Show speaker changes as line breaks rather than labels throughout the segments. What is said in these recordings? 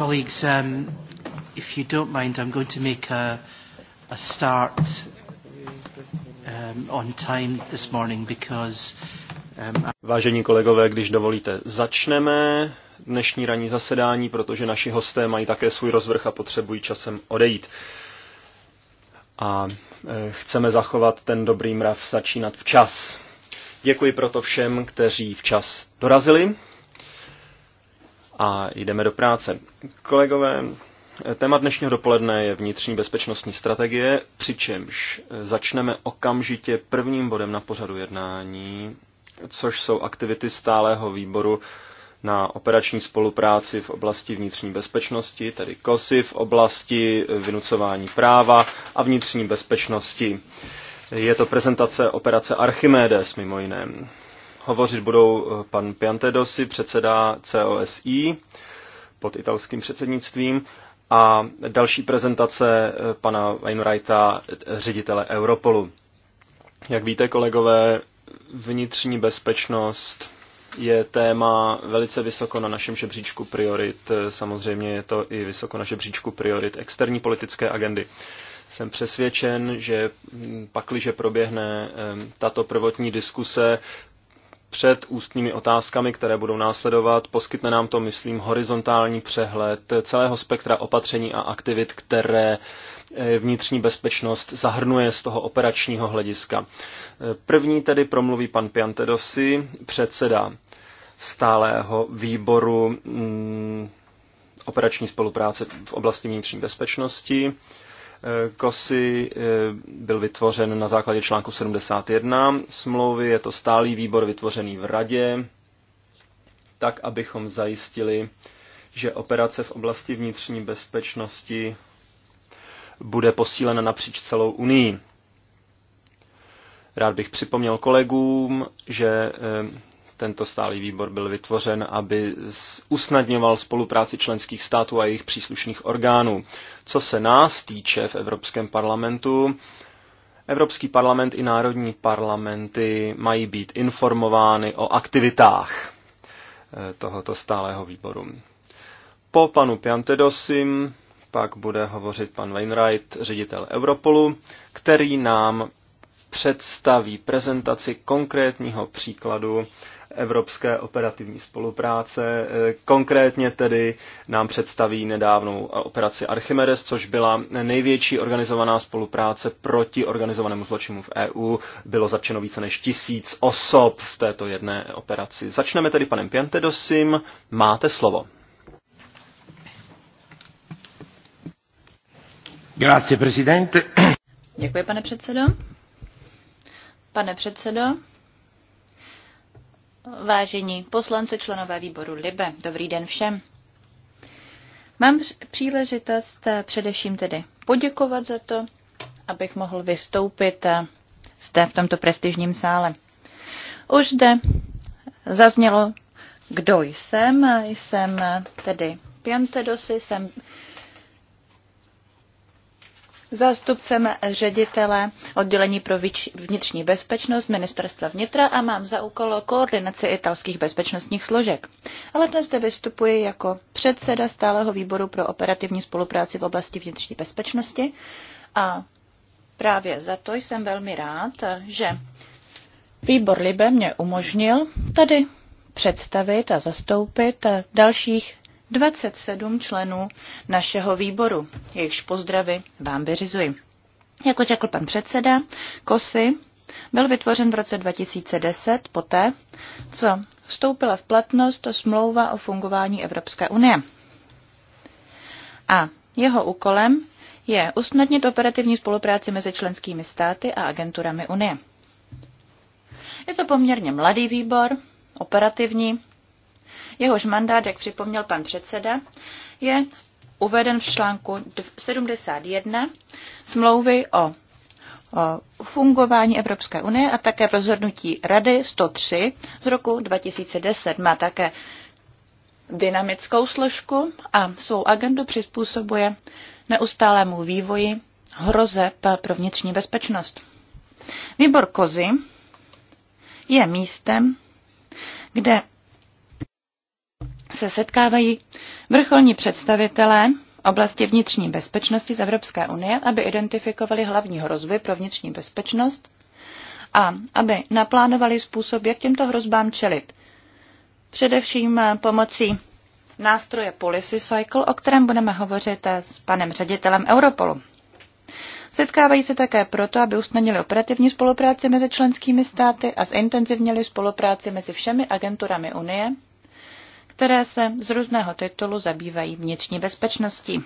colleagues, um, if you don't mind, I'm going to make a, a start
um, on time this morning because um, Vážení kolegové, když dovolíte, začneme dnešní ranní zasedání, protože naši hosté mají také svůj rozvrh a potřebují časem odejít. A e, chceme zachovat ten dobrý mrav začínat včas. Děkuji proto všem, kteří včas dorazili a jdeme do práce. Kolegové, téma dnešního dopoledne je vnitřní bezpečnostní strategie, přičemž začneme okamžitě prvním bodem na pořadu jednání, což jsou aktivity stálého výboru na operační spolupráci v oblasti vnitřní bezpečnosti, tedy KOSY v oblasti vynucování práva a vnitřní bezpečnosti. Je to prezentace operace Archimedes mimo jiné. Hovořit budou eh, pan Piantedosi, předseda COSI pod italským předsednictvím a další prezentace eh, pana Weinreita, ředitele Europolu. Jak víte, kolegové, vnitřní bezpečnost je téma velice vysoko na našem žebříčku priorit. Eh, samozřejmě je to i vysoko na žebříčku priorit externí politické agendy. Jsem přesvědčen, že mm, pakliže proběhne tato prvotní diskuse, před ústními otázkami, které budou následovat. Poskytne nám to, myslím, horizontální přehled celého spektra opatření a aktivit, které eh, vnitřní bezpečnost zahrnuje z toho operačního hlediska. Eh, první tedy promluví pan Piantedosi, předseda stálého výboru mm, operační spolupráce v oblasti vnitřní bezpečnosti. KOSY eh, byl vytvořen na základě článku 71 smlouvy. Je to stálý výbor vytvořený v Radě, tak abychom zajistili, že operace v oblasti vnitřní bezpečnosti bude posílena napříč celou Unii. Rád bych připomněl kolegům, že eh, tento stálý výbor byl vytvořen, aby usnadňoval spolupráci členských států a jejich příslušných orgánů. Co se nás týče v Evropském parlamentu, Evropský parlament i národní parlamenty mají být informovány o aktivitách eh, tohoto stálého výboru. Po panu Piantedosim pak bude hovořit pan Wainwright, ředitel Europolu, který nám představí prezentaci konkrétního příkladu evropské operativní spolupráce. Eh, konkrétně tedy nám představí nedávnou operaci Archimedes, což byla největší organizovaná spolupráce proti organizovanému zločinu v EU. Bylo začeno více než tisíc osob v této jedné operaci. Začneme tedy panem Piantedosim. Máte slovo. Grazie,
Děkuji, pane předsedo. Pane předsedo, Vážení poslanci, členové výboru Libe, dobrý den všem. Mám příležitost eh, především tedy poděkovat za to, abych mohl vystoupit eh, zde v tomto prestižním sále. Už zde zaznělo, kdo jsem. Jsem eh, tedy Piantedosi, jsem zástupcem ředitele oddělení pro vnitřní bezpečnost ministerstva vnitra a mám za úkol koordinaci italských bezpečnostních složek. Ale dnes zde vystupuji jako předseda stáleho výboru pro operativní spolupráci v oblasti vnitřní bezpečnosti a právě za to jsem velmi rád, že výbor Libe mě umožnil tady představit a zastoupit dalších 27 členů našeho výboru. Jejichž pozdravy vám vyřizuji. Jako řekl pan předseda, KOSY byl vytvořen v roce 2010 poté, co vstoupila v platnost smlouva o fungování Evropské unie. A jeho úkolem je usnadnit operativní spolupráci mezi členskými státy a agenturami Unie. Je to poměrně mladý výbor, operativní, jehož mandát, jak připomněl pan předseda, je uveden v článku 71 smlouvy o o fungování Evropské unie a také v rozhodnutí Rady 103 z roku 2010. Má také dynamickou složku a svou agendu přizpůsobuje neustálému vývoji hrozeb pro vnitřní bezpečnost. Výbor Kozy je místem, kde se setkávají vrcholní představitelé oblasti vnitřní bezpečnosti z Evropské unie, aby identifikovali hlavní hrozby pro vnitřní bezpečnost a aby naplánovali způsob, jak těmto hrozbám čelit. Především pomocí nástroje Policy Cycle, o kterém budeme hovořit s panem ředitelem Europolu. Setkávají se také proto, aby usnadnili operativní spolupráci mezi členskými státy a zintenzivnili spolupráci mezi všemi agenturami Unie, které se z různého titulu zabývají vnitřní bezpečností.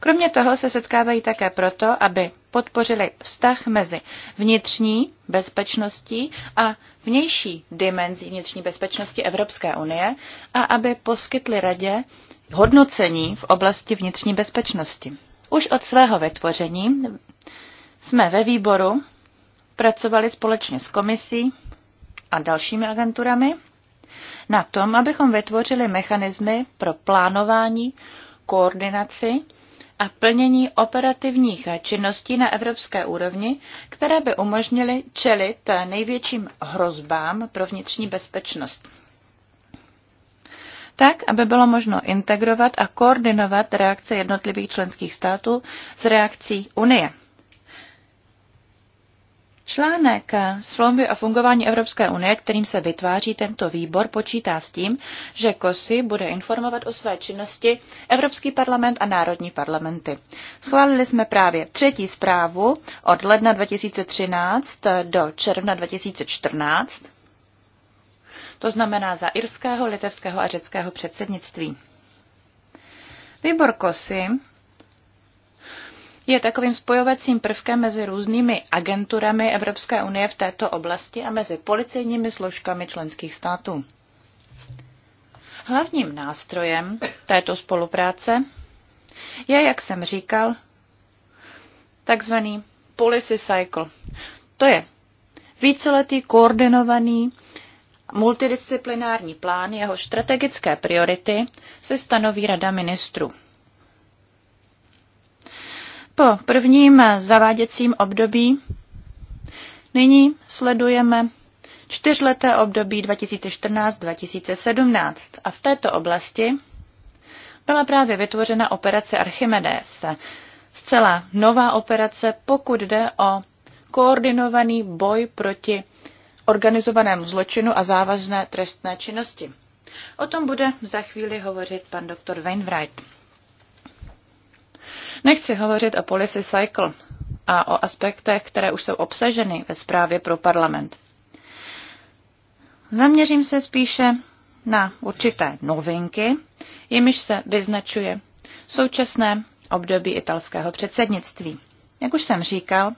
Kromě toho se setkávají také proto, aby podpořili vztah mezi vnitřní bezpečností a vnější dimenzí vnitřní bezpečnosti Evropské unie a aby poskytli radě hodnocení v oblasti vnitřní bezpečnosti. Už od svého vytvoření jsme ve výboru pracovali společně s komisí a dalšími agenturami na tom, abychom vytvořili mechanismy pro plánování, koordinaci a plnění operativních činností na evropské úrovni, které by umožnily čelit největším hrozbám pro vnitřní bezpečnost. Tak, aby bylo možno integrovat a koordinovat reakce jednotlivých členských států s reakcí Unie. Článek Slomby o fungování Evropské unie, kterým se vytváří tento výbor, počítá s tím, že KOSI bude informovat o své činnosti Evropský parlament a národní parlamenty. Schválili jsme právě třetí zprávu od ledna 2013 do června 2014, to znamená za irského, litevského a řeckého předsednictví. Výbor KOSI je takovým spojovacím prvkem mezi různými agenturami Evropské unie v této oblasti a mezi policejními složkami členských států. Hlavním nástrojem této spolupráce je, jak jsem říkal, takzvaný policy cycle. To je víceletý koordinovaný multidisciplinární plán, jeho strategické priority se stanoví Rada ministrů. Po prvním zaváděcím období nyní sledujeme čtyřleté období 2014-2017 a v této oblasti byla právě vytvořena operace Archimedes, zcela nová operace, pokud jde o koordinovaný boj proti organizovanému zločinu a závazné trestné činnosti. O tom bude za chvíli hovořit pan doktor Wainwright. Nechci hovořit o policy cycle a o aspektech, které už jsou obsaženy ve zprávě pro parlament. Zaměřím se spíše na určité novinky, jimiž se vyznačuje současné období italského předsednictví. Jak už jsem říkal,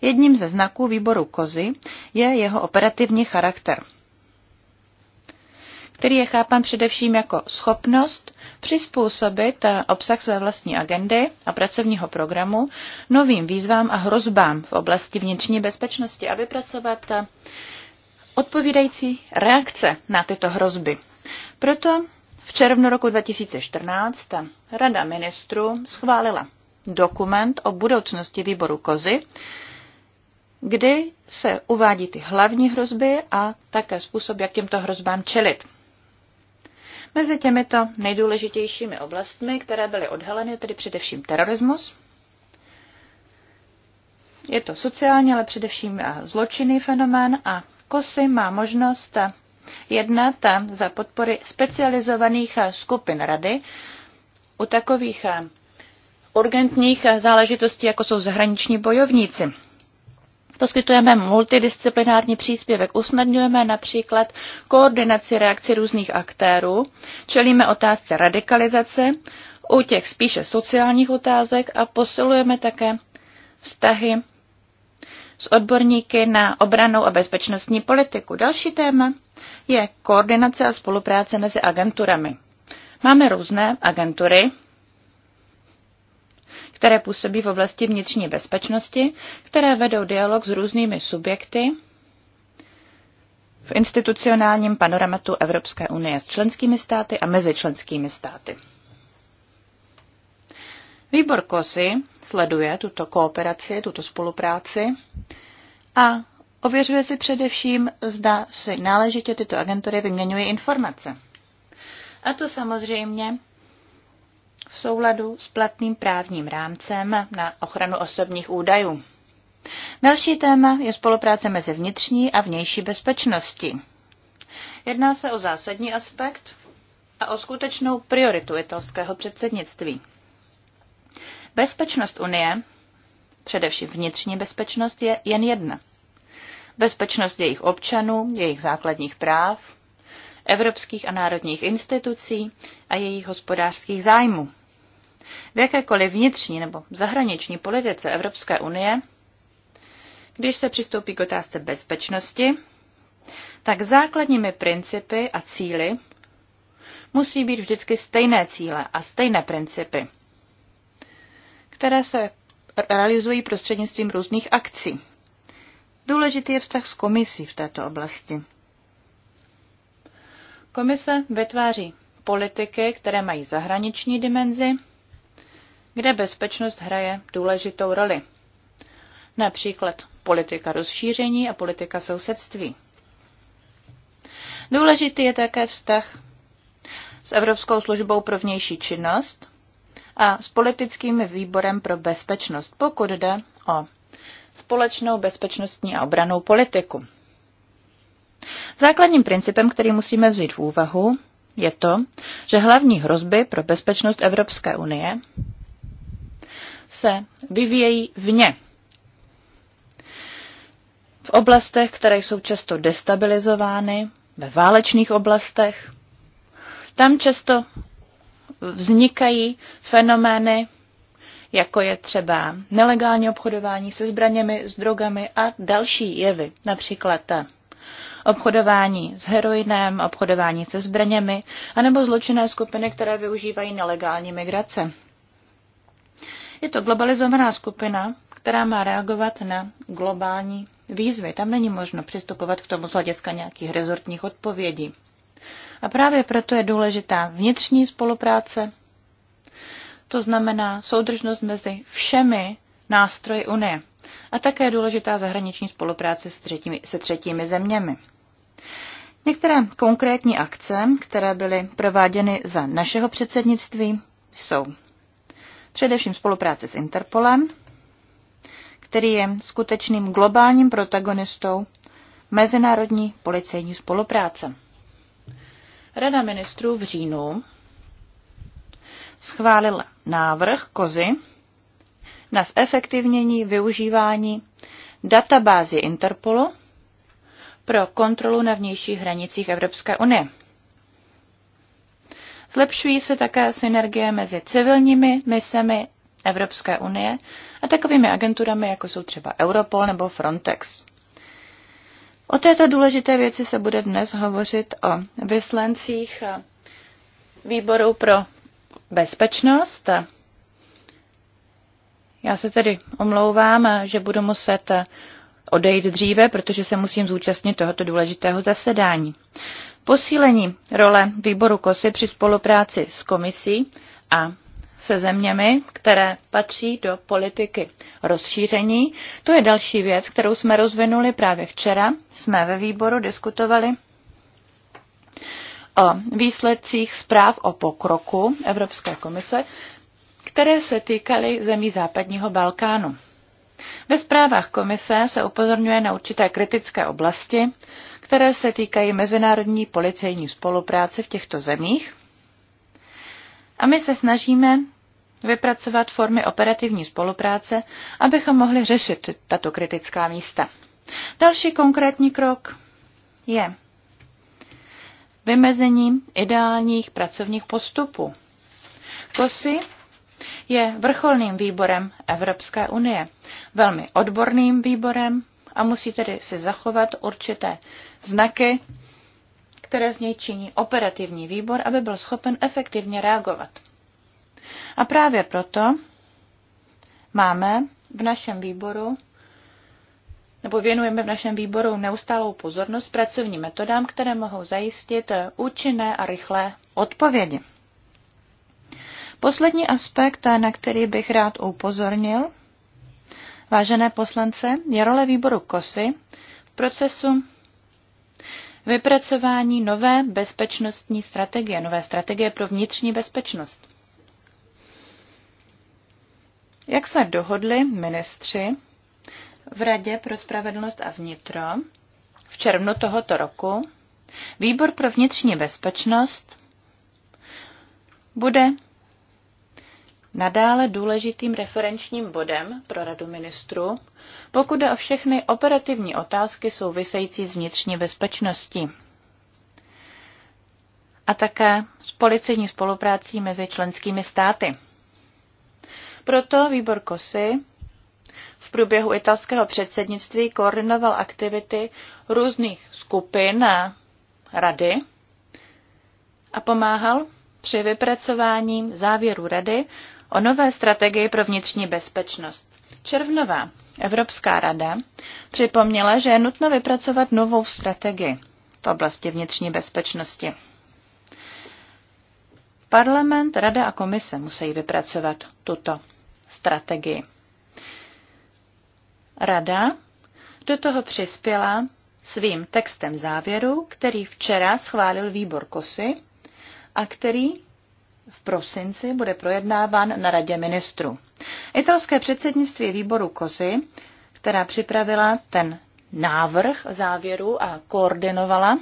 jedním ze znaků výboru Kozy je jeho operativní charakter – který je chápan především jako schopnost přizpůsobit eh, obsah své vlastní agendy a pracovního programu novým výzvám a hrozbám v oblasti vnitřní bezpečnosti a vypracovat eh, odpovídající reakce na tyto hrozby. Proto v červnu roku 2014 Rada ministrů schválila dokument o budoucnosti výboru kozy, kdy se uvádí ty hlavní hrozby a také způsob, jak těmto hrozbám čelit. Mezi těmito nejdůležitějšími oblastmi, které byly odhaleny, tedy především terorismus, je to sociální, ale především eh, zločinný fenomén a KOSY má možnost eh, jednat eh, za podpory specializovaných skupin rady u takových urgentních záležitostí, jako jsou zahraniční bojovníci. Poskytujeme multidisciplinární příspěvek, usnadňujeme například koordinaci reakcí různých aktérů, čelíme otázce radikalizace u těch spíše sociálních otázek a posilujeme také vztahy s odborníky na obranou a bezpečnostní politiku. Další téma je koordinace a spolupráce mezi agenturami. Máme různé agentury, které působí v oblasti vnitřní bezpečnosti, které vedou dialog s různými subjekty v institucionálním panoramatu Evropské unie s členskými státy a mezi členskými státy. Výbor KOSY sleduje tuto kooperaci, tuto spolupráci a ověřuje si především, zda si náležitě tyto agentury vyměňují informace. A to samozřejmě v souladu s platným právním rámcem na ochranu osobních údajů. Další téma je spolupráce mezi vnitřní a vnější bezpečností. Jedná se o zásadní aspekt a o skutečnou prioritu italského předsednictví. Bezpečnost Unie, především vnitřní bezpečnost, je jen jedna. Bezpečnost jejich občanů, jejich základních práv, evropských a národních institucí a jejich hospodářských zájmů v jakékoliv vnitřní nebo zahraniční politice Evropské unie, když se přistoupí k otázce bezpečnosti, tak základními principy a cíly musí být vždycky stejné cíle a stejné principy, které se realizují prostřednictvím různých akcí. Důležitý je vztah s komisí v této oblasti. Komise vytváří politiky, které mají zahraniční dimenzi, kde bezpečnost hraje důležitou roli. Například politika rozšíření a politika sousedství. Důležitý je také vztah s Evropskou službou pro vnější činnost a s politickým výborem pro bezpečnost, pokud jde o společnou bezpečnostní a obranou politiku. Základním principem, který musíme vzít v úvahu, je to, že hlavní hrozby pro bezpečnost Evropské unie se vyvíjejí vně. V oblastech, které jsou často destabilizovány, ve válečných oblastech, tam často vznikají fenomény, jako je třeba nelegální obchodování se zbraněmi, s drogami a další jevy, například obchodování s heroinem, obchodování se zbraněmi, anebo zločinné skupiny, které využívají nelegální migrace. Je to globalizovaná skupina, která má reagovat na globální výzvy. Tam není možno přistupovat k tomu z hlediska nějakých rezortních odpovědí. A právě proto je důležitá vnitřní spolupráce, to znamená soudržnost mezi všemi nástroji Unie. A také je důležitá zahraniční spolupráce se třetími, se třetími zeměmi. Některé konkrétní akce, které byly prováděny za našeho předsednictví, jsou Především spolupráce s Interpolem, který je skutečným globálním protagonistou mezinárodní policejní spolupráce. Rada ministrů v říjnu schválila návrh kozy na zefektivnění využívání databázy Interpolu pro kontrolu na vnějších hranicích Evropské unie. Zlepšují se také synergie mezi civilními misemi Evropské unie a takovými agenturami, jako jsou třeba Europol nebo Frontex. O této důležité věci se bude dnes hovořit o vyslancích výboru pro bezpečnost. Já se tedy omlouvám, že budu muset odejít dříve, protože se musím zúčastnit tohoto důležitého zasedání. Posílení role výboru KOSY při spolupráci s komisí a se zeměmi, které patří do politiky rozšíření. To je další věc, kterou jsme rozvinuli právě včera. Jsme ve výboru diskutovali o výsledcích zpráv o pokroku Evropské komise, které se týkaly zemí západního Balkánu. Ve zprávách komise se upozorňuje na určité kritické oblasti, které se týkají mezinárodní policejní spolupráce v těchto zemích. A my se snažíme vypracovat formy operativní spolupráce, abychom mohli řešit tato kritická místa. Další konkrétní krok je vymezení ideálních pracovních postupů. KOSY je vrcholným výborem Evropské unie, velmi odborným výborem a musí tedy si zachovat určité znaky, které z něj činí operativní výbor, aby byl schopen efektivně reagovat. A právě proto máme v našem výboru nebo věnujeme v našem výboru neustálou pozornost pracovním metodám, které mohou zajistit účinné a rychlé odpovědi. Poslední aspekt, na který bych rád upozornil, vážené poslance, je role výboru KOSY v procesu vypracování nové bezpečnostní strategie, nové strategie pro vnitřní bezpečnost. Jak se dohodli ministři v Radě pro spravedlnost a vnitro v červnu tohoto roku, výbor pro vnitřní bezpečnost bude nadále důležitým referenčním bodem pro Radu ministrů, pokud jde o všechny operativní otázky související s vnitřní bezpečností a také s policejní spoluprácí mezi členskými státy. Proto výbor KOSY v průběhu italského předsednictví koordinoval aktivity různých skupin a rady a pomáhal při vypracování závěru rady o nové strategii pro vnitřní bezpečnost. Červnová Evropská rada připomněla, že je nutno vypracovat novou strategii v oblasti vnitřní bezpečnosti. Parlament, Rada a Komise musí vypracovat tuto strategii. Rada do toho přispěla svým textem závěru, který včera schválil výbor KOSY a který v prosinci bude projednáván na Radě ministrů. Italské předsednictví výboru Kozy, která připravila ten návrh závěru a koordinovala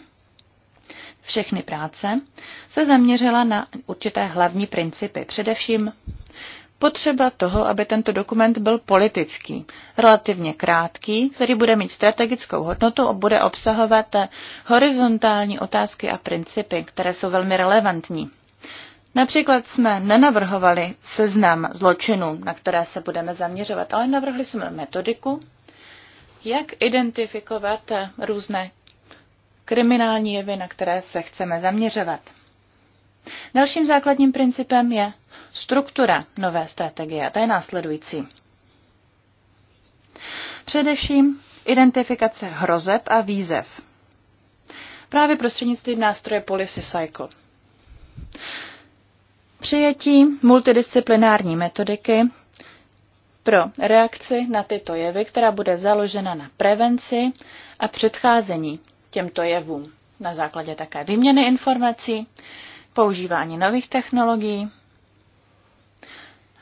všechny práce, se zaměřila na určité hlavní principy. Především potřeba toho, aby tento dokument byl politický, relativně krátký, který bude mít strategickou hodnotu a bude obsahovat horizontální otázky a principy, které jsou velmi relevantní. Například jsme nenavrhovali seznam zločinů, na které se budeme zaměřovat, ale navrhli jsme metodiku, jak identifikovat různé kriminální jevy, na které se chceme zaměřovat. Dalším základním principem je struktura nové strategie a ta je následující. Především identifikace hrozeb a výzev. Právě prostřednictvím nástroje Policy Cycle. Přijetí multidisciplinární metodiky pro reakci na tyto jevy, která bude založena na prevenci a předcházení těmto jevům na základě také výměny informací, používání nových technologií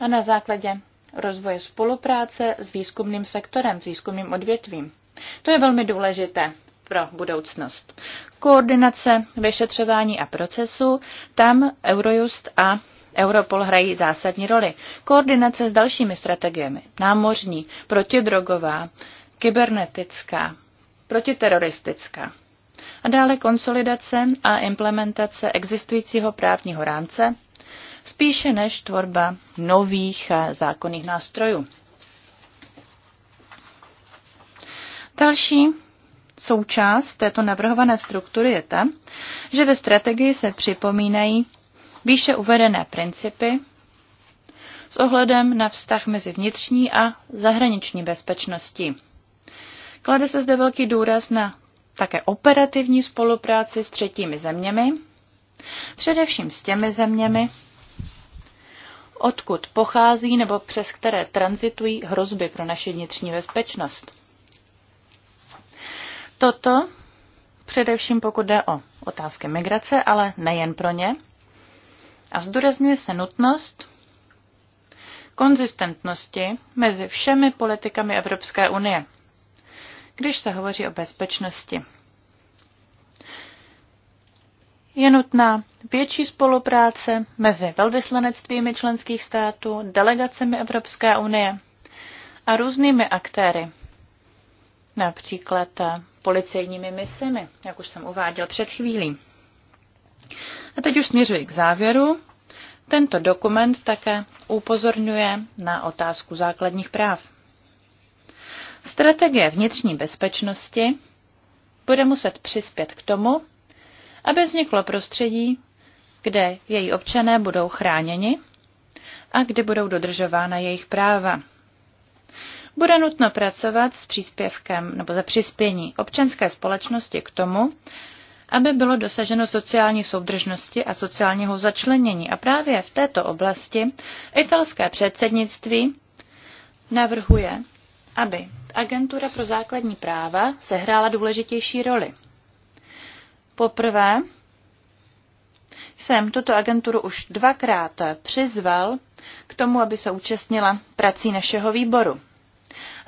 a na základě rozvoje spolupráce s výzkumným sektorem, s výzkumným odvětvím. To je velmi důležité pro budoucnost. Koordinace vyšetřování a procesu, tam Eurojust a Europol hrají zásadní roli. Koordinace s dalšími strategiemi, námořní, protidrogová, kybernetická, protiteroristická. A dále konsolidace a implementace existujícího právního rámce, spíše než tvorba nových eh, zákonných nástrojů. Další součást této navrhované struktury je ta, že ve strategii se připomínají výše uvedené principy s ohledem na vztah mezi vnitřní a zahraniční bezpečností. Klade se zde velký důraz na také operativní spolupráci s třetími zeměmi, především s těmi zeměmi, odkud pochází nebo přes které transitují hrozby pro naši vnitřní bezpečnost. Toto, především pokud jde o otázky migrace, ale nejen pro ně, a zdůrazňuje se nutnost konzistentnosti mezi všemi politikami Evropské unie, když se hovoří o bezpečnosti. Je nutná větší spolupráce mezi velvyslanectvími členských států, delegacemi Evropské unie a různými aktéry, například eh, policejními misemi, jak už jsem uváděl před chvílí. A teď už směřuji k závěru. Tento dokument také upozorňuje na otázku základních práv. Strategie vnitřní bezpečnosti bude muset přispět k tomu, aby vzniklo prostředí, kde její občané budou chráněni a kdy budou dodržována jejich práva bude nutno pracovat s příspěvkem nebo za přispění občanské společnosti k tomu, aby bylo dosaženo sociální soudržnosti a sociálního začlenění. A právě v této oblasti italské předsednictví navrhuje, aby Agentura pro základní práva sehrála důležitější roli. Poprvé jsem tuto agenturu už dvakrát přizval k tomu, aby se účastnila prací našeho výboru.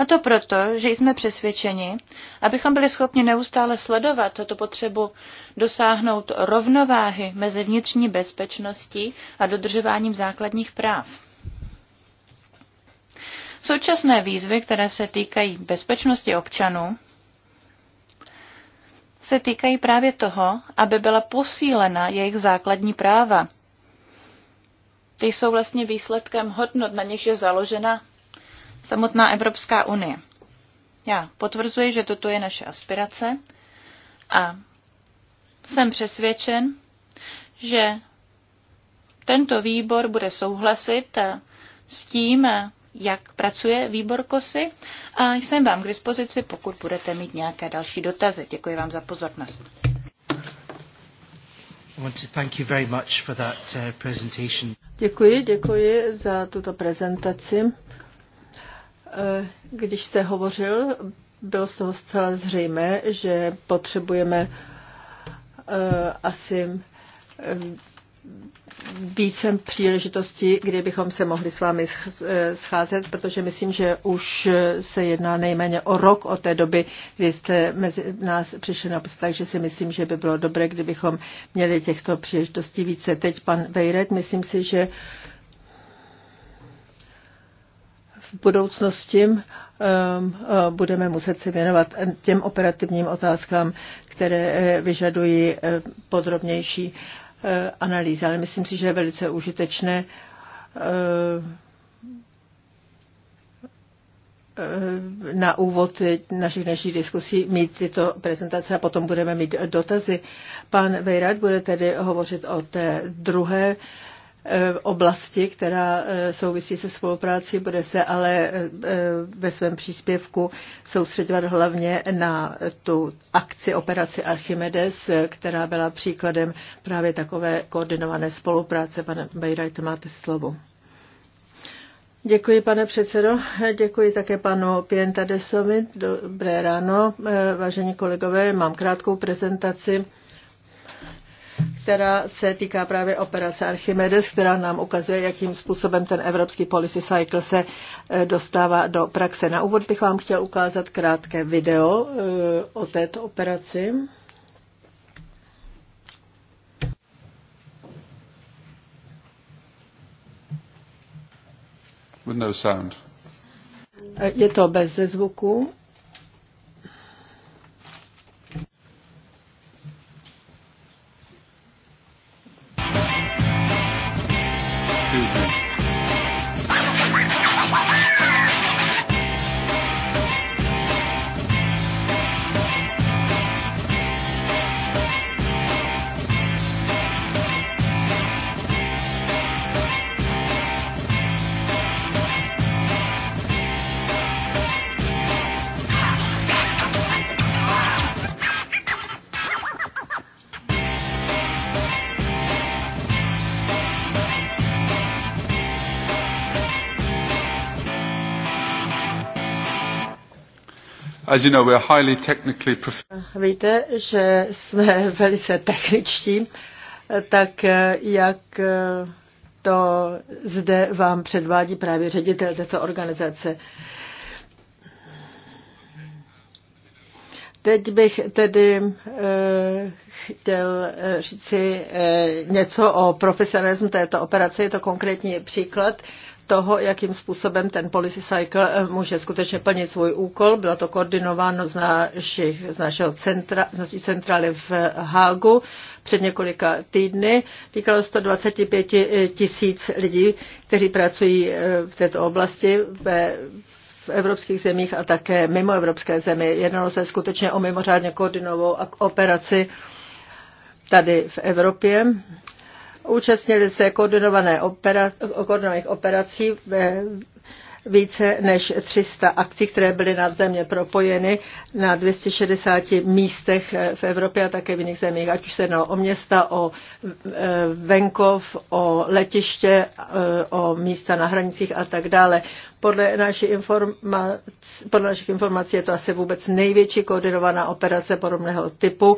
A to proto, že jsme přesvědčeni, abychom byli schopni neustále sledovat tuto potřebu dosáhnout rovnováhy mezi vnitřní bezpečností a dodržováním základních práv. Současné výzvy, které se týkají bezpečnosti občanů, se týkají právě toho, aby byla posílena jejich základní práva. Ty jsou vlastně výsledkem hodnot, na nichž je založena samotná Evropská unie. Já potvrzuji, že toto je naše aspirace a jsem přesvědčen, že tento výbor bude souhlasit s tím, jak pracuje výbor KOSY a jsem vám k dispozici, pokud budete mít nějaké další dotazy. Děkuji vám za pozornost. Uh, děkuji,
děkuji za tuto prezentaci. Když jste hovořil, bylo z toho zcela zřejmé, že potřebujeme eh, asi eh, více příležitostí, kde bychom se mohli s vámi eh, scházet, protože myslím, že už se jedná nejméně o rok od té doby, kdy jste mezi nás přišli na post, takže si myslím, že by bylo dobré, kdybychom měli těchto příležitostí více. Teď pan Vejret, myslím si, že v budoucnosti um, um, budeme muset se věnovat těm operativním otázkám, které eh, vyžadují eh, podrobnější eh, analýzy. Ale myslím si, že je velice užitečné na úvod našich dnešních diskusí mít tyto prezentace a potom budeme mít dotazy. Pan Vejrad bude tedy hovořit o té druhé E, oblasti, která e, souvisí se spolupráci bude se ale e, ve svém příspěvku soustředovat hlavně na tu akci operaci Archimedes, která byla příkladem právě takové koordinované spolupráce. Pane Bejrajte, máte slovo. Děkuji, pane předsedo. Děkuji také panu Pientadesovi. Dobré ráno, vážení kolegové. Mám krátkou prezentaci která se týká právě operace Archimedes, která nám ukazuje, jakým způsobem ten evropský policy cycle se eh, dostává do praxe. Na úvod bych vám chtěl ukázat krátké video eh, o této operaci. With no sound. Eh, je to bez zvuku. As you know, are highly
technically
Víte, že jsme velice techničtí, tak eh, jak eh, to zde vám předvádí právě ředitel této organizace. Teď bych tedy e, chtěl říci e, něco o profesionalismu této operace. Je to konkrétní příklad. E, toho, jakým způsobem ten policy cycle eh, může skutečně plnit svůj úkol. Bylo to koordinováno z, našich, z našeho centra, z naší centrály v Hágu před několika týdny. Týkalo 125 eh, tisíc lidí, kteří pracují eh, v této oblasti ve v evropských zemích a také mimo evropské zemi. Jednalo se skutečně o mimořádně koordinovou operaci tady v Evropě Účastnili se koordinované opera, koordinovaných operací ve více než 300 akcí, které byly nadzemně propojeny na 260 místech v Evropě a také v jiných zemích, ať už se jednalo o města, o e, venkov, o letiště, e, o místa na hranicích a tak dále. Podle, naší informac, podle našich informací je to asi vůbec největší koordinovaná operace podobného typu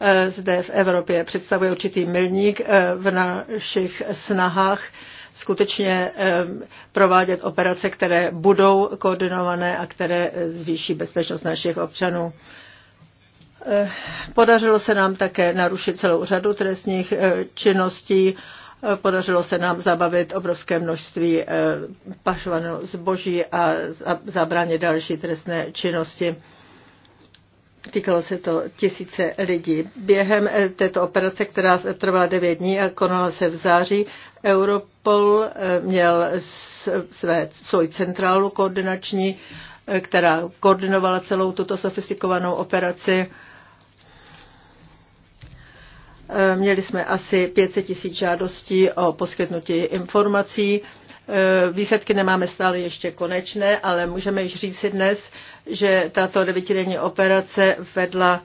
Eh, zde v Evropě představuje určitý milník eh, v našich snahách skutečně eh, provádět operace, které budou koordinované a které zvýší bezpečnost našich občanů. Podařilo se nám také narušit celou řadu trestních činností. Podařilo se nám zabavit obrovské množství pašovaného zboží a zabránit další trestné činnosti. Týkalo se to tisíce lidí. Během eh, této operace, která trvala 9 dní a konala se v září, Europol eh, měl své, svou centrálu koordinační, eh, která koordinovala celou tuto sofistikovanou operaci. Měli jsme asi 500 tisíc žádostí o poskytnutí informací. E, výsledky nemáme stále ještě konečné, ale můžeme již říci dnes, že tato devětidenní operace vedla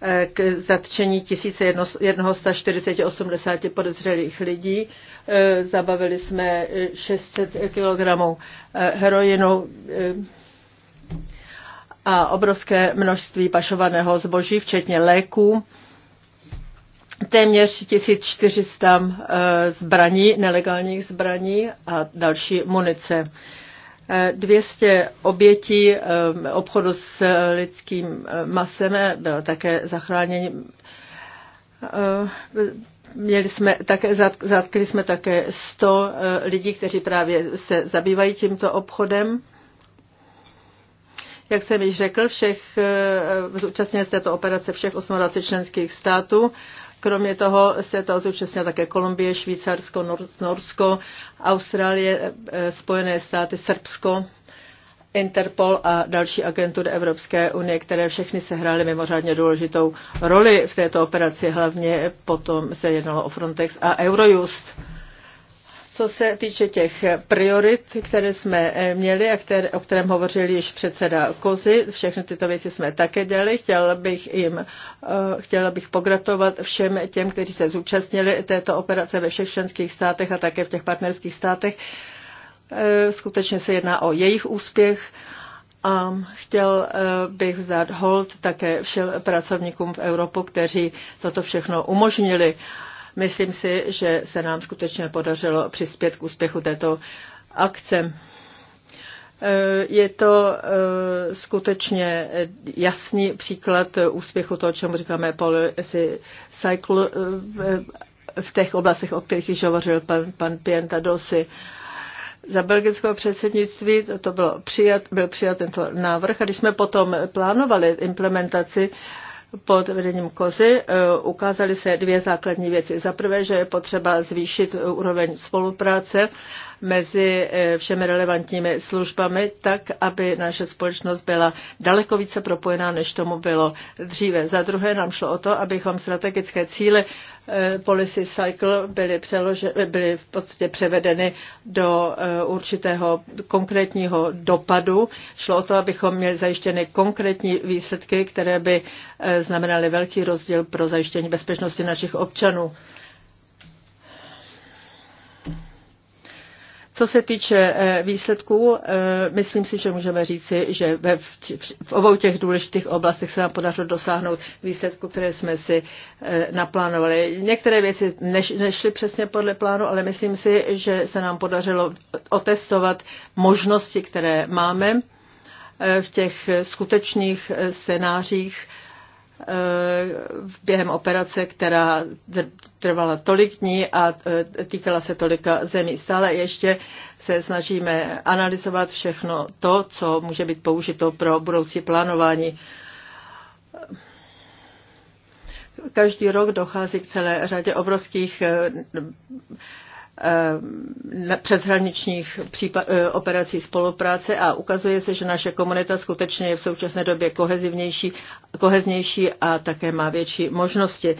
e, k zatčení 1148 podezřelých lidí. E, zabavili jsme 600 kg heroinu a obrovské množství pašovaného zboží, včetně léků téměř 1400 eh, zbraní, nelegálních zbraní a další munice. 200 eh, obětí eh, obchodu s lidským masem bylo také zachráněni. Měli jsme také, zatkli jsme také 100 lidí, kteří právě se zabývají tímto obchodem. Jak jsem již řekl, všech, zúčastnili z této operace všech 28 členských států Kromě toho se to zúčastnila také Kolumbie, Švýcarsko, Norsko, Austrálie, eh, Spojené státy, Srbsko, Interpol a další agentury Evropské unie, které všechny sehrály mimořádně důležitou roli v této operaci. Hlavně potom se jednalo o Frontex a Eurojust. Co se týče těch priorit, které jsme eh, měli a které, o kterém hovořil již předseda Kozy, všechny tyto věci jsme také dělali. Chtěl bych jim, eh, chtěla bych pogratovat všem těm, kteří se zúčastnili této operace ve všech členských státech a také v těch partnerských státech. Eh, skutečně se jedná o jejich úspěch. A chtěl bych vzdát hold také všem pracovníkům v Evropu, kteří toto všechno umožnili. Myslím si, že se nám skutečně podařilo přispět k úspěchu této akce. Eh, je to eh, skutečně jasný příklad úspěchu toho, čemu říkáme policy cycle eh, v těch oblastech, o kterých již hovořil pan, pan Dosi. Za belgického předsednictví to bylo přijat, byl přijat tento návrh a když jsme potom plánovali implementaci, pod vedením kozy eh, ukázaly se dvě základní věci. Za prvé, že je potřeba zvýšit eh, úroveň spolupráce mezi eh, všemi relevantními službami, tak aby naše společnost byla daleko více propojená, než tomu bylo dříve. Za druhé nám šlo o to, abychom strategické cíle eh, policy cycle byly, přelože, byly v podstatě převedeny do eh, určitého konkrétního dopadu. Šlo o to, abychom měli zajištěny konkrétní výsledky, které by znamenaly velký rozdíl pro zajištění bezpečnosti našich občanů. Co se týče eh, výsledků, eh, myslím si, že můžeme říci, že ve, v obou těch důležitých oblastech se nám podařilo dosáhnout výsledku, které jsme si eh, naplánovali. Některé věci nešly přesně podle plánu, ale myslím si, že se nám podařilo otestovat možnosti, které máme v těch skutečných scénářích, Eh, během operace, která trvala tolik dní a eh, týkala se tolika zemí. Stále ještě se snažíme analyzovat všechno to, co může být použito pro budoucí plánování. Každý rok dochází k celé řadě obrovských eh, Eh, přeshraničních eh, operací spolupráce a ukazuje se, že naše komunita skutečně je v současné době kohezivnější, koheznější a také má větší možnosti.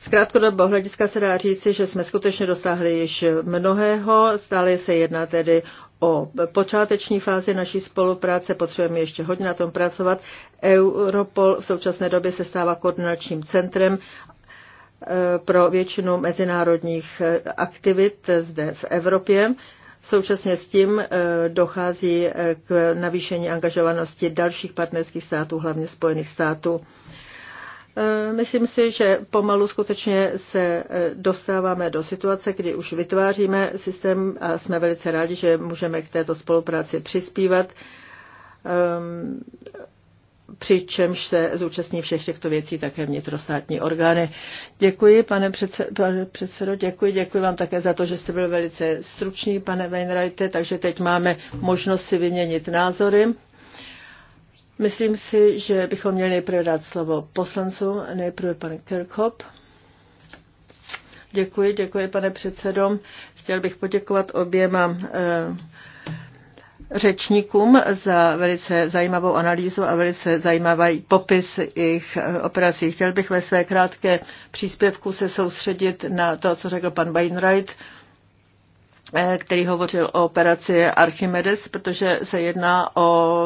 Z krátkodobého hlediska se dá říci, že jsme skutečně dosáhli již mnohého, stále se jedná tedy o počáteční fázi naší spolupráce, potřebujeme ještě hodně na tom pracovat. Europol v současné době se stává koordinačním centrem Eh, pro většinu mezinárodních eh, aktivit zde v Evropě. Současně s tím eh, dochází k navýšení angažovanosti dalších partnerských států, hlavně Spojených států. Myslím si, že pomalu skutečně se dostáváme do situace, kdy už vytváříme systém a jsme velice rádi, že můžeme k této spolupráci přispívat. Ehm, přičemž se zúčastní všech těchto věcí také vnitrostátní orgány. Děkuji, pane, předse, pane předsedo, děkuji, děkuji vám také za to, že jste byl velice stručný, pane Weinreite, takže teď máme možnost si vyměnit názory. Myslím si, že bychom měli nejprve dát slovo poslancům, nejprve pan Kirchhoff. Děkuji, děkuji, pane předsedo. Chtěl bych poděkovat oběma eh, řečníkům za velice zajímavou analýzu a velice zajímavý popis jejich eh, operací. Chtěl bych ve své krátké příspěvku se soustředit na to, co řekl pan Bainwright, eh, který hovořil o operaci Archimedes, protože se jedná o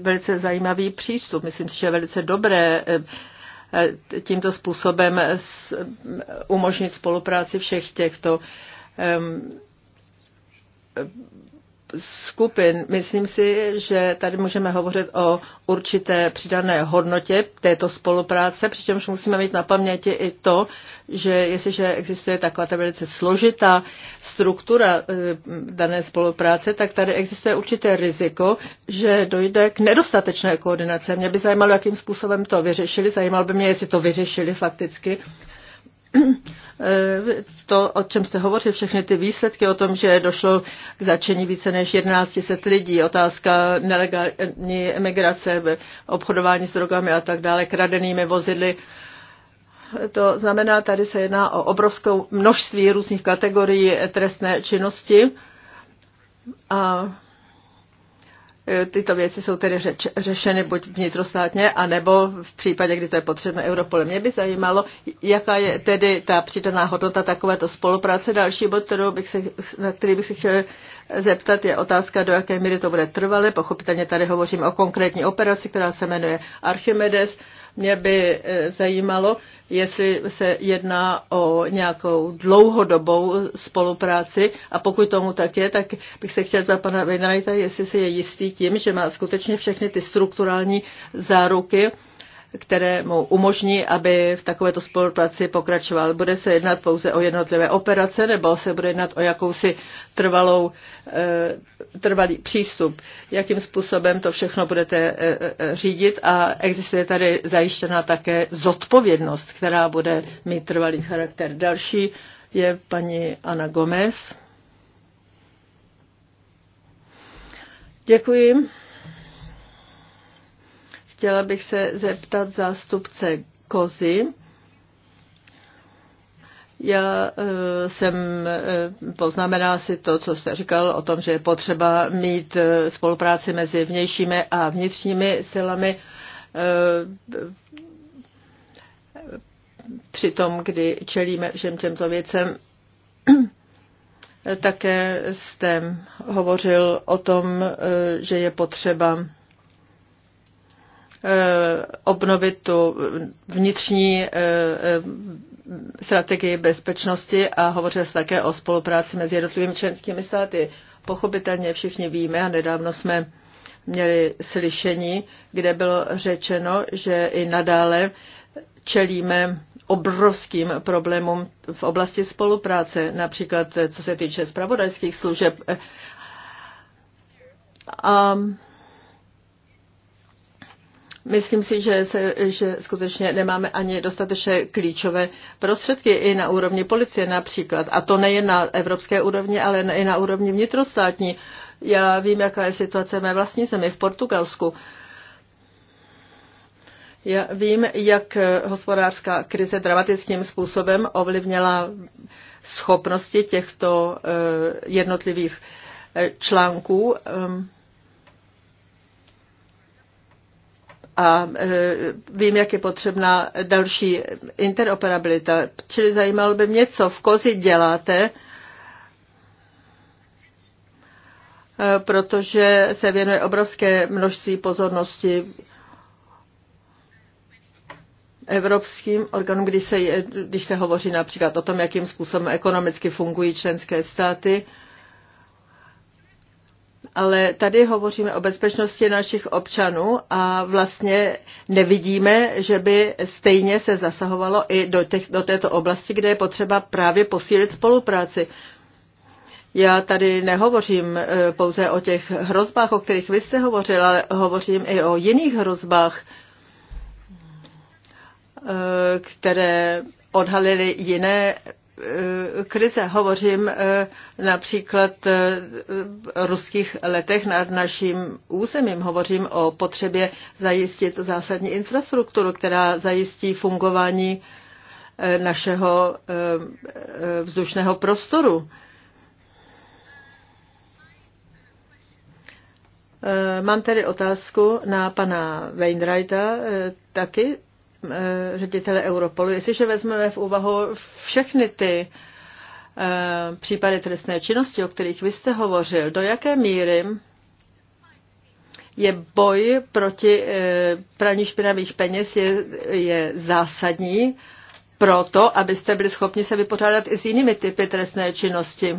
velice zajímavý přístup. Myslím si, že velice dobré eh, tímto způsobem umožnit spolupráci všech těchto skupin, myslím si, že tady můžeme hovořit o určité přidané hodnotě této spolupráce, přičemž musíme mít na paměti i to, že jestliže existuje taková ta velice složitá struktura eh, dané spolupráce, tak tady existuje určité riziko, že dojde k nedostatečné koordinace. Mě by zajímalo, jakým způsobem to vyřešili, zajímalo by mě, jestli to vyřešili fakticky to, o čem jste hovořil, všechny ty výsledky o tom, že došlo k začení více než 1100 lidí, otázka nelegální emigrace, obchodování s drogami a tak dále, kradenými vozidly. To znamená, tady se jedná o obrovskou množství různých kategorií trestné činnosti. A Eh, tyto věci jsou tedy řeč, řešeny buď vnitrostátně, anebo v případě, kdy to je potřebné Europole. Mě by zajímalo, jaká je tedy ta přidaná hodnota takovéto spolupráce. Další bod, kterou bych se, na který bych se chtěl zeptat, je otázka, do jaké míry to bude trvalé. Pochopitelně tady hovořím o konkrétní operaci, která se jmenuje Archimedes mě by eh, zajímalo, jestli se jedná o nějakou dlouhodobou spolupráci a pokud tomu tak je, tak bych se chtěl zeptat pana Vinrajta, jestli si je jistý tím, že má skutečně všechny ty strukturální záruky, které mu umožní, aby v takovéto spolupráci pokračoval. Bude se jednat pouze o jednotlivé operace nebo se bude jednat o jakousi trvalou, eh, trvalý přístup, jakým způsobem to všechno budete eh, eh, řídit a existuje tady zajištěna také zodpovědnost, která bude mít trvalý charakter. Další je paní Ana Gomez. Děkuji. Chtěla bych se zeptat zástupce Kozy. Já eh, jsem eh, poznamenal si to, co jste říkal o tom, že je potřeba mít eh, spolupráci mezi vnějšími a vnitřními silami při tom, kdy čelíme všem těmto věcem. Také jste hovořil o tom, že je potřeba Eh, obnovit tu vnitřní eh, eh, strategii bezpečnosti a hovořil se také o spolupráci mezi jednotlivými členskými státy. Pochopitelně všichni víme a nedávno jsme měli slyšení, kde bylo řečeno, že i nadále čelíme obrovským problémům v oblasti spolupráce, například co se týče spravodajských služeb. A um, Myslím si, že, se, že skutečně nemáme ani dostatečně klíčové prostředky i na úrovni policie například. A to nejen na evropské úrovni, ale i na úrovni vnitrostátní. Já vím, jaká je situace mé vlastní zemi v Portugalsku. Já vím, jak hospodářská krize dramatickým způsobem ovlivnila schopnosti těchto eh, jednotlivých eh, článků ehm, a e, vím, jak je potřebná další interoperabilita. Čili zajímalo by mě, co v kozi děláte, e, protože se věnuje obrovské množství pozornosti evropským orgánům, když se, když se hovoří například o tom, jakým způsobem ekonomicky fungují členské státy ale tady hovoříme o bezpečnosti našich občanů a vlastně nevidíme, že by stejně se zasahovalo i do, těch, do této oblasti, kde je potřeba právě posílit spolupráci. Já tady nehovořím eh, pouze o těch hrozbách, o kterých vy jste hovořil, ale hovořím i o jiných hrozbách, eh, které odhalily jiné Eh, krize. Hovořím eh, například o eh, ruských letech nad naším územím. Hovořím o potřebě zajistit zásadní infrastrukturu, která zajistí fungování našeho vzdušného prostoru. Mám tedy otázku na pana Weinreita taky Eh, ředitele Europolu, jestliže vezmeme v úvahu všechny ty eh, případy trestné činnosti, o kterých vy jste hovořil, do jaké míry je boj proti eh, praní špinavých peněz je, je zásadní proto, abyste byli schopni se vypořádat i s jinými typy trestné činnosti.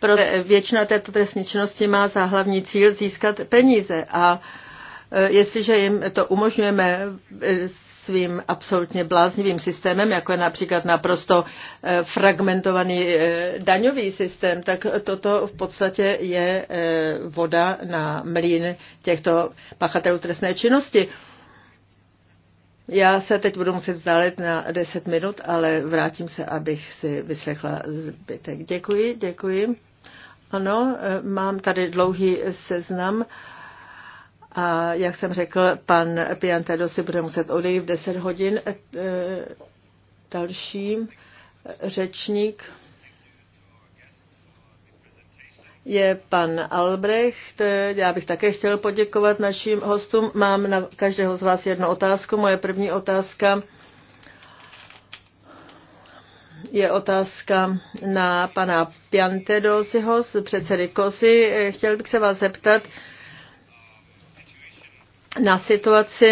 Pro většina této trestní činnosti má za hlavní cíl získat peníze a e, jestliže jim to umožňujeme e, svým absolutně bláznivým systémem, jako je například naprosto e, fragmentovaný daňový systém, tak toto v podstatě je voda na mlín těchto pachatelů trestné činnosti. Já se teď budu muset vzdálit na 10 minut, ale vrátím se, abych si vyslechla zbytek. Děkuji, děkuji. Ano, eh, mám tady dlouhý seznam. A jak jsem řekl, pan Piantedo si bude muset odejít v 10 hodin. Eh, Dalším řečník je pan Albrecht. Já bych také chtěl poděkovat našim hostům. Mám na každého z vás jednu otázku. Moje první otázka je otázka na pana Piantedosiho z předsedy KOSY. Chtěl bych se vás zeptat na situaci,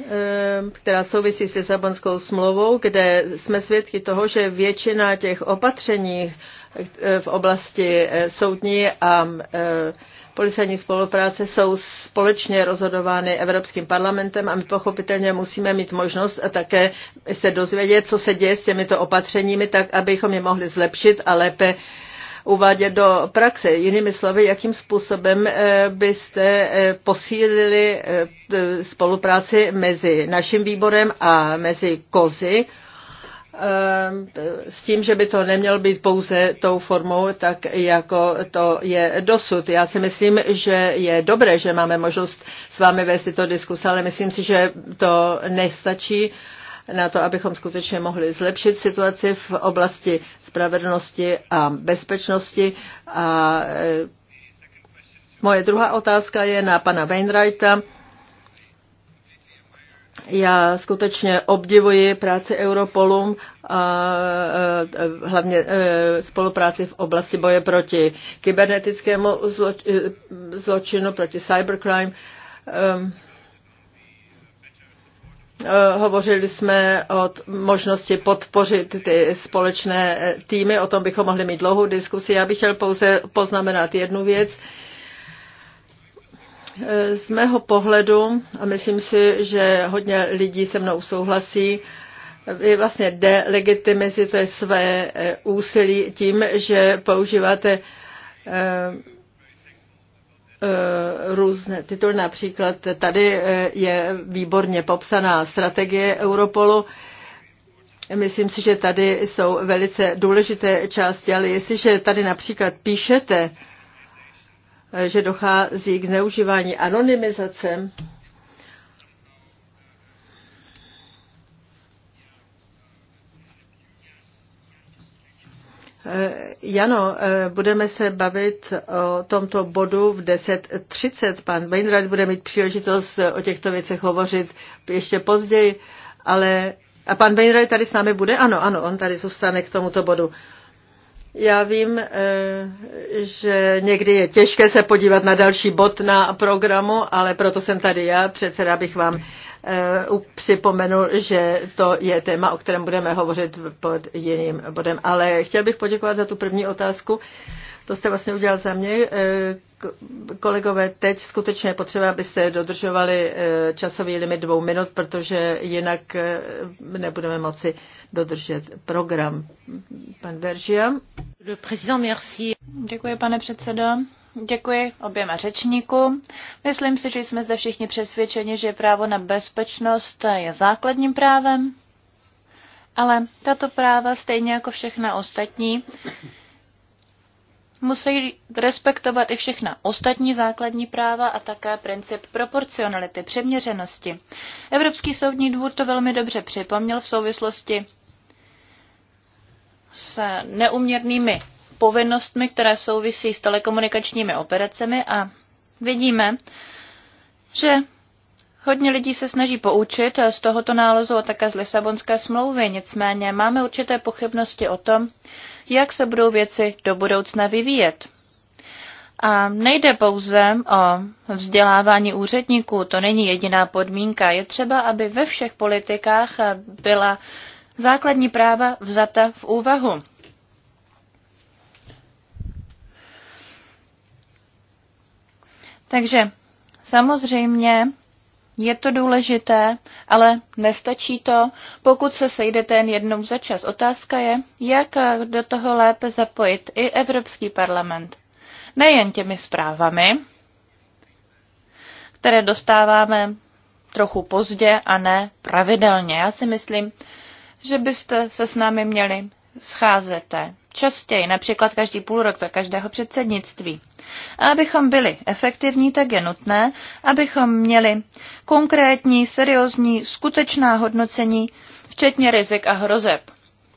eh, která souvisí se Sabonskou smlouvou, kde jsme svědky toho, že většina těch opatření eh, v oblasti eh, soudní a policajní spolupráce jsou společně rozhodovány Evropským parlamentem a my pochopitelně musíme mít možnost také se dozvědět, co se děje s těmito opatřeními, tak abychom je mohli zlepšit a lépe uvádět do praxe. Jinými slovy, jakým způsobem eh, byste eh, posílili eh, spolupráci mezi naším výborem a mezi kozy, Ehm, s tím, že by to nemělo být pouze tou formou, tak jako to je dosud. Já si myslím, že je dobré, že máme možnost s vámi vést tyto diskuse, ale myslím si, že to nestačí na to, abychom skutečně mohli zlepšit situaci v oblasti spravedlnosti a bezpečnosti. A e, moje druhá otázka je na pana Weinreita. Já skutečně obdivuji práci Europolu a hlavně e, spolupráci v oblasti boje proti kybernetickému e, zločinu, proti cybercrime. Ehm, e, hovořili jsme o možnosti podpořit ty společné týmy, o tom bychom mohli mít dlouhou diskusi. Já bych chtěl pouze poznamenat jednu věc Eh, z mého pohledu, a myslím si, že hodně lidí se mnou souhlasí, vy vlastně delegitimizujete své eh, úsilí tím, že používáte eh, různé tituly. Například tady je výborně popsaná strategie Europolu. Myslím si, že tady jsou velice důležité části, ale jestliže tady například píšete, Eh, že dochází k zneužívání anonymizace. Eh, Jano, eh, budeme se bavit o tomto bodu v 10.30. Pan Wainwright bude mít příležitost o těchto věcech hovořit ještě později, ale... A pan Wainwright tady s námi bude? Ano, ano, on tady zůstane k tomuto bodu. Já vím, eh, že někdy je těžké se podívat na další bod na programu, ale proto jsem tady já, předseda bych vám Eh, připomenul, že to je téma, o kterém budeme hovořit pod jiným bodem. Ale chtěl bych poděkovat za tu první otázku. To jste vlastně udělal za mě. Eh, kolegové, teď skutečně je potřeba, abyste dodržovali eh, časový limit dvou minut, protože jinak
nebudeme moci dodržet program. Pan Veržia. Děkuji, pane předsedo. Děkuji oběma řečníkům. Myslím si, že jsme zde všichni přesvědčeni, že právo na bezpečnost je základním právem, ale tato práva, stejně jako všechna ostatní, musí respektovat i všechna ostatní základní práva a také princip proporcionality, přeměřenosti. Evropský soudní dvůr to velmi dobře připomněl v souvislosti s neuměrnými povinnostmi, které souvisí s telekomunikačními operacemi a vidíme, že hodně lidí se snaží poučit z tohoto nálezu a také z Lisabonské smlouvy. Nicméně máme určité pochybnosti o tom, jak se budou věci do budoucna vyvíjet. A nejde pouze o vzdělávání úředníků, to není jediná podmínka. Je třeba, aby ve všech politikách byla základní práva vzata v úvahu. Takže samozřejmě je to důležité, ale nestačí to, pokud se sejdete jen jednou za čas. Otázka je, jak do toho lépe zapojit i Evropský parlament. Nejen těmi zprávami, které dostáváme trochu pozdě a ne pravidelně. Já si myslím, že byste se s námi měli scházet častěji, například každý půl rok za každého předsednictví. A abychom byli efektivní, tak je nutné, abychom měli konkrétní, seriózní, skutečná hodnocení, včetně rizik a hrozeb.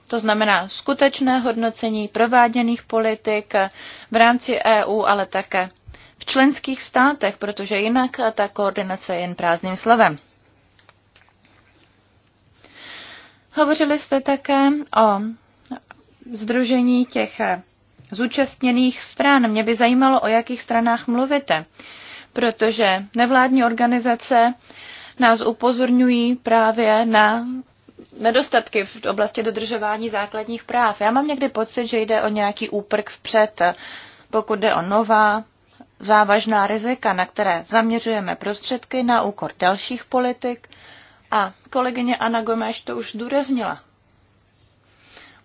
To znamená skutečné hodnocení prováděných politik v rámci EU, ale také v členských státech, protože jinak ta koordinace je jen prázdným slovem. Hovořili jste také o združení těch eh, zúčastněných stran. Mě by zajímalo, o jakých stranách mluvíte, protože nevládní organizace nás upozorňují právě na nedostatky v oblasti dodržování základních práv. Já mám někdy pocit, že jde o nějaký úprk vpřed, pokud jde o nová závažná rizika, na které zaměřujeme prostředky na úkor dalších politik. A kolegyně Ana Gomeš to už důraznila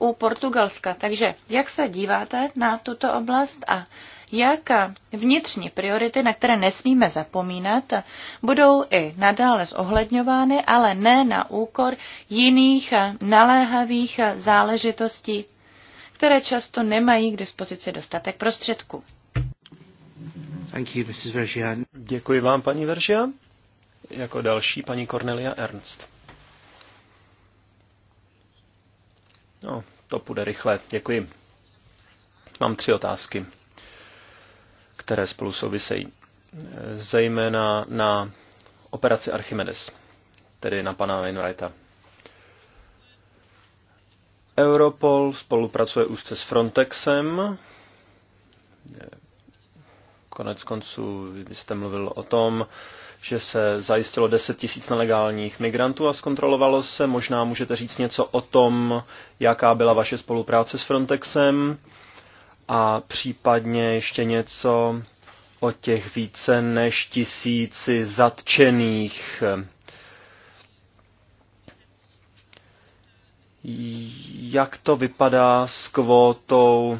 u Portugalska. Takže jak se díváte na tuto oblast a jak vnitřní priority, na které nesmíme zapomínat, budou i nadále zohledňovány, ale ne na úkor jiných naléhavých záležitostí, které často nemají k dispozici dostatek prostředků.
Thank you, Mrs. Děkuji vám, paní Veržia. Jako další paní Cornelia Ernst. No, to půjde rychle. Děkuji. Mám tři otázky, které spolu souvisejí. Zejména na operaci Archimedes, tedy na pana Wainwrighta. Europol spolupracuje úzce s Frontexem. Konec konců, vy jste mluvil o tom, že se zajistilo 10 tisíc nelegálních migrantů a zkontrolovalo se. Možná můžete říct něco o tom, jaká byla vaše spolupráce s Frontexem a případně ještě něco o těch více než tisíci zatčených. Jak to vypadá s kvótou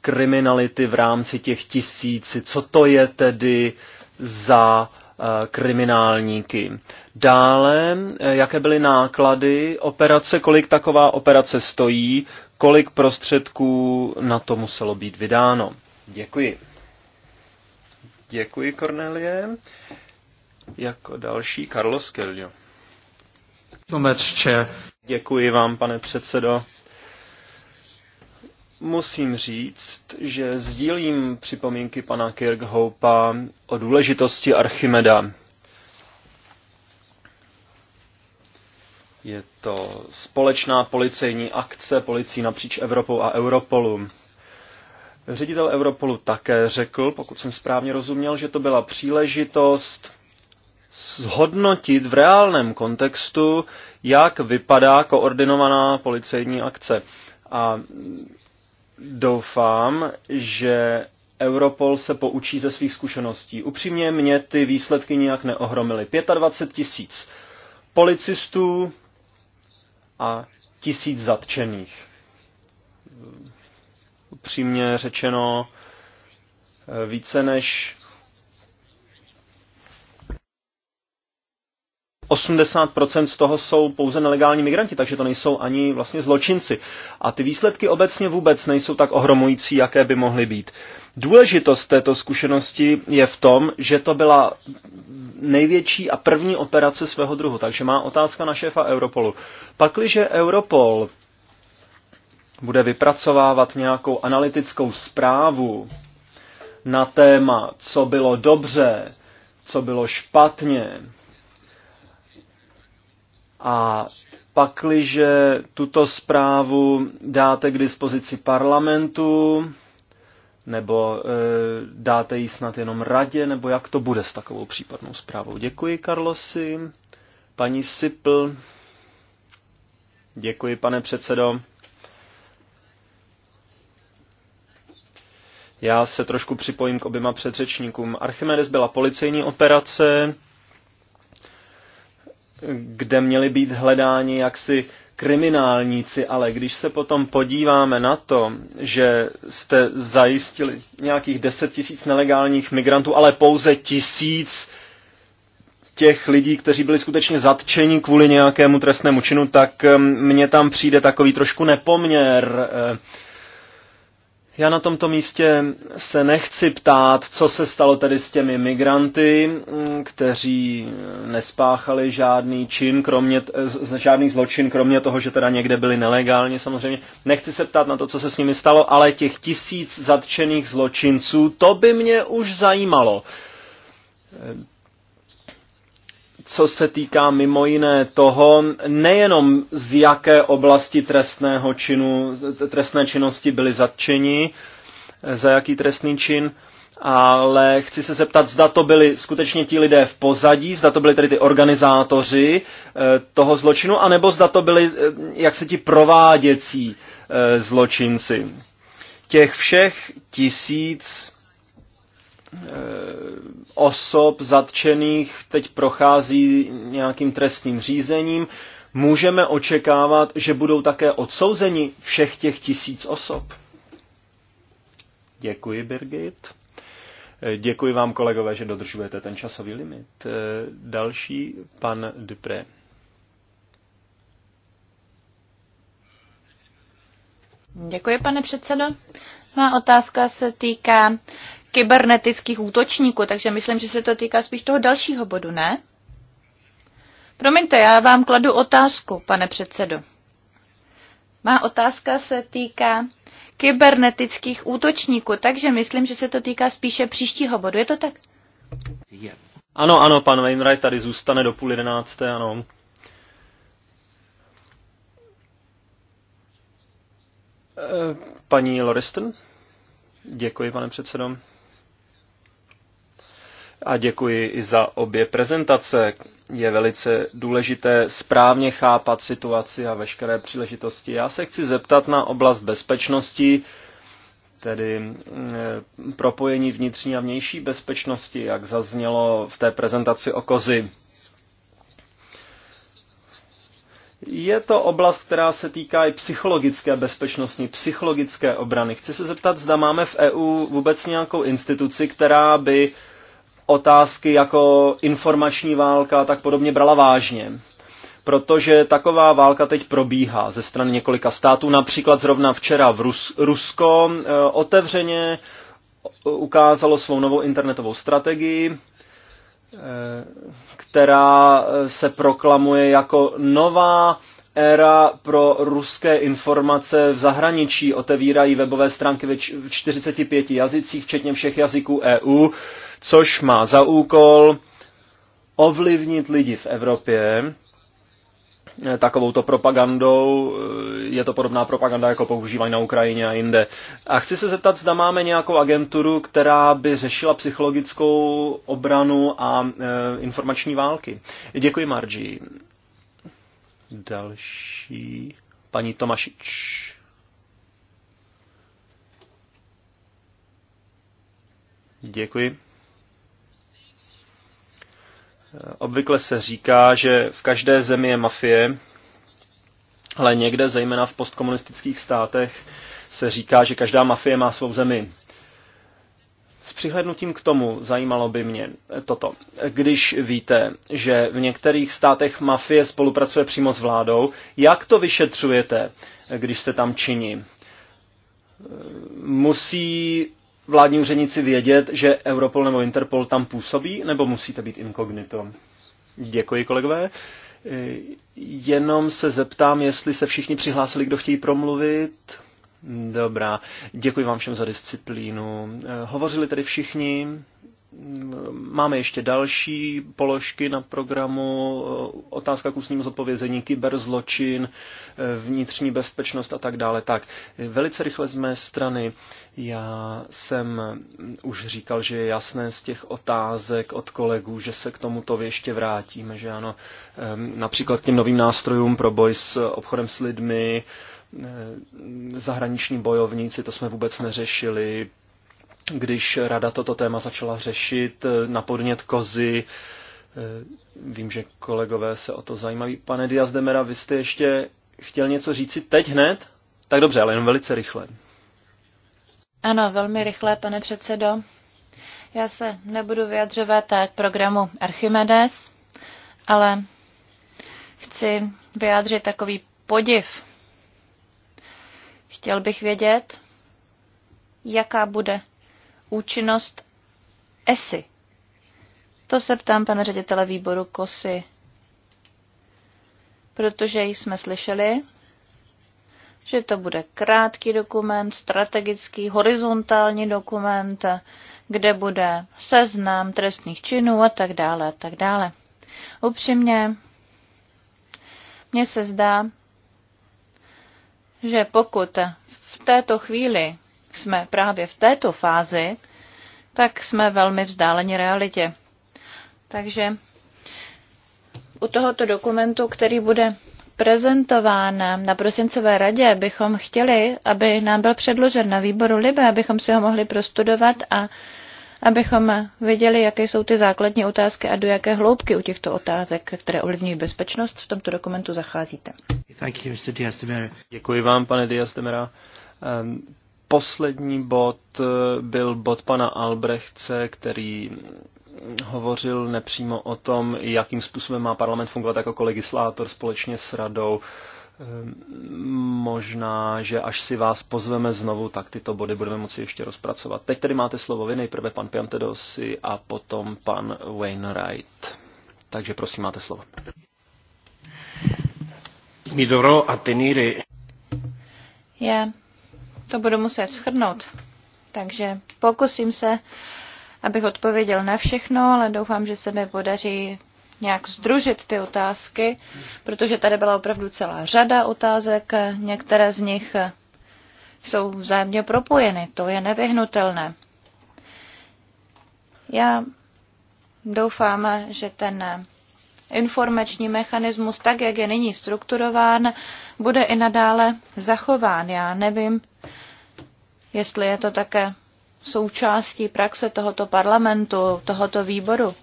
kriminality v rámci těch tisíci? Co to je tedy za Eh, kriminálníky. Dále, eh, jaké byly náklady operace, kolik taková operace stojí, kolik prostředků na to muselo být vydáno. Děkuji. Děkuji, Cornelie. Jako další Carlos Kelio. Děkuji vám, pane předsedo musím říct, že sdílím připomínky pana Kirkhopa o důležitosti Archimeda. Je to společná policejní akce policií napříč Evropou a Europolu. Ředitel Europolu také řekl, pokud jsem správně rozuměl, že to byla příležitost zhodnotit v reálném kontextu, jak vypadá koordinovaná policejní akce. A doufám, že Europol se poučí ze svých zkušeností. Upřímně mě ty výsledky nijak neohromily. 25 tisíc policistů a tisíc zatčených. Upřímně řečeno, více než 80% z toho jsou pouze nelegální migranti, takže to nejsou ani vlastně zločinci. A ty výsledky obecně vůbec nejsou tak ohromující, jaké by mohly být. Důležitost této zkušenosti je v tom, že to byla největší a první operace svého druhu. Takže má otázka na šéfa Europolu. Pakliže Europol bude vypracovávat nějakou analytickou zprávu na téma, co bylo dobře, co bylo špatně, a pakliže tuto zprávu dáte k dispozici parlamentu, nebo e, dáte ji snad jenom radě, nebo jak to bude s takovou případnou zprávou. Děkuji, Karlosi. Paní Sipl. Děkuji, pane předsedo. Já se trošku připojím k oběma předřečníkům. Archimedes byla policejní operace, kde měli být hledáni jaksi kriminálníci, ale když se potom podíváme na to, že jste zajistili nějakých 10 tisíc nelegálních migrantů, ale pouze tisíc těch lidí, kteří byli skutečně zatčeni kvůli nějakému trestnému činu, tak mně tam přijde takový trošku nepoměr. Eh, já na tomto místě se nechci ptát, co se stalo tedy s těmi migranty, mm, kteří eh, nespáchali žádný čin, kromě, eh, žádný zločin, kromě toho, že teda někde byli nelegálně samozřejmě. Nechci se ptát na to, co se s nimi stalo, ale těch tisíc zatčených zločinců, to by mě už zajímalo co se týká mimo jiné toho, nejenom z jaké oblasti trestného činu, trestné činnosti byli zatčeni, za jaký trestný čin, ale chci se zeptat, zda to byli skutečně ti lidé v pozadí, zda to byli tedy ty organizátoři eh, toho zločinu, anebo zda to byli eh, jak se ti prováděcí eh, zločinci. Těch všech tisíc Eh, osob zatčených teď prochází nějakým trestním řízením. Můžeme očekávat, že budou také odsouzeni všech těch tisíc osob. Děkuji, Birgit. Eh, děkuji vám, kolegové, že dodržujete ten časový limit. Eh, další, pan Dupré.
Děkuji, pane předsedo. Má otázka se týká kybernetických útočníků, takže myslím, že se to týká spíš toho dalšího bodu, ne? Promiňte, já vám kladu otázku, pane předsedo. Má otázka se týká kybernetických útočníků, takže myslím, že se to týká spíše příštího bodu. Je to tak?
Ano, ano, pan Wainwright tady zůstane do půl jedenácté, ano. Eh, paní Loriston? Děkuji, pane předsedo a děkuji i za obě prezentace. Je velice důležité správně chápat situaci a veškeré příležitosti. Já se chci zeptat na oblast bezpečnosti, tedy eh, propojení vnitřní a vnější bezpečnosti, jak zaznělo v té prezentaci o kozy. Je to oblast, která se týká i psychologické bezpečnosti, psychologické obrany. Chci se zeptat, zda máme v EU vůbec nějakou instituci, která by otázky jako informační válka a tak podobně brala vážně. Protože taková válka teď probíhá ze strany několika států, například zrovna včera v Rus- Rusko eh, otevřeně ukázalo svou novou internetovou strategii, eh, která eh, se proklamuje jako nová éra pro ruské informace v zahraničí. Otevírají webové stránky ve 45 jazycích, včetně všech jazyků EU což má za úkol ovlivnit lidi v Evropě eh, takovouto propagandou. Eh, je to podobná propaganda, jako používají na Ukrajině a jinde. A chci se zeptat, zda máme nějakou agenturu, která by řešila psychologickou obranu a e, informační války. Děkuji, Margi. Další. Paní Tomašič. Děkuji. Obvykle se říká, že v každé zemi je mafie, ale někde, zejména v postkomunistických státech, se říká, že každá mafie má svou zemi. S přihlednutím k tomu zajímalo by mě toto. Když víte, že v některých státech mafie spolupracuje přímo s vládou, jak to vyšetřujete, když se tam činí? Musí vládní úředníci vědět, že Europol nebo Interpol tam působí, nebo musíte být inkognito? Děkuji, kolegové. Jenom se zeptám, jestli se všichni přihlásili, kdo chtějí promluvit. Dobrá, děkuji vám všem za disciplínu. Hovořili tedy všichni, Máme ještě další položky na programu, otázka k ústnímu zodpovězení, kyberzločin, vnitřní bezpečnost a tak dále. Tak, velice rychle z mé strany, já jsem už říkal, že je jasné z těch otázek od kolegů, že se k tomuto ještě vrátíme, že ano, ehm, například k těm novým nástrojům pro boj s obchodem s lidmi, ehm, zahraniční bojovníci, to jsme vůbec neřešili, když rada toto téma začala řešit eh, na podnět kozy. Eh, vím, že kolegové se o to zajímaví. Pane Diaz Demera, vy jste ještě chtěl něco říci teď hned? Tak dobře, ale jenom velice rychle.
Ano, velmi rychle, pane předsedo. Já se nebudu vyjadřovat k programu Archimedes, ale chci vyjádřit takový podiv. Chtěl bych vědět, jaká bude účinnost ESI. To se ptám pana ředitele výboru KOSY, protože jsme slyšeli, že to bude krátký dokument, strategický, horizontální dokument, kde bude seznam trestných činů a tak dále a tak dále. Upřímně, mně se zdá, že pokud v této chvíli jsme právě v této fázi, tak jsme velmi vzdáleni realitě. Takže u tohoto dokumentu, který bude prezentován na prosincové radě, bychom chtěli, aby nám byl předložen na výboru Libe, abychom si ho mohli prostudovat a abychom viděli, jaké jsou ty základní otázky a do jaké hloubky u těchto otázek, které ovlivňují bezpečnost, v tomto dokumentu zacházíte.
Děkuji vám, pane Diastemera. Ehm, poslední bod eh, byl bod pana Albrechtce, který hovořil nepřímo o tom, jakým způsobem má parlament fungovat jako kolegislátor společně s radou. Ehm, možná, že až si vás pozveme znovu, tak tyto body budeme moci ještě rozpracovat. Teď tedy máte slovo vy, nejprve pan Piantedosi a potom pan Wainwright. Takže prosím, máte slovo. Mi dovrò attenire.
Yeah to budu muset schrnout. Takže pokusím se, abych odpověděl na všechno, ale doufám, že se mi podaří nějak združit ty otázky, protože tady byla opravdu celá řada otázek, některé z nich jsou vzájemně propojeny, to je nevyhnutelné. Já doufám, že ten informační mechanismus, tak jak je nyní strukturován, bude i nadále zachován. Já nevím, jestli je to také součástí praxe tohoto parlamentu, tohoto výboru.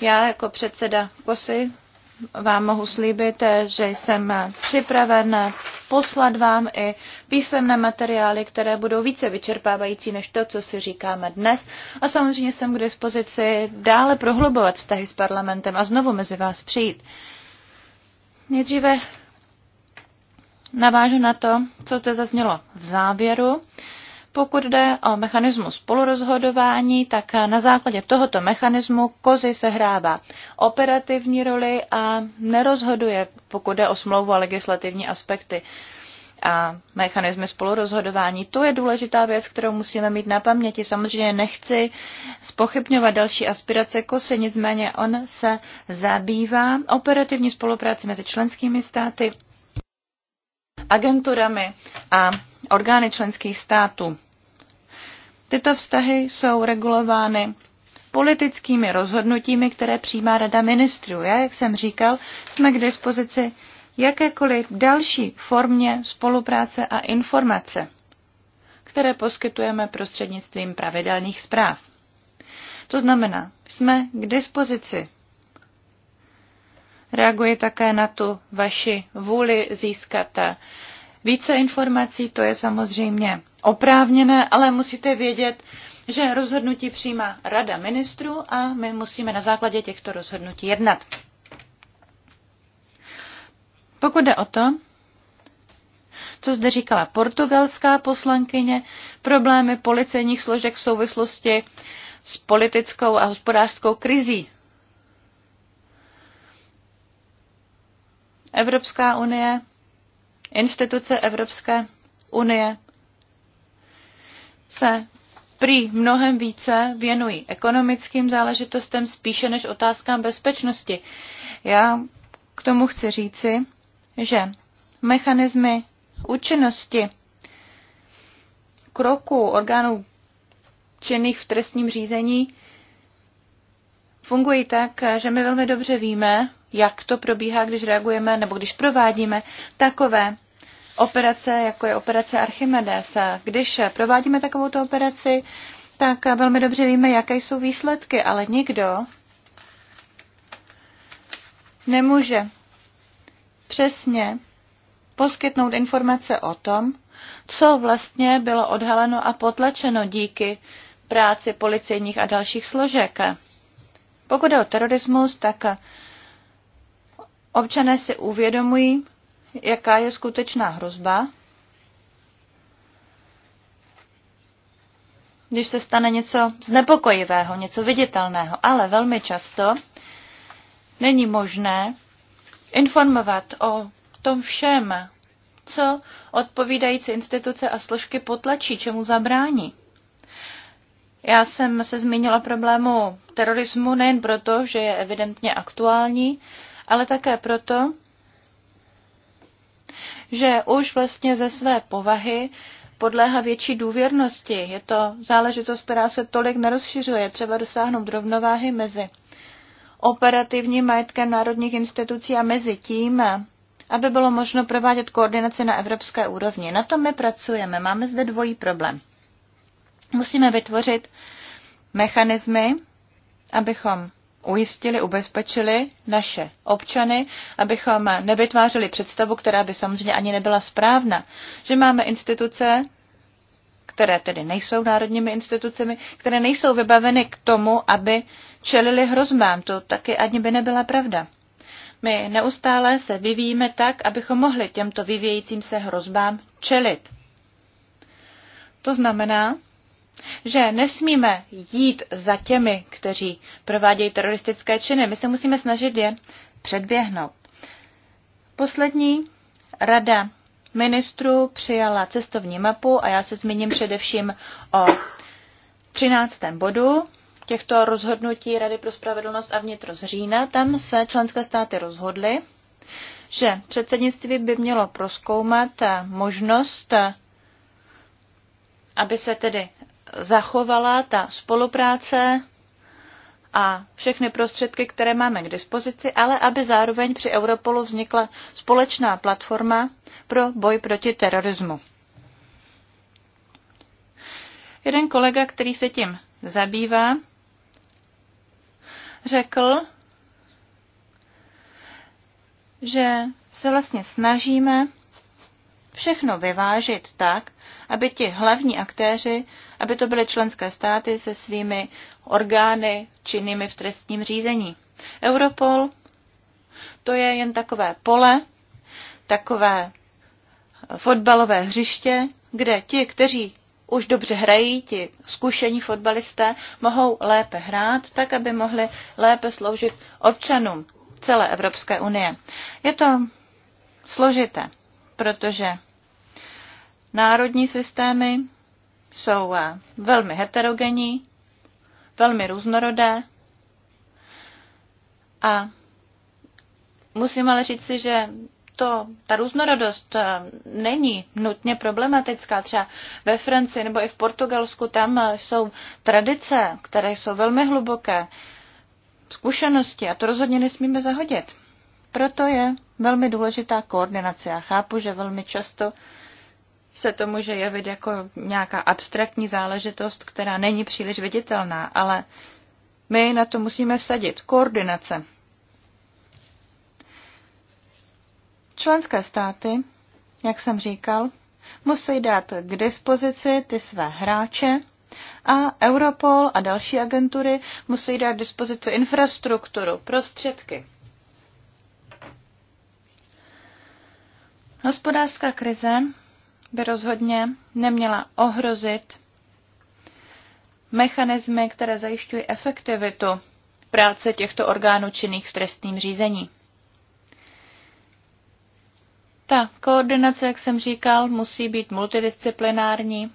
Já jako předseda KOSY vám mohu slíbit, eh, že jsem eh, připraven eh, poslat vám i písemné materiály, které budou více vyčerpávající než to, co si říkáme dnes. A samozřejmě jsem k dispozici dále prohlubovat vztahy s parlamentem a znovu mezi vás přijít. Nejdříve navážu na to, co zde zaznělo v závěru. Pokud jde o mechanismus spolurozhodování, tak na základě tohoto mechanismu kozy sehrává operativní roli a nerozhoduje, pokud jde o smlouvu a legislativní aspekty a mechanismy spolurozhodování. To je důležitá věc, kterou musíme mít na paměti. Samozřejmě nechci spochybňovat další aspirace KOSY, nicméně on se zabývá operativní spolupráci mezi členskými státy, agenturami a orgány členských států. Tyto vztahy jsou regulovány politickými rozhodnutími, které přijímá Rada ministrů. Já, jak jsem říkal, jsme k dispozici jakékoliv další formě spolupráce a informace, které poskytujeme prostřednictvím pravidelných zpráv. To znamená, jsme k dispozici. Reaguje také na tu vaši vůli získat více informací, to je samozřejmě oprávněné, ale musíte vědět, že rozhodnutí přijímá Rada ministrů a my musíme na základě těchto rozhodnutí jednat. Pokud jde o to, co zde říkala portugalská poslankyně, problémy policejních složek v souvislosti s politickou a hospodářskou krizí. Evropská unie instituce Evropské unie se prý mnohem více věnují ekonomickým záležitostem spíše než otázkám bezpečnosti. Já k tomu chci říci, že mechanismy účinnosti kroku, orgánů činných v trestním řízení fungují tak, že my velmi dobře víme, jak to probíhá, když reagujeme nebo když provádíme takové operace, jako je operace Archimedes. Když provádíme takovou operaci, tak velmi dobře víme, jaké jsou výsledky, ale nikdo nemůže přesně poskytnout informace o tom, co vlastně bylo odhaleno a potlačeno díky práci policejních a dalších složek. Pokud je o terorismus, tak občané si uvědomují, jaká je skutečná hrozba, když se stane něco znepokojivého, něco viditelného, ale velmi často není možné informovat o tom všem, co odpovídající instituce a složky potlačí, čemu zabrání. Já jsem se zmínila problému terorismu nejen proto, že je evidentně aktuální, ale také proto, že už vlastně ze své povahy podléhá větší důvěrnosti. Je to záležitost, která se tolik nerozšiřuje. Třeba dosáhnout rovnováhy mezi operativním majetkem národních institucí a mezi tím, aby bylo možno provádět koordinaci na evropské úrovni. Na tom my pracujeme. Máme zde dvojí problém. Musíme vytvořit mechanismy, abychom ujistili, ubezpečili naše občany, abychom nevytvářeli představu, která by samozřejmě ani nebyla správna, že máme instituce, které tedy nejsou národními institucemi, které nejsou vybaveny k tomu, aby čelili hrozbám. To taky ani by nebyla pravda. My neustále se vyvíjíme tak, abychom mohli těmto vyvějícím se hrozbám čelit. To znamená, že nesmíme jít za těmi, kteří provádějí teroristické činy. My se musíme snažit je předběhnout. Poslední rada ministrů přijala cestovní mapu a já se zmíním především o 13. bodu těchto rozhodnutí Rady pro spravedlnost a vnitro z října. Tam se členské státy rozhodly, že předsednictví by mělo proskoumat možnost, aby se tedy zachovala ta spolupráce a všechny prostředky, které máme k dispozici, ale aby zároveň při Europolu vznikla společná platforma pro boj proti terorismu. Jeden kolega, který se tím zabývá, řekl, že se vlastně snažíme všechno vyvážit tak, aby ti hlavní aktéři aby to byly členské státy se svými orgány činnými v trestním řízení. Europol to je jen takové pole, takové fotbalové hřiště, kde ti, kteří už dobře hrají, ti zkušení fotbalisté, mohou lépe hrát, tak aby mohli lépe sloužit občanům celé Evropské unie. Je to složité, protože národní systémy jsou eh, velmi heterogenní, velmi různorodé a musím ale říct si, že to, ta různorodost eh, není nutně problematická. Třeba ve Francii nebo i v Portugalsku tam eh, jsou tradice, které jsou velmi hluboké, zkušenosti a to rozhodně nesmíme zahodit. Proto je velmi důležitá koordinace. Já chápu, že velmi často se to může jevit jako nějaká abstraktní záležitost, která není příliš viditelná, ale my na to musíme vsadit. Koordinace. Členské státy, jak jsem říkal, musí dát k dispozici ty své hráče a Europol a další agentury musí dát k dispozici infrastrukturu, prostředky. Hospodářská krize by rozhodně neměla ohrozit mechanismy, které zajišťují efektivitu práce těchto orgánů činných v trestním řízení. Ta koordinace, jak jsem říkal, musí být multidisciplinární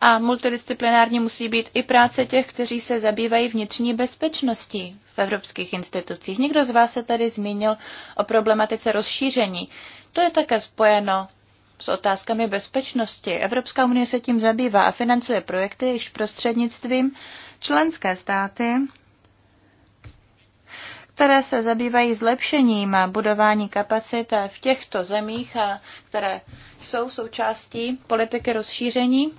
a multidisciplinární musí být i práce těch, kteří se zabývají vnitřní bezpečností v evropských institucích. Někdo z vás se tady zmínil o problematice rozšíření. To je také spojeno s otázkami bezpečnosti. Evropská unie se tím zabývá a financuje projekty, již prostřednictvím členské státy které se zabývají zlepšením a budování kapacit v těchto zemích, které jsou součástí politiky rozšíření,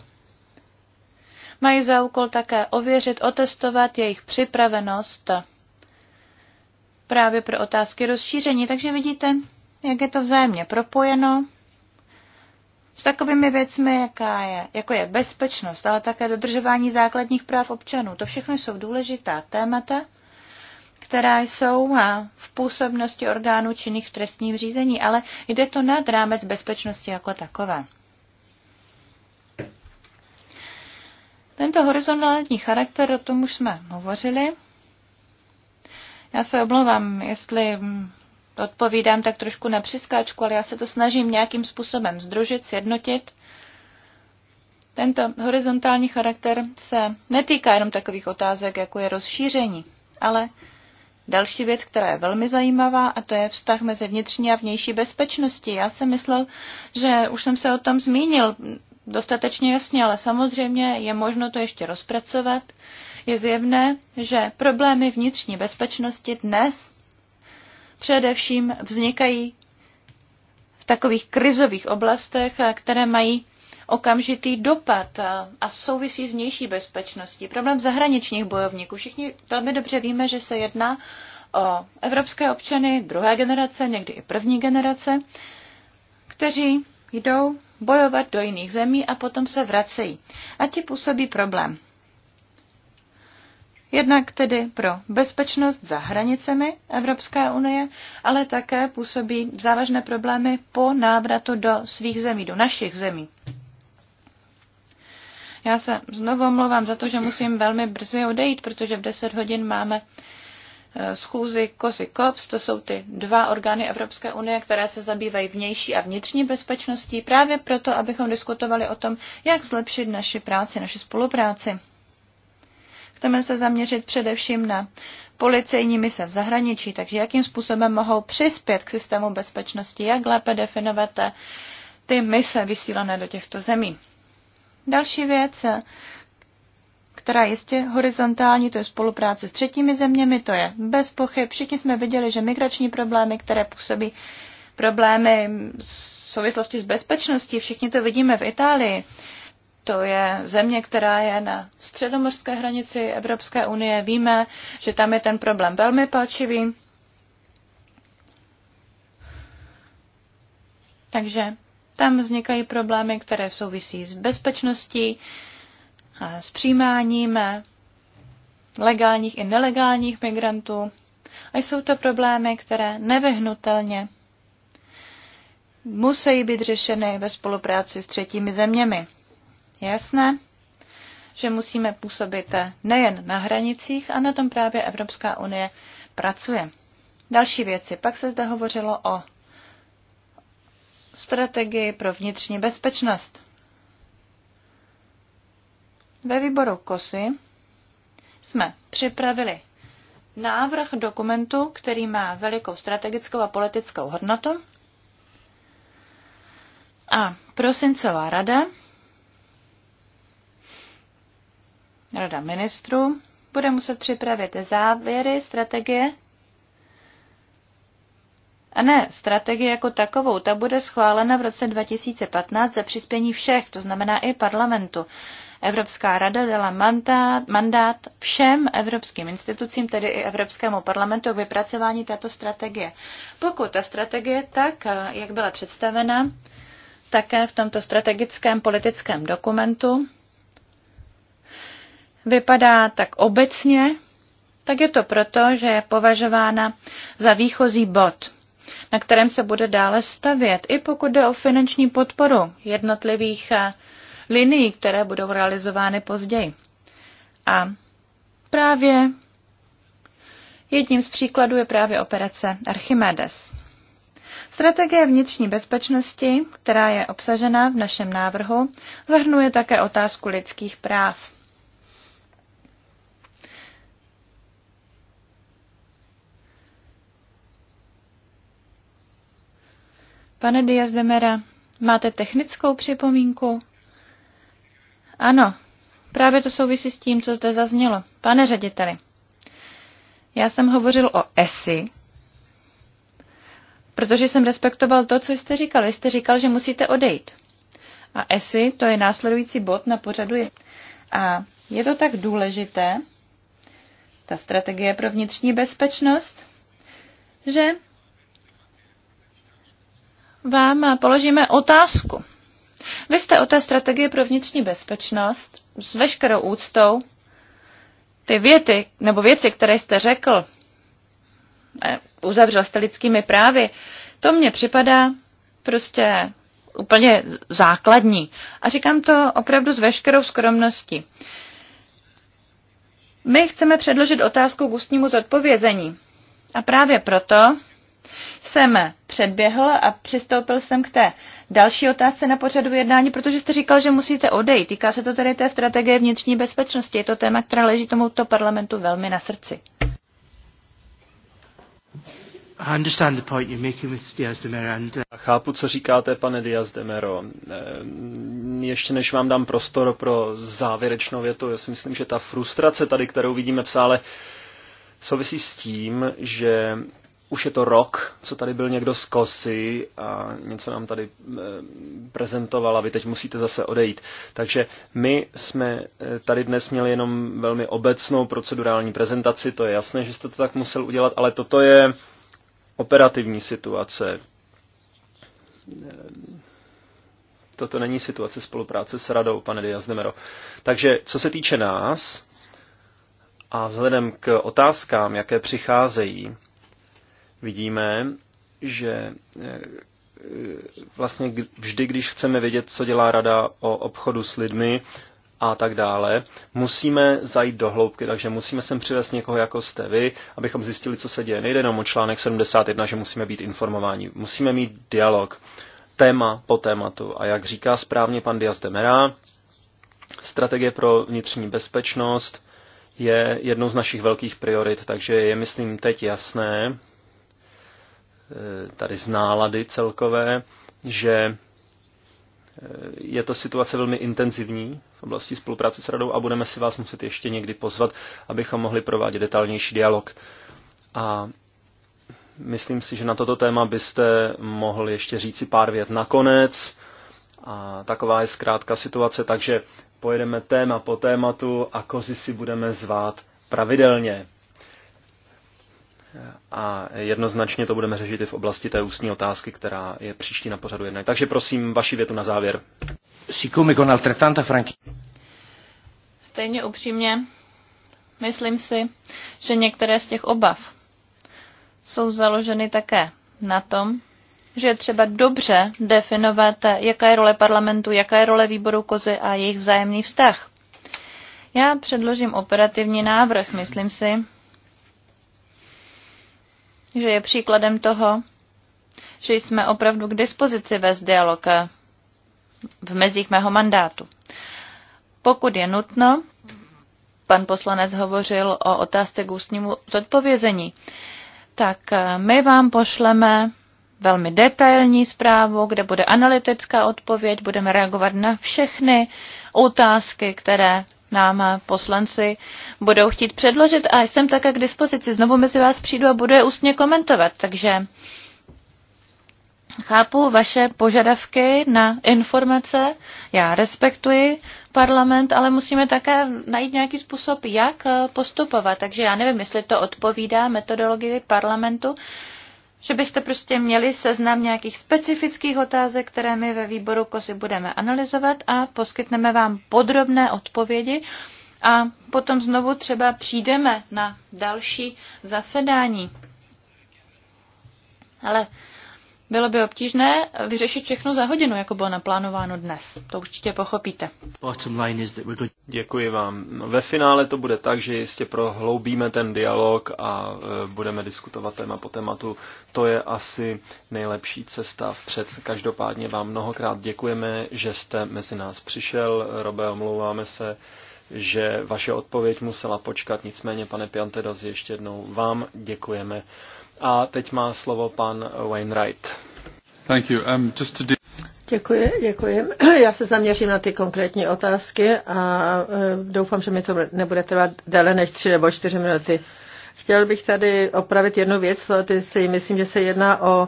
Mají za úkol také ověřit, otestovat jejich připravenost právě pro otázky rozšíření. Takže vidíte, jak je to vzájemně propojeno s takovými věcmi, jaká je, jako je bezpečnost, ale také dodržování základních práv občanů. To všechno jsou důležitá témata, která jsou v působnosti orgánů činných v trestním řízení, ale jde to nad rámec bezpečnosti jako takové. Tento horizontální charakter, o tom už jsme hovořili. Já se omlouvám, jestli mm, odpovídám tak trošku na přiskáčku, ale já se to snažím nějakým způsobem združit, sjednotit. Tento horizontální charakter se netýká jenom takových otázek, jako je rozšíření, ale další věc, která je velmi zajímavá, a to je vztah mezi vnitřní a vnější bezpečností. Já jsem myslel, že už jsem se o tom zmínil dostatečně jasně, ale samozřejmě je možno to ještě rozpracovat. Je zjevné, že problémy vnitřní bezpečnosti dnes především vznikají v takových krizových oblastech, eh, které mají okamžitý dopad eh, a souvisí s vnější bezpečností. Problém zahraničních bojovníků. Všichni velmi dobře víme, že se jedná o evropské občany druhé generace, někdy i první generace, kteří jdou bojovat do jiných zemí a potom se vracejí. A ti působí problém. Jednak tedy pro bezpečnost za hranicemi Evropské unie, ale také působí závažné problémy po návratu do svých zemí, do našich zemí. Já se znovu omlouvám za to, že musím velmi brzy odejít, protože v 10 hodin máme Eh, schůzi COSI COPS, to jsou ty dva orgány Evropské unie, které se zabývají vnější a vnitřní bezpečností, právě proto, abychom diskutovali o tom, jak zlepšit naši práci, naši spolupráci. Chceme se zaměřit především na policejní mise v zahraničí, takže jakým způsobem mohou přispět k systému bezpečnosti, jak lépe definovat eh, ty mise vysílané do těchto zemí. Další věc, eh, která je jistě horizontální, to je spolupráce s třetími zeměmi, to je bez pochyb. Všichni jsme viděli, že migrační problémy, které působí problémy v souvislosti s bezpečností, všichni to vidíme v Itálii. To je země, která je na středomorské hranici Evropské unie. Víme, že tam je ten problém velmi palčivý. Takže tam vznikají problémy, které souvisí s bezpečností, s přijímáním legálních i nelegálních migrantů. A jsou to problémy, které nevyhnutelně musí být řešeny ve spolupráci s třetími zeměmi. jasné, že musíme působit nejen na hranicích a na tom právě Evropská unie pracuje. Další věci. Pak se zde hovořilo o strategii pro vnitřní bezpečnost. Ve výboru KOSY jsme připravili návrh dokumentu, který má velikou strategickou a politickou hodnotu. A prosincová rada, rada ministrů, bude muset připravit závěry, strategie a ne, strategie jako takovou, ta bude schválena v roce 2015 za přispění všech, to znamená i parlamentu. Evropská rada dala mandát, mandát všem evropským institucím, tedy i Evropskému parlamentu, k vypracování této strategie. Pokud ta strategie tak, jak byla představena, také v tomto strategickém politickém dokumentu vypadá tak obecně, tak je to proto, že je považována za výchozí bod, na kterém se bude dále stavět, i pokud jde o finanční podporu jednotlivých linií, které budou realizovány později. A právě jedním z příkladů je právě operace Archimedes. Strategie vnitřní bezpečnosti, která je obsažena v našem návrhu, zahrnuje také otázku lidských práv. Pane Diaz de Mera, máte technickou připomínku? Ano, právě to souvisí s tím, co zde zaznělo. Pane řediteli, já jsem hovořil o ESI, protože jsem respektoval to, co jste říkal. Vy jste říkal, že musíte odejít. A ESI, to je následující bod na pořadu. A je to tak důležité, ta strategie pro vnitřní bezpečnost, že vám položíme otázku. Vy jste o té strategii pro vnitřní bezpečnost s veškerou úctou ty věty, nebo věci, které jste řekl, uzavřel jste lidskými právy, to mně připadá prostě úplně základní. A říkám to opravdu s veškerou skromností. My chceme předložit otázku k ústnímu zodpovězení. A právě proto jsem předběhl a přistoupil jsem k té další otázce na pořadu jednání, protože jste říkal, že musíte odejít. Týká se to tedy té strategie vnitřní bezpečnosti. Je to téma, která leží tomuto parlamentu velmi na srdci.
Uh, chápu, co říkáte, pane Diaz de Mero. Eh, ještě než vám dám prostor pro závěrečnou větu, já si myslím, že ta frustrace tady, kterou vidíme v sále, souvisí s tím, že už je to rok, co tady byl někdo z Kosy a něco nám tady eh, prezentoval a vy teď musíte zase odejít. Takže my jsme eh, tady dnes měli jenom velmi obecnou procedurální prezentaci, to je jasné, že jste to tak musel udělat, ale toto je operativní situace. Eh, toto není situace spolupráce s radou, pane Diaz Demero. Takže co se týče nás a vzhledem k otázkám, jaké přicházejí, vidíme, že eh, eh, vlastně vždy, když chceme vědět, co dělá rada o obchodu s lidmi a tak dále, musíme zajít do hloubky, takže musíme sem přivést někoho, jako jste vy, abychom zjistili, co se děje. Nejde jenom o článek 71, že musíme být informováni. Musíme mít dialog, téma po tématu. A jak říká správně pan Diaz de Mera, strategie pro vnitřní bezpečnost je jednou z našich velkých priorit, takže je, myslím, teď jasné, Eh, tady z nálady celkové, že eh, je to situace velmi intenzivní v oblasti spolupráce s radou a budeme si vás muset ještě někdy pozvat, abychom mohli provádět detailnější dialog. A myslím si, že na toto téma byste mohli ještě říci pár vět nakonec. A taková je zkrátka situace, takže pojedeme téma po tématu a kozy si budeme zvát pravidelně a jednoznačně to budeme řešit i v oblasti té ústní otázky, která je příští na pořadu jedné. Takže prosím, vaši větu na závěr.
Stejně upřímně, myslím si, že některé z těch obav jsou založeny také na tom, že je třeba dobře definovat, jaká je role parlamentu, jaká je role výboru kozy a jejich vzájemný vztah. Já předložím operativní návrh, myslím si, že je příkladem toho, že jsme opravdu k dispozici vést dialog eh, v mezích mého mandátu. Pokud je nutno, pan poslanec hovořil o otázce k ústnímu zodpovězení, tak eh, my vám pošleme velmi detailní zprávu, kde bude analytická odpověď, budeme reagovat na všechny otázky, které nám poslanci budou chtít předložit a jsem také k dispozici. Znovu mezi vás přijdu a budu je ústně komentovat, takže chápu vaše požadavky na informace, já respektuji parlament, ale musíme také najít nějaký způsob, jak postupovat. Takže já nevím, jestli to odpovídá metodologii parlamentu, že byste prostě měli seznam nějakých specifických otázek, které my ve výboru kozy budeme analyzovat a poskytneme vám podrobné odpovědi a potom znovu třeba přijdeme na další zasedání. Ale bylo by obtížné vyřešit všechno za hodinu, jako bylo naplánováno dnes. To určitě pochopíte.
Děkuji vám. No, ve finále to bude tak, že jistě prohloubíme ten dialog a e, budeme diskutovat téma po tématu. To je asi nejlepší cesta před. Každopádně vám mnohokrát děkujeme, že jste mezi nás přišel. Robe, omlouváme se že vaše odpověď musela počkat. Nicméně, pane Piantedosi, ještě jednou vám děkujeme a teď má slovo pan Wainwright. Thank you. Um,
just to do...
Děkuji, děkuji. Já se zaměřím na ty konkrétní otázky a e, doufám, že mi to nebude trvat déle než tři nebo čtyři minuty. Chtěl bych tady opravit jednu věc, ty si myslím, že se jedná o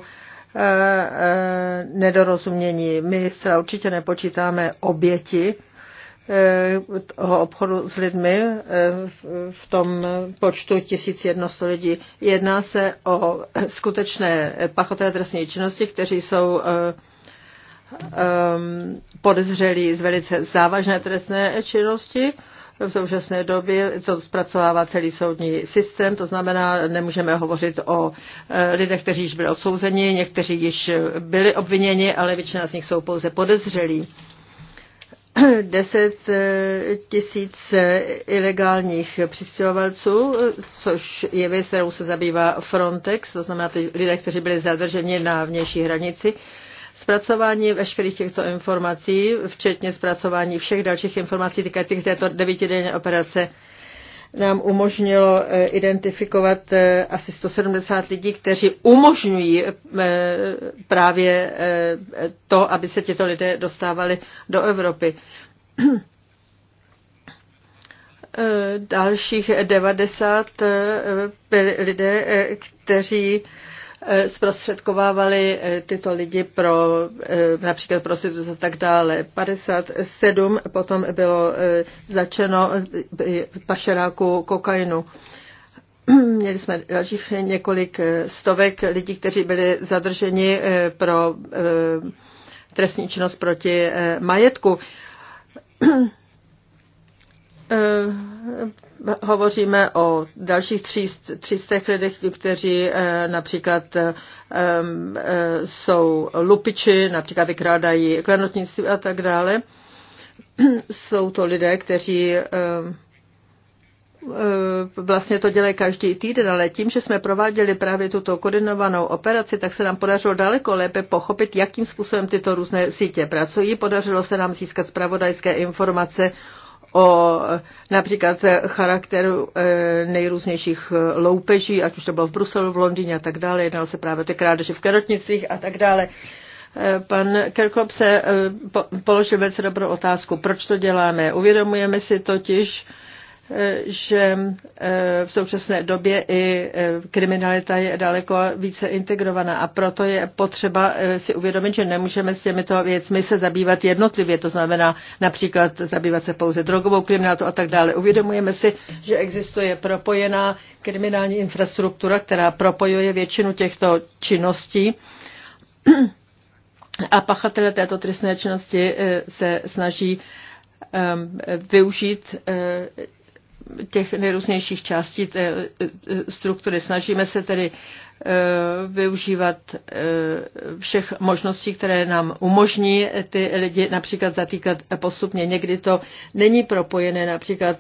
e, e, nedorozumění. My se určitě nepočítáme oběti toho obchodu s lidmi eh, v tom počtu 1100 lidí. Jedná se o skutečné pachatelé trestní činnosti, kteří jsou eh, eh, podezřelí z velice závažné trestné činnosti. V současné době to zpracovává celý soudní systém, to znamená, nemůžeme hovořit o lidech, kteří již byli odsouzeni, někteří již byli obviněni, ale většina z nich jsou pouze podezřelí. 10 eh, tisíc eh, ilegálních přistěhovalců, což je věc, kterou se zabývá Frontex, to znamená ty lidé, kteří byli zadrženi na vnější hranici. Zpracování veškerých těchto informací, včetně zpracování všech dalších informací týkajících této devítidenní operace, nám umožnilo eh, identifikovat eh, asi 170 lidí, kteří umožňují eh, právě to, aby se tito lidé dostávali do Evropy. Dalších 90 lidé, kteří Eh, zprostředkovávali eh, tyto lidi pro eh, například prostituce a tak dále. 57 potom bylo začeno pašeráku kokainu. Měli jsme dalších několik stovek lidí, kteří byli zadrženi pro trestní činnost proti majetku Eh, hovoříme o dalších 300 lidech, kteří eh, například eh, jsou lupiči, například vykrádají klenotnictví a tak dále. Jsou to lidé, kteří vlastně to dělají každý týden, ale tím, že jsme prováděli právě tuto koordinovanou operaci, tak se nám podařilo daleko lépe pochopit, jakým způsobem tyto různé sítě pracují. Podařilo se nám získat zpravodajské informace o například eh, charakteru eh, nejrůznějších eh, loupeží, ať už to bylo v Bruselu, v Londýně a tak dále, jednalo se právě o ty krádeže v kerotnicích a tak dále. Pan Kerkop se položil velice dobrou otázku, proč to děláme. Uvědomujeme si totiž, že eh, v současné době i eh, kriminalita je daleko více integrovaná a proto je potřeba eh, si uvědomit, že nemůžeme s těmito věcmi se zabývat jednotlivě, to znamená například zabývat se pouze drogovou kriminalitou a tak dále. Uvědomujeme si, že existuje propojená kriminální infrastruktura, která propojuje většinu těchto činností a pachatele této trestné činnosti se snaží ehm, využít těch nejrůznějších částí té e, e, struktury. Snažíme se tedy e, využívat všech možností, které nám umožní ty lidi například zatýkat postupně. Někdy to není propojené například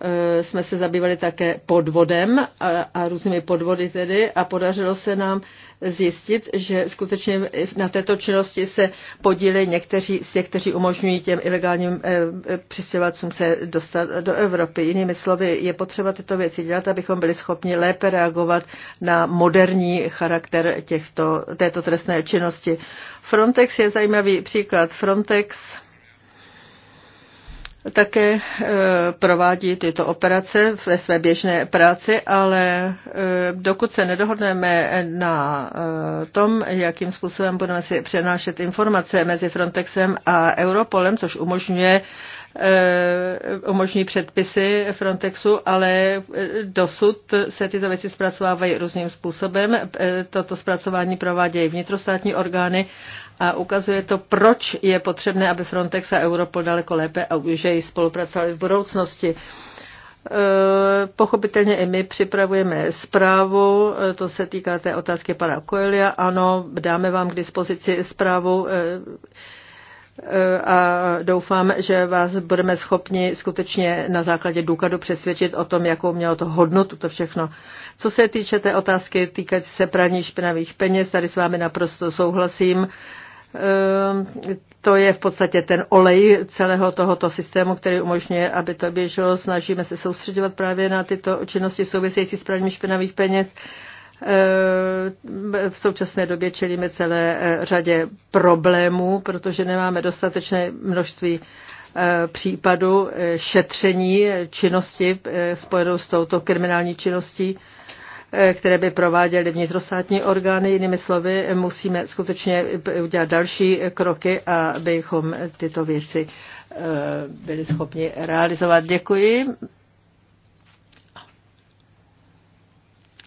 Eh, jsme se zabývali také podvodem a, a různými podvody tedy a podařilo se nám zjistit, že skutečně na této činnosti se podílejí někteří z těch, kteří umožňují těm ilegálním eh, přistěhovalcům se dostat do Evropy. Jinými slovy, je potřeba tyto věci dělat, abychom byli schopni lépe reagovat na moderní charakter těchto, této trestné činnosti. Frontex je zajímavý příklad. Frontex také e, provádí tyto operace ve své běžné práci, ale e, dokud se nedohodneme na e, tom, jakým způsobem budeme si přenášet informace mezi Frontexem a Europolem, což umožňuje umožní předpisy Frontexu, ale dosud se tyto věci zpracovávají různým způsobem. Toto zpracování provádějí vnitrostátní orgány a ukazuje to, proč je potřebné, aby Frontex a Europol daleko lépe a už užeji spolupracovali v budoucnosti. E, pochopitelně i my připravujeme zprávu, e, to se týká té otázky pana Koelia. Ano, dáme vám k dispozici zprávu e, a doufám, že vás budeme schopni skutečně na základě důkadu přesvědčit o tom, jakou mělo to hodnotu to všechno. Co se týče té otázky týkat se praní špinavých peněz, tady s vámi naprosto souhlasím. Ehm, to je v podstatě ten olej celého tohoto systému, který umožňuje, aby to běželo. Snažíme se soustředovat právě na tyto činnosti související s praním špinavých peněz. Ehm, v současné době čelíme celé eh, řadě problémů, protože nemáme dostatečné množství eh, případů eh, šetření činnosti spojenou s touto kriminální činností Eh, které by prováděly vnitrostátní orgány. Jinými slovy, musíme skutečně udělat další kroky, abychom tyto věci eh, byli schopni realizovat. Děkuji.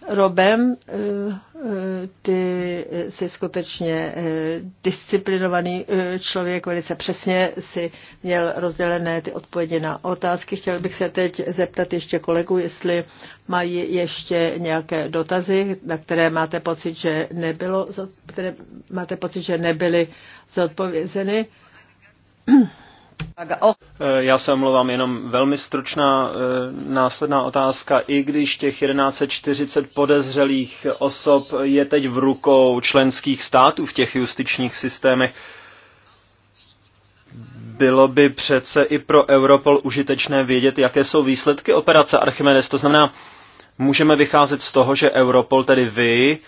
Robem, eh, eh, ty jsi skutečně eh, disciplinovaný člověk, velice přesně si měl rozdělené ty odpovědi na otázky. Chtěl bych se teď zeptat ještě kolegu, jestli mají ještě nějaké dotazy, na které máte pocit, že nebylo, které máte pocit, že nebyly zodpovězeny.
Eh,
já se omlouvám, jenom velmi stručná eh, následná otázka. I když těch 1140 podezřelých osob je teď v rukou členských států v těch justičních systémech, bylo by přece i pro Europol užitečné vědět, jaké jsou výsledky operace Archimedes. To znamená, můžeme vycházet z toho, že Europol, tedy vy,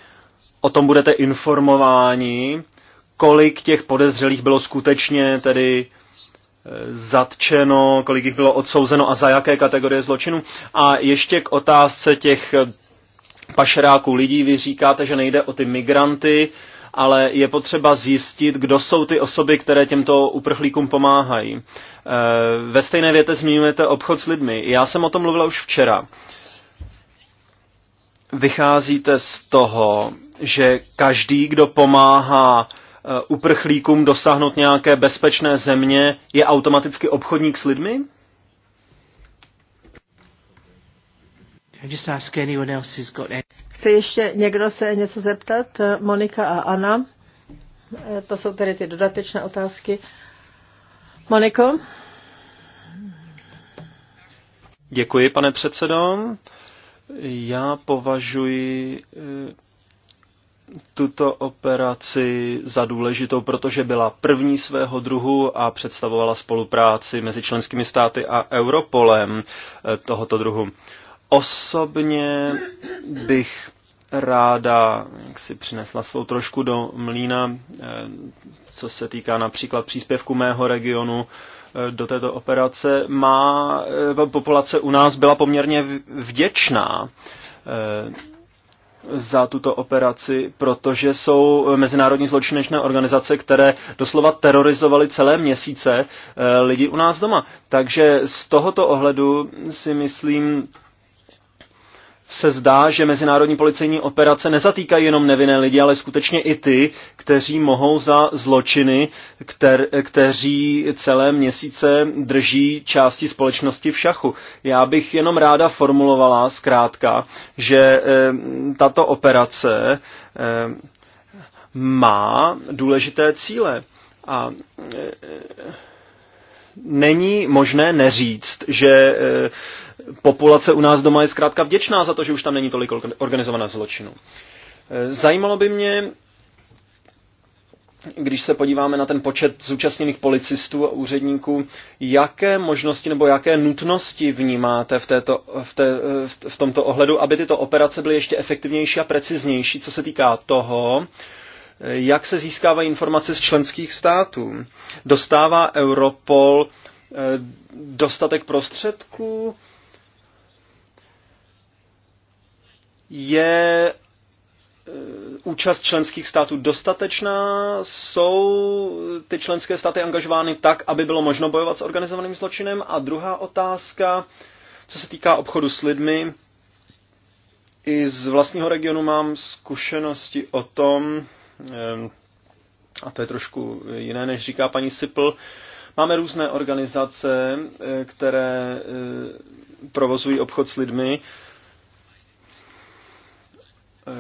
o tom budete informováni, kolik těch podezřelých bylo skutečně tedy zatčeno, kolik jich bylo odsouzeno a za jaké kategorie zločinu. A ještě k otázce těch pašeráků lidí. Vy říkáte, že nejde o ty migranty, ale je potřeba zjistit, kdo jsou ty osoby, které těmto uprchlíkům pomáhají. E, ve stejné věte zmiňujete obchod s lidmi. Já jsem o tom mluvila už včera. Vycházíte z toho, že každý, kdo pomáhá Eh, uprchlíkům dosáhnout nějaké bezpečné země, je automaticky obchodník s lidmi?
Chce ještě někdo se něco zeptat? Monika a Anna? Eh, to jsou tedy ty dodatečné otázky. Moniko?
Děkuji, pane předsedo. Já považuji eh, tuto operaci za důležitou, protože byla první svého druhu a představovala spolupráci mezi členskými státy a Europolem eh, tohoto druhu. Osobně bych ráda jak si přinesla svou trošku do mlína, eh, co se týká například příspěvku mého regionu eh, do této operace. Má populace u nás byla poměrně vděčná za tuto operaci, protože jsou mezinárodní zločinečné organizace, které doslova terorizovaly celé měsíce eh, lidi u nás doma. Takže z tohoto ohledu si myslím, se zdá, že mezinárodní policejní operace nezatýkají jenom nevinné lidi, ale skutečně i ty, kteří mohou za zločiny, kter, kteří celé měsíce drží části společnosti v šachu. Já bych jenom ráda formulovala zkrátka, že e, tato operace e, má důležité cíle. A e, není možné neříct, že e, populace u nás doma je zkrátka vděčná za to, že už tam není tolik organizovaná zločinu. E, zajímalo by mě, když se podíváme na ten počet zúčastněných policistů a úředníků, jaké možnosti nebo jaké nutnosti vnímáte v, této, v, té, e, v tomto ohledu, aby tyto operace byly ještě efektivnější a preciznější, co se týká toho, jak se získávají informace z členských států. Dostává Europol eh, dostatek prostředků? Je eh, účast členských států dostatečná? Jsou ty členské státy angažovány tak, aby bylo možno bojovat s organizovaným zločinem? A druhá otázka, co se týká obchodu s lidmi, i z vlastního regionu mám zkušenosti o tom, Ehm, a to je trošku jiné, než říká paní Sipl, Máme různé organizace, eh, které eh, provozují obchod s lidmi.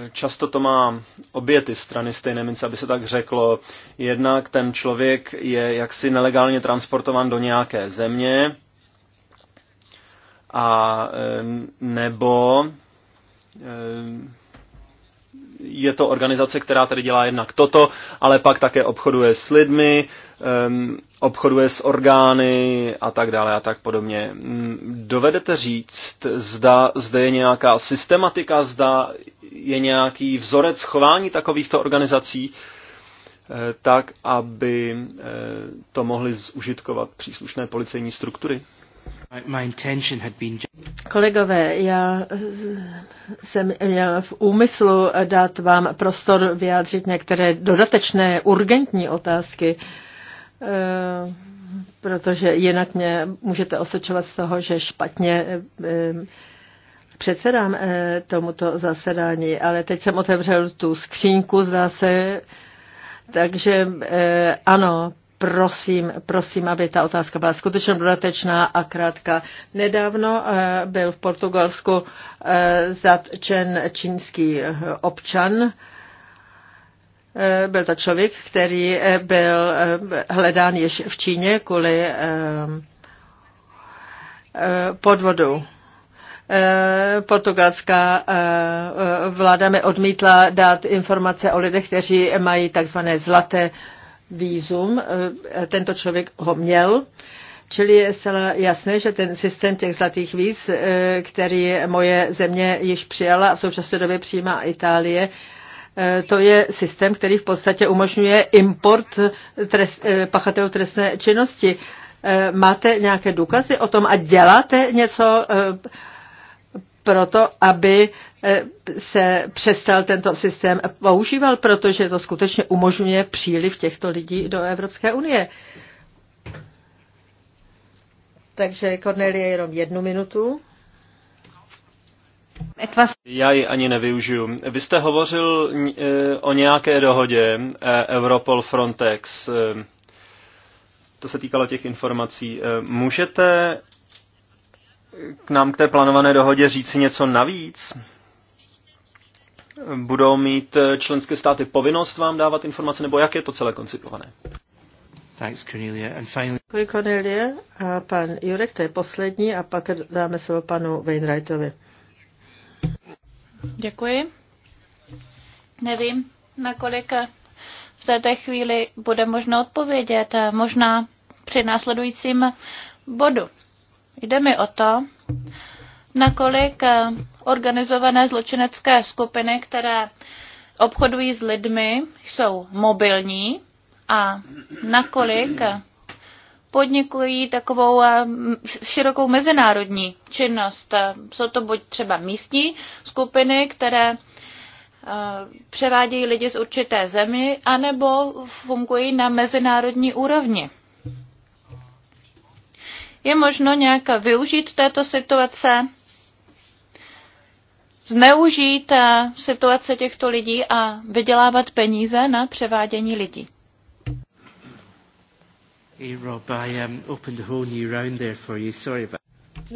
Eh, často to má obě ty strany stejné mince, aby se tak řeklo. Jednak ten člověk je jaksi nelegálně transportován do nějaké země, a ehm, nebo ehm, je to organizace, která tady dělá jednak toto, ale pak také obchoduje s lidmi, obchoduje s orgány a tak dále a tak podobně. Mm, dovedete říct, zda zde je nějaká systematika, zda je nějaký vzorec chování takovýchto organizací, eh, tak, aby eh, to mohly zužitkovat příslušné policejní struktury?
Kolegové, já jsem měl v úmyslu dát vám prostor vyjádřit některé dodatečné urgentní otázky, eh, protože jinak mě můžete osočovat z toho, že špatně eh, předsedám eh, tomuto zasedání, ale teď jsem otevřel tu skřínku, zdá se, takže ano, prosím, prosím, aby ta otázka byla skutečně dodatečná a krátká. Nedávno eh, byl v Portugalsku eh, zatčen čínský eh, občan, byl to člověk, který byl hledán již v Číně kvůli podvodu. Portugalská vláda mi odmítla dát informace o lidech, kteří mají takzvané zlaté Vízum, eh, tento člověk ho měl, Čili je zcela jasné, že ten systém těch zlatých víz, eh, který moje země již přijala a v současné době přijímá Itálie, eh, to je systém, který v podstatě umožňuje import trest, pachatelů trestné činnosti. Máte nějaké důkazy o tom a děláte něco proto, aby eh, se přestal tento systém používal, protože to skutečně umožňuje příliv těchto lidí do Evropské unie. Takže Cornelie jenom jednu minutu.
Já ji ani nevyužiju. Vy jste hovořil eh, o nějaké dohodě eh, Europol Frontex. To se týkalo těch informací. Můžete k nám k té plánované dohodě říci něco navíc? Budou mít eh, členské státy povinnost vám dávat informace, nebo jak je to celé koncipované? Thanks, Cornelia. And finally...
Děkuji, Cornelia. A pan Jurek, to je poslední, a pak dáme slovo panu Wainwrightovi.
Děkuji. Nevím, na kolik eh, v této chvíli bude možno odpovědět, eh, možná při následujícím bodu. Jde mi o to, nakolik eh, organizované zločinecké skupiny, které obchodují s lidmi, jsou mobilní a nakolik podnikují takovou eh, širokou mezinárodní činnost. Eh, jsou to buď třeba místní skupiny, které převádějí lidi z určité zemi, anebo fungují na mezinárodní úrovni. Je možno nějak využít této situace, zneužít eh, situace těchto lidí a vydělávat peníze na převádění lidí.
Um,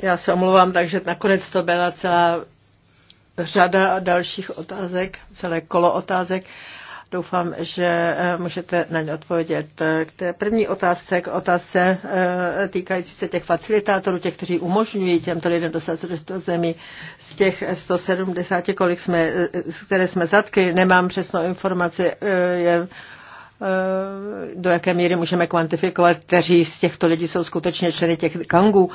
já se omlouvám, takže nakonec to byla celá řada dalších otázek, celé kolo otázek. Doufám, že eh, můžete na ně odpovědět. K té první otázce, k otázce eh, týkající se těch facilitátorů, těch, kteří umožňují těmto lidem dostat se do toho zemí, z těch 170, kolik jsme, eh, které jsme zadky, nemám přesnou informaci, je do jaké míry můžeme kvantifikovat, kteří z těchto lidí jsou skutečně členy těch gangů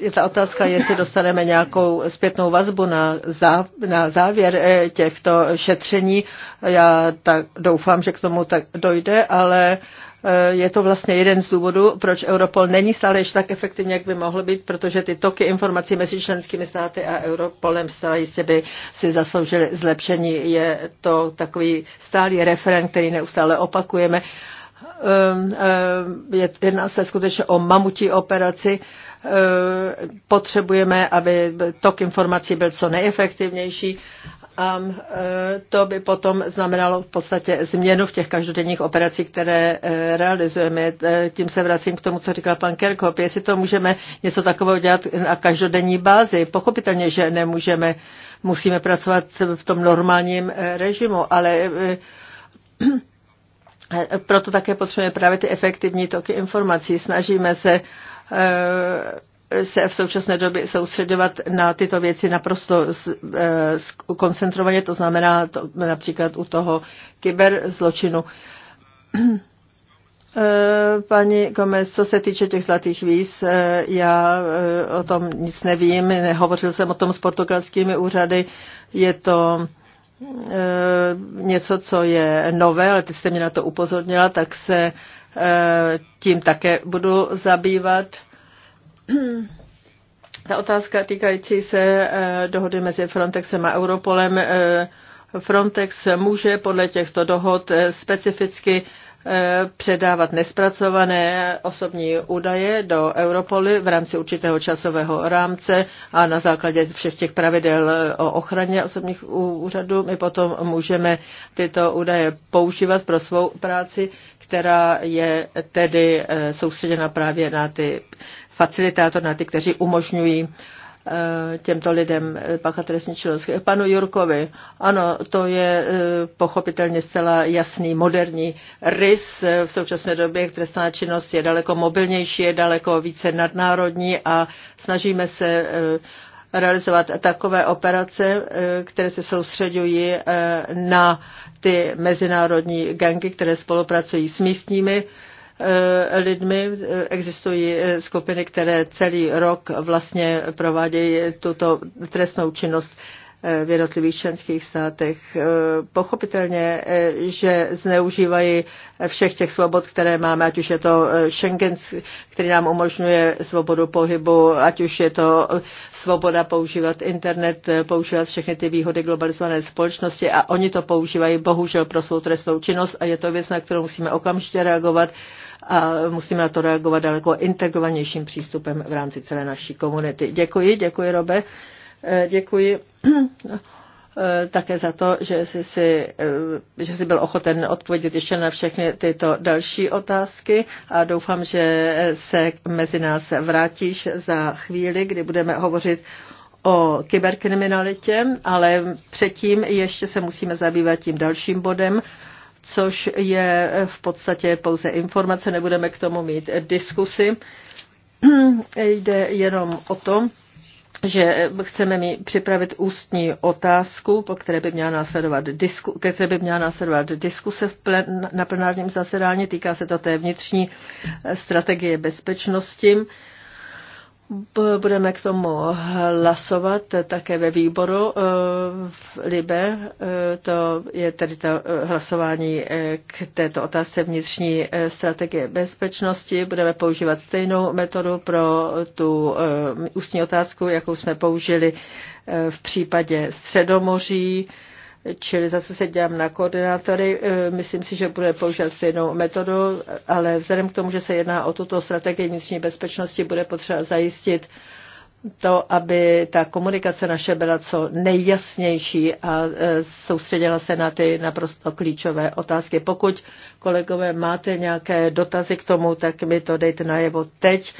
je ta otázka, jestli dostaneme nějakou zpětnou vazbu na, zá, na závěr eh, těchto šetření. Já tak doufám, že k tomu tak dojde, ale eh, je to vlastně jeden z důvodů, proč Europol není stále ještě tak efektivní, jak by mohl být, protože ty toky informací mezi členskými státy a Europolem stále jistě by si zasloužily zlepšení. Je to takový stálý referent, který neustále opakujeme Ehm, ehm, jedná se skutečně o mamutí operaci, ehm, potřebujeme, aby tok informací byl co nejefektivnější a to by potom znamenalo v podstatě změnu v těch každodenních operacích, které eh, realizujeme. Eh, tím se vracím k tomu, co říkal pan Kerkhoff. Jestli to můžeme něco takového dělat na každodenní bázi, pochopitelně, že nemůžeme, musíme pracovat v tom normálním eh, režimu, ale proto také potřebujeme právě ty efektivní toky informací. Snažíme se eh, se v současné době soustředovat na tyto věci naprosto eh, koncentrovaně, to znamená to, například u toho kyberzločinu. Eh, paní Gomez, co se týče těch zlatých víz, já o tom nic nevím, nehovořil jsem o tom s portugalskými úřady, je to Eh, něco, co je nové, ale ty jste mě na to upozornila, tak se eh, tím také budu zabývat. Ta otázka týkající se eh, dohody mezi Frontexem a Europolem. Frontex může podle těchto dohod specificky Eh, předávat nespracované osobní údaje do Europoly v rámci určitého časového rámce a na základě všech těch pravidel eh, o ochraně osobních úřadů my potom můžeme tyto údaje používat pro svou práci, která je tedy eh, soustředěna právě na ty facilitátor, na ty, kteří umožňují Eh, těmto lidem eh, trestní činnost. Panu Jurkovi, ano, to je eh, pochopitelně zcela jasný moderní rys v současné době, trestná činnost je daleko mobilnější, je daleko více nadnárodní a snažíme se realizovat takové operace, které se soustředují na ty mezinárodní gangy, které spolupracují s místními Eh, lidmi. Eh, existují eh, skupiny, které celý rok vlastně provádějí tuto trestnou činnost v jednotlivých členských státech. Pochopitelně, že zneužívají všech těch svobod, které máme, ať už je to Schengen, který nám umožňuje svobodu pohybu, ať už je to svoboda používat internet, používat všechny ty výhody globalizované společnosti a oni to používají bohužel pro svou trestnou činnost a je to věc, na kterou musíme okamžitě reagovat a musíme na to reagovat daleko integrovanějším přístupem v rámci celé naší komunity. Děkuji, děkuji, Robe. E, děkuji e, také za to, že jsi, si, e, že jsi byl ochoten odpovědět ještě na všechny tyto další otázky a doufám, že se mezi nás vrátíš za chvíli, kdy budeme hovořit o kyberkriminalitě, ale předtím ještě se musíme zabývat tím dalším bodem, což je v podstatě pouze informace, nebudeme k tomu mít diskusy. Jde jenom o to, že chceme mi připravit ústní otázku, po které by měla následovat disku, ke které by měla následovat diskuse v plen, na plenárním zasedání. Týká se to té vnitřní eh, strategie bezpečnosti. Budeme k tomu hlasovat také ve výboru eh, v Libe. Eh, to je tedy to eh, hlasování k této otázce vnitřní strategie bezpečnosti. Budeme používat stejnou metodu pro tu ústní otázku, jakou jsme použili v případě Středomoří Čili zase se dělám na koordinátory. E, myslím si, že bude používat stejnou metodu, ale vzhledem k tomu, že se jedná o tuto strategii vnitřní bezpečnosti, bude potřeba zajistit to, aby ta komunikace naše byla co nejjasnější a e, soustředila se na ty naprosto klíčové otázky. Pokud kolegové máte nějaké dotazy k tomu, tak mi to dejte najevo teď.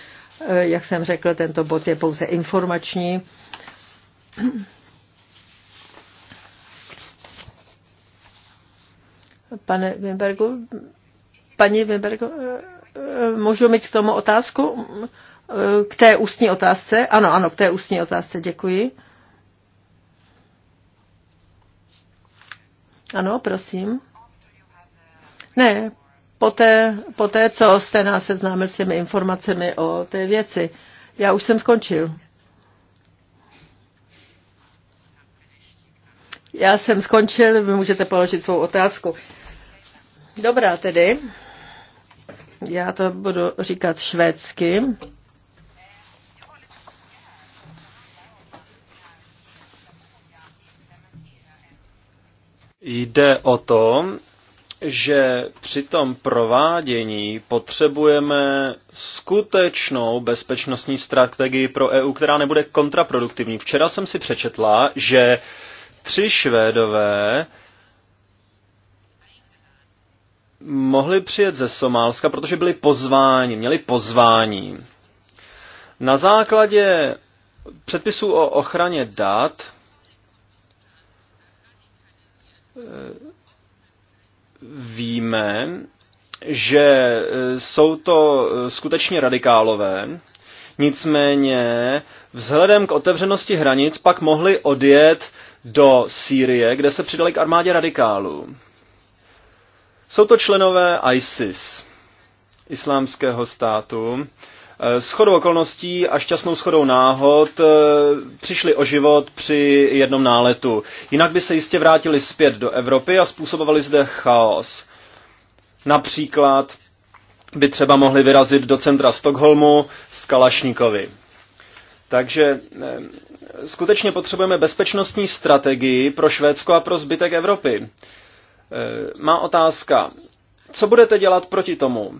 E, jak jsem řekl, tento bod je pouze informační. Pane Wimbergu, paní Wimbergu, eh, eh, můžu mít k tomu otázku? Eh, k té ústní otázce? Ano, ano, k té ústní otázce, děkuji. Ano, prosím. Ne, poté, poté co jste nás seznámil s těmi informacemi o té věci. Já už jsem skončil. Já jsem skončil, vy můžete položit svou otázku. Dobrá tedy. Já to budu říkat švédsky.
Jde o to, že při tom provádění potřebujeme skutečnou bezpečnostní strategii pro EU, která nebude kontraproduktivní. Včera jsem si přečetla, že tři Švédové mohli přijet ze Somálska, protože byli pozváni, měli pozvání. Na základě předpisů o ochraně dat eh, víme, že eh, jsou to eh, skutečně radikálové, nicméně vzhledem k otevřenosti hranic pak mohli odjet do Sýrie, kde se přidali k armádě radikálů. Jsou to členové ISIS, islámského státu. Eh, S chodou okolností a šťastnou schodou náhod eh, přišli o život při jednom náletu. Jinak by se jistě vrátili zpět do Evropy a způsobovali zde chaos. Například by třeba mohli vyrazit do centra Stockholmu z Kalašníkovi. Takže eh, skutečně potřebujeme bezpečnostní strategii pro Švédsko a pro zbytek Evropy. Eh, má otázka, co budete dělat proti tomu,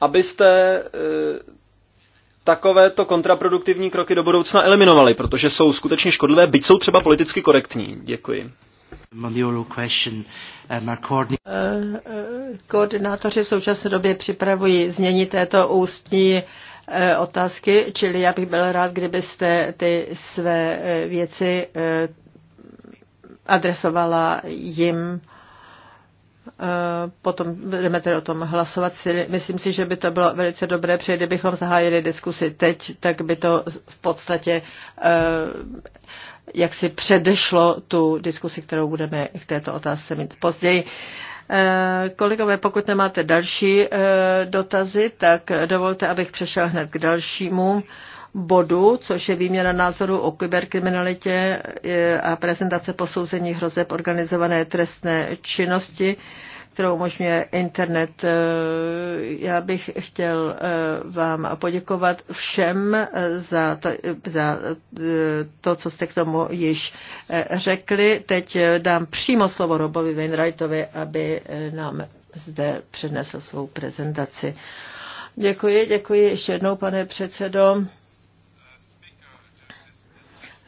abyste eh, takovéto kontraproduktivní kroky do budoucna eliminovali, protože jsou skutečně škodlivé, byť jsou třeba politicky korektní. Děkuji.
Eh, koordinátoři v současné době připravují změní této ústní otázky, čili já bych byl rád, kdybyste ty své věci adresovala jim Eh, potom budeme tedy o tom hlasovat. Myslím si, že by to bylo velice dobré, protože kdybychom zahájili diskusi teď, tak by to v podstatě eh, jak si předešlo tu diskusi, kterou budeme k této otázce mít později. Eh, kolegové, pokud nemáte další dotazy, tak dovolte, abych přešel hned k dalšímu bodu, což je výměna názoru o kyberkriminalitě e, a prezentace posouzení hrozeb organizované trestné činnosti, kterou umožňuje internet. E, já bych chtěl e, vám poděkovat všem za to, za to co jste k tomu již řekli. Teď dám přímo slovo Robovi Wainwrightovi, aby nám zde přednesl svou prezentaci. Děkuji, děkuji ještě jednou, pane předsedo.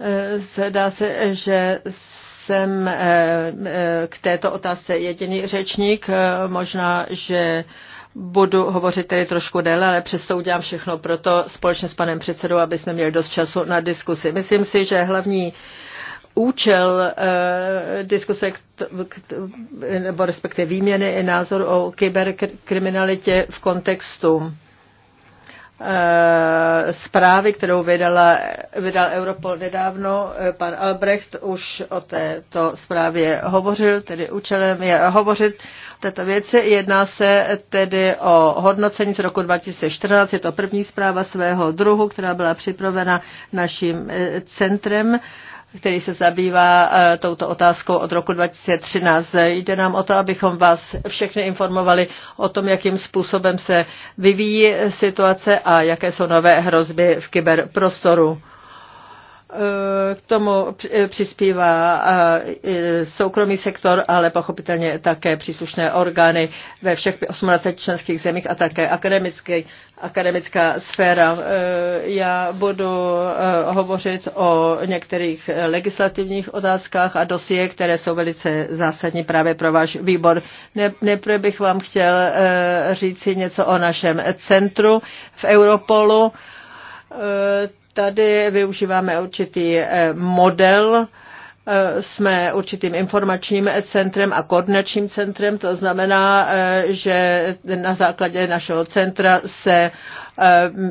Eh, zdá se, že jsem eh, eh, k této otázce jediný řečník. Možná, že budu hovořit tedy trošku déle, ale přesto udělám všechno proto společně s panem předsedou, aby jsme měli dost času na diskusi. Myslím si, že hlavní účel eh, diskuse k, k, nebo respektive výměny názor o kyberkriminalitě v kontextu Eh, zprávy, kterou vydala, vydal Europol nedávno. Eh, pan Albrecht už o této zprávě hovořil, tedy účelem je hovořit této věci. Jedná se tedy o hodnocení z roku 2014. Je to první zpráva svého druhu, která byla připravena naším eh, centrem který se zabývá e, touto otázkou od roku 2013. Jde nám o to, abychom vás všechny informovali o tom, jakým způsobem se vyvíjí situace a jaké jsou nové hrozby v kyberprostoru k tomu přispívá soukromý sektor, ale pochopitelně také příslušné orgány ve všech 28 členských zemích a také akademické, akademická sféra. E, já budu e, hovořit o některých legislativních otázkách a dosie, které jsou velice zásadní právě pro váš výbor. Nejprve bych vám chtěl si e, něco o našem centru v Europolu Tady využíváme určitý eh, model, eh, jsme určitým informačním centrem a koordinačním centrem, to znamená, eh, že na základě našeho centra se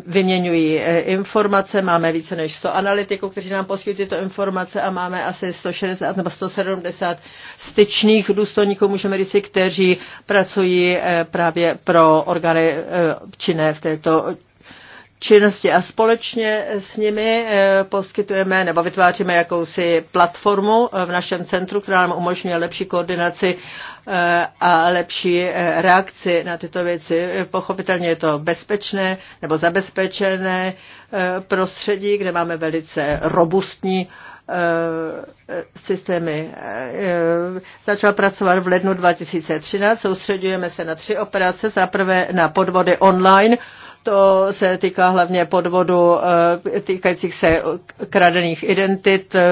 vyměňují informace, máme více než 100 analytiků, kteří nám poskytují tyto informace a máme asi 160 nebo 170 styčných důstojníků, můžeme říct, kteří pracují právě pro orgány činné v této činnosti a společně s nimi eh, poskytujeme nebo vytváříme jakousi platformu eh, v našem centru, která nám umožňuje lepší koordinaci eh, a lepší reakci na tyto věci. Pochopitelně je to bezpečné nebo zabezpečené prostředí, kde máme velice robustní systémy. Začal pracovat v lednu 2013, soustředujeme se na tři operace. Za prvé na podvody online, to se týká hlavně podvodu eh, týkajících se kradených identit, eh,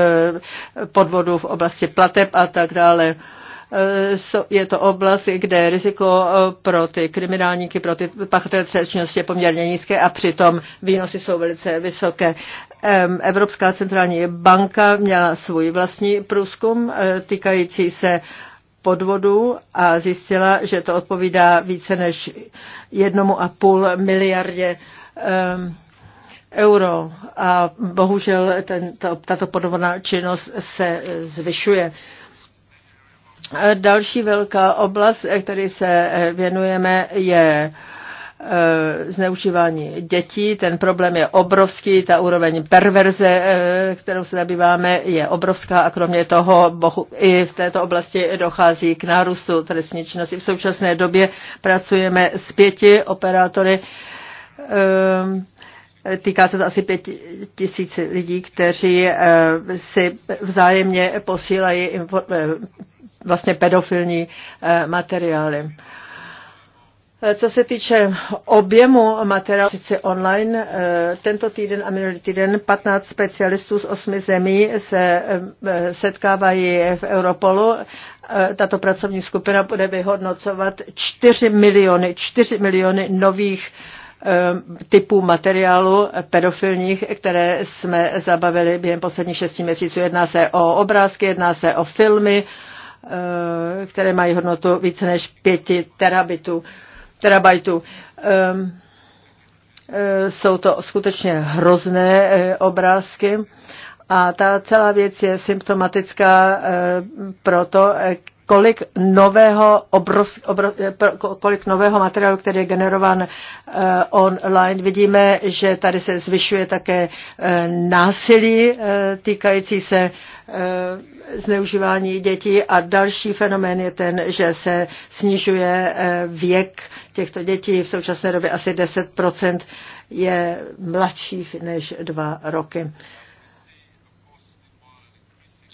podvodu v oblasti plateb a tak dále. Eh, je to oblast, kde riziko pro ty kriminálníky, pro ty pachatele třečnosti je poměrně nízké a přitom výnosy jsou velice vysoké. Evropská centrální banka měla svůj vlastní průzkum týkající se podvodů a zjistila, že to odpovídá více než jednomu a půl miliardě ehm, euro. A bohužel tento, tato podvodná činnost se eh, zvyšuje. Další velká oblast, eh, které se eh, věnujeme, je Eh, zneužívání dětí. Ten problém je obrovský, ta úroveň perverze, eh, kterou se zabýváme, je obrovská a kromě toho bohu, i v této oblasti dochází k nárůstu trestní činnosti. V současné době pracujeme s pěti operátory. Eh, týká se to asi pět tisíc lidí, kteří si vzájemně posílají vlastně pedofilní materiály. Eh, co se týče objemu materiálu, sice online, eh, tento týden a minulý týden 15 specialistů z osmi zemí se eh, setkávají v Europolu. Tato pracovní skupina bude vyhodnocovat 4 miliony, 4 miliony nových typů materiálu pedofilních, které jsme zabavili během posledních šesti měsíců. Jedná se o obrázky, jedná se o filmy, které mají hodnotu více než 5 terabitů terabajtů. Ehm, eh, jsou to skutečně hrozné eh, obrázky. A ta celá věc je symptomatická eh, proto kolik nového, obrov, obrov, eh, kolik nového materiálu, který je generován uh, online. Vidíme, že tady se zvyšuje také uh, násilí uh, týkající se uh, zneužívání dětí a další fenomén je ten, že se snižuje uh, věk těchto dětí. V současné době asi 10% je mladších než dva roky. Uh,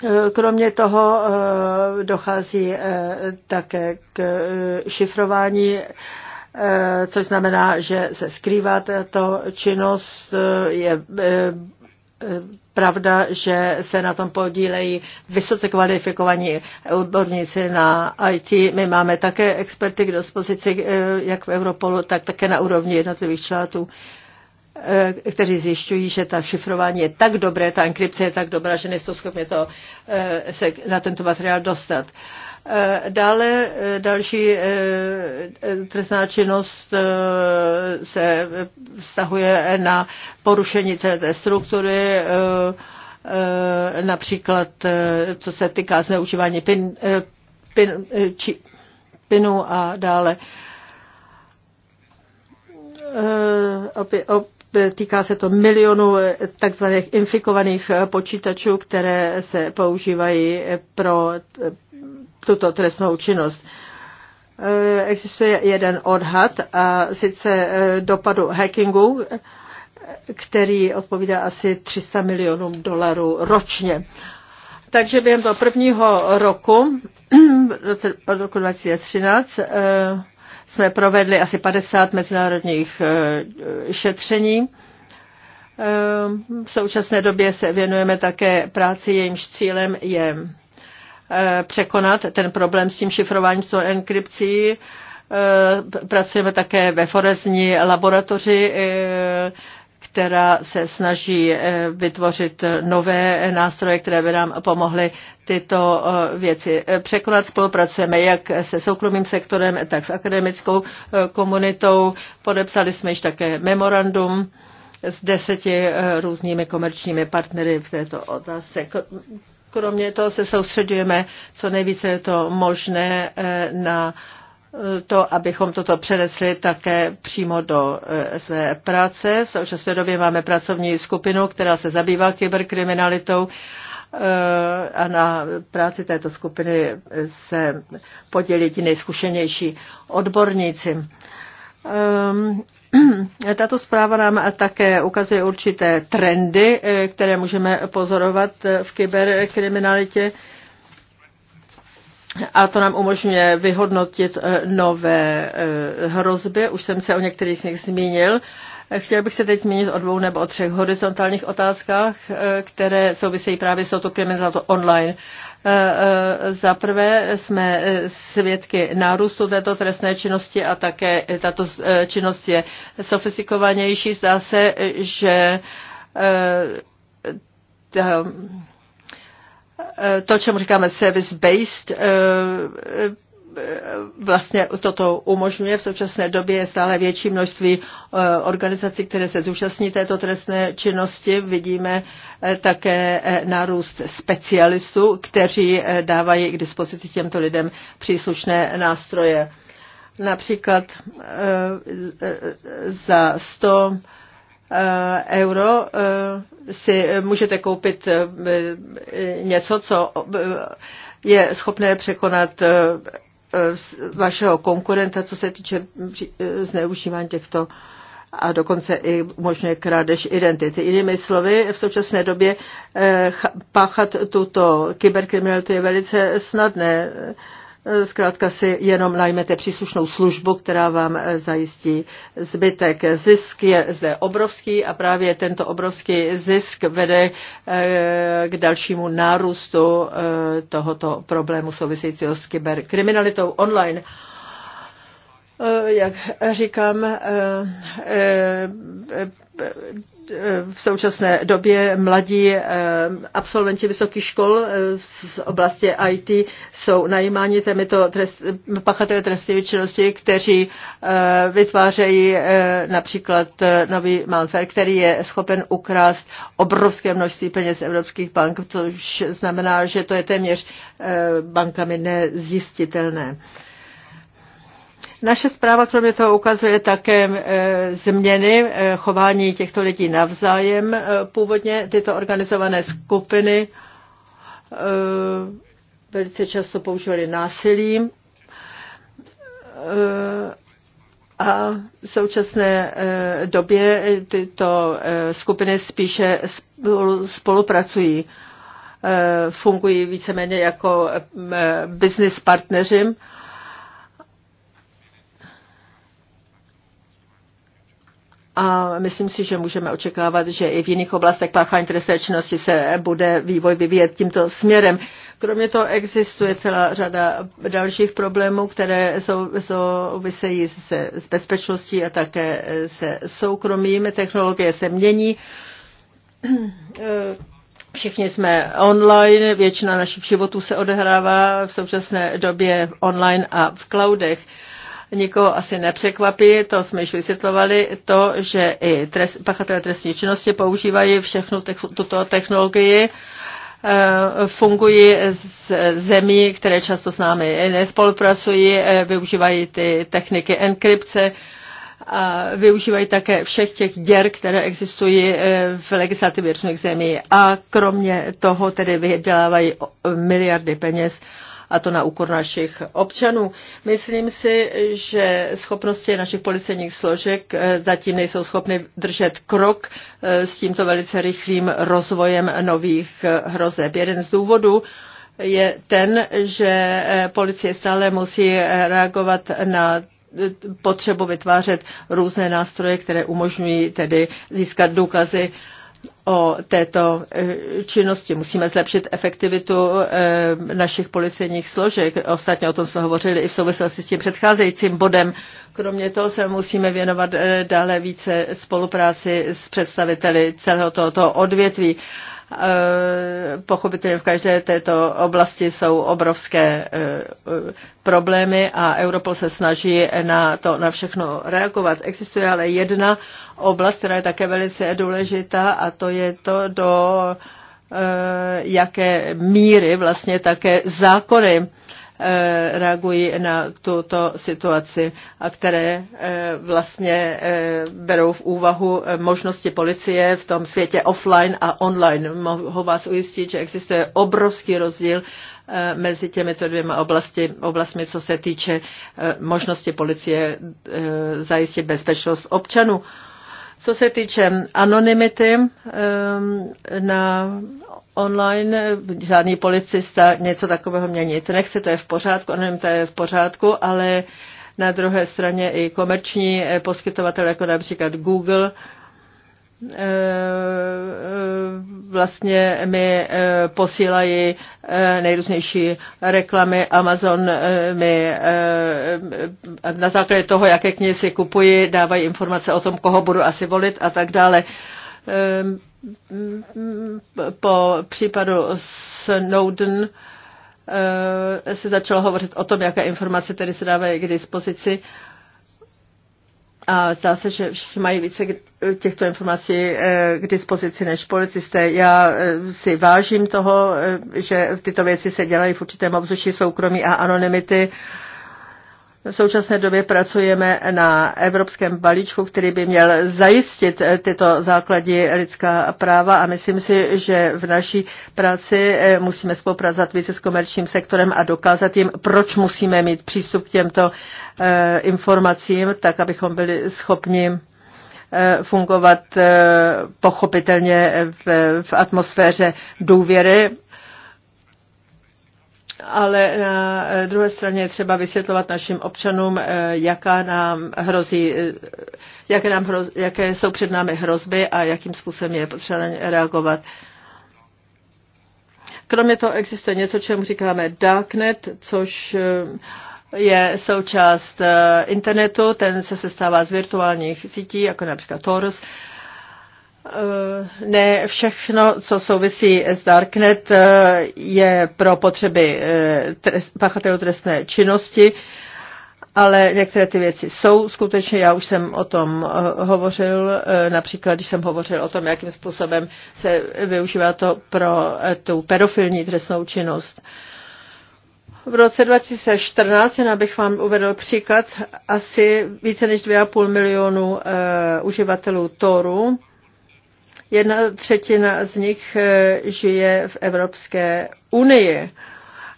Eh, kromě toho eh, dochází eh, také k šifrování, což znamená, že se skrývá tato činnost. Je pravda, že se na tom podílejí vysoce kvalifikovaní odborníci na IT. My máme také experty k dispozici jak v Europolu, tak také na úrovni jednotlivých států. Eh, kteří zjišťují, že ta šifrování je tak dobré, ta enkrypce je tak dobrá, že nejsou schopni to, eh, se na tento materiál dostat. Eh, dále další trestná činnost se vztahuje na porušení celé té struktury, například co se týká zneužívání pin, pin, či, pinu a dále. Opět, opět týká se to milionů eh, takzvaných infikovaných eh, počítačů, které se používají eh, pro tuto trestnou činnost. Existuje jeden odhad, a sice dopadu hackingu, který odpovídá asi 300 milionům dolarů ročně. Takže během toho prvního roku, roku 2013, jsme provedli asi 50 mezinárodních eh, šetření. Eh, v současné době se věnujeme také práci, jejímž cílem je eh, překonat ten problém s tím šifrováním, s tou enkrypcí. Pracujeme také ve forezní laboratoři, která se snaží eh, vytvořit nové nástroje, které by nám pomohly tyto eh, věci eh, překonat. Spolupracujeme jak se soukromým sektorem, tak s akademickou komunitou. Podepsali jsme již také memorandum s deseti různými komerčními partnery v této otázce. Kromě toho se soustředujeme co nejvíce je to možné na to, abychom toto přenesli také přímo do e, své práce. V současné době máme pracovní skupinu, která se zabývá kyberkriminalitou e, a na práci této skupiny se podělí ti nejzkušenější odborníci. Ehm, tato zpráva nám také ukazuje určité trendy, e, které můžeme pozorovat v kyberkriminalitě a to nám umožňuje vyhodnotit eh, nové eh, hrozby. Už jsem se o některých z nich zmínil. Chtěl bych se teď zmínit o dvou nebo o třech horizontálních otázkách, eh, které souvisejí právě s za to online. Za prvé jsme svědky nárůstu této trestné činnosti a také tato činnost je sofistikovanější. Zdá se, že Eh, to, čemu říkáme service-based, eh, eh, vlastně toto umožňuje. V současné době je stále větší množství organizací, které se zúčastní této trestné činnosti. Vidíme také nárůst specialistů, kteří dávají k dispozici těmto lidem příslušné nástroje. Například za 100 Eh, euro eh, si můžete koupit eh, něco, co je schopné překonat vašeho konkurenta, co se týče zneužívání těchto a dokonce i možné krádež identity. Jinými slovy, v současné době páchat tuto kyberkriminalitu je velice snadné. Eh, zkrátka si jenom najmete příslušnou službu, která vám eh, zajistí zbytek. Zisk je zde obrovský a právě tento obrovský zisk vede eh, k dalšímu nárůstu tohoto problému souvisejícího s kyberkriminalitou online. Jak říkám, v současné době mladí eh, absolventi vysokých škol eh, z oblasti IT jsou najímáni těmito trest, pachatelé trestné činnosti, kteří eh, vytvářejí například nový malware, který je schopen ukrást obrovské množství peněz evropských bank, což znamená, že to je téměř bankami nezjistitelné. Naše zpráva kromě toho ukazuje také eh, změny eh, chování těchto lidí navzájem. Eh, původně tyto organizované skupiny velice často používali násilí a v současné době tyto skupiny spíše spolupracují, fungují víceméně jako business partneři a myslím si, že můžeme očekávat, že i v jiných oblastech páchání trestné činnosti se bude vývoj vyvíjet tímto směrem. Kromě toho existuje celá řada dalších problémů, které souvisejí se, s bezpečností a také se soukromím. Technologie se mění. Všichni jsme online, většina našich životů se odehrává v současné době online a v cloudech. Nikoho asi nepřekvapí, to jsme již vysvětlovali, to, že i trest, pachatelé trestní činnosti používají všechnu te- tuto technologii, eh, fungují z zemí, které často s námi nespolupracují, eh, využívají ty techniky enkrypce, a využívají také všech těch děr, které existují eh, v legislativě různých zemí. A kromě toho tedy vydělávají miliardy peněz a to na úkor našich občanů. Myslím si, že schopnosti našich policejních složek eh, zatím nejsou schopny držet krok eh, s tímto velice rychlým rozvojem nových eh, hrozeb. Jeden z důvodů, je ten, že policie stále musí reagovat na potřebu vytvářet různé nástroje, které umožňují tedy získat důkazy o této e, činnosti. Musíme zlepšit efektivitu e, našich policejních složek. Ostatně o tom jsme hovořili i v souvislosti s tím předcházejícím bodem. Kromě toho se musíme věnovat e, dále více spolupráci s představiteli celého tohoto odvětví Eh, pochopitelně v každé této oblasti jsou obrovské eh, problémy a Europol se snaží na to na všechno reagovat. Existuje ale jedna oblast, která je také velice důležitá a to je to do eh, jaké míry vlastně také zákony Eh, reagují na tuto situaci a které eh, vlastně eh, berou v úvahu možnosti policie v tom světě offline a online. Mohu vás ujistit, že existuje obrovský rozdíl mezi těmito dvěma oblasti, oblastmi, co se týče možnosti policie zajistit bezpečnost občanů. Co se týče anonymity na online, žádný policista něco takového měnit nechce, to je v pořádku, nevím, to je v pořádku, ale na druhé straně i komerční eh, poskytovatel, jako například Google, eh, eh, vlastně mi posílají nejrůznější reklamy. Amazon mi na základě toho, jaké knihy si kupuji, dávají informace o tom, koho budu asi volit a tak dále. Ehm, po případu Snowden eh, se začalo hovořit o tom, jaké informace tedy se dávají k dispozici. A zdá se, že všichni mají více těchto informací eh, k dispozici než policisté. Já eh, si vážím toho, že tyto věci se dělají v určitém obzduší soukromí a anonymity. V současné době pracujeme na evropském balíčku, který by měl zajistit eh, tyto základy lidská práva a myslím si, že v naší práci eh, musíme spolupracovat více s komerčním sektorem a dokázat jim, proč musíme mít přístup k těmto eh, informacím, tak abychom byli schopni fungovat pochopitelně v atmosféře důvěry ale na eh, druhé straně je třeba vysvětlovat našim občanům, eh, jaká nám hrozí, eh, jaké, nám hroz, jaké jsou před námi hrozby a jakým způsobem je potřeba reagovat. Kromě toho existuje něco, čemu říkáme darknet, což je součást internetu, ten se sestává z virtuálních sítí, jako například Torus, Eh, ne všechno, co souvisí s Darknet, eh, je pro potřeby eh, trest, pachatelů trestné činnosti, ale některé ty věci jsou skutečně, já už jsem o tom hovořil, například když jsem hovořil o tom, jakým způsobem se využívá to pro tu pedofilní trestnou činnost. V roce 2014, jen abych vám uvedl příklad, asi více než 2,5 milionu uživatelů Toru Jedna třetina z nich eh, žije v Evropské unii.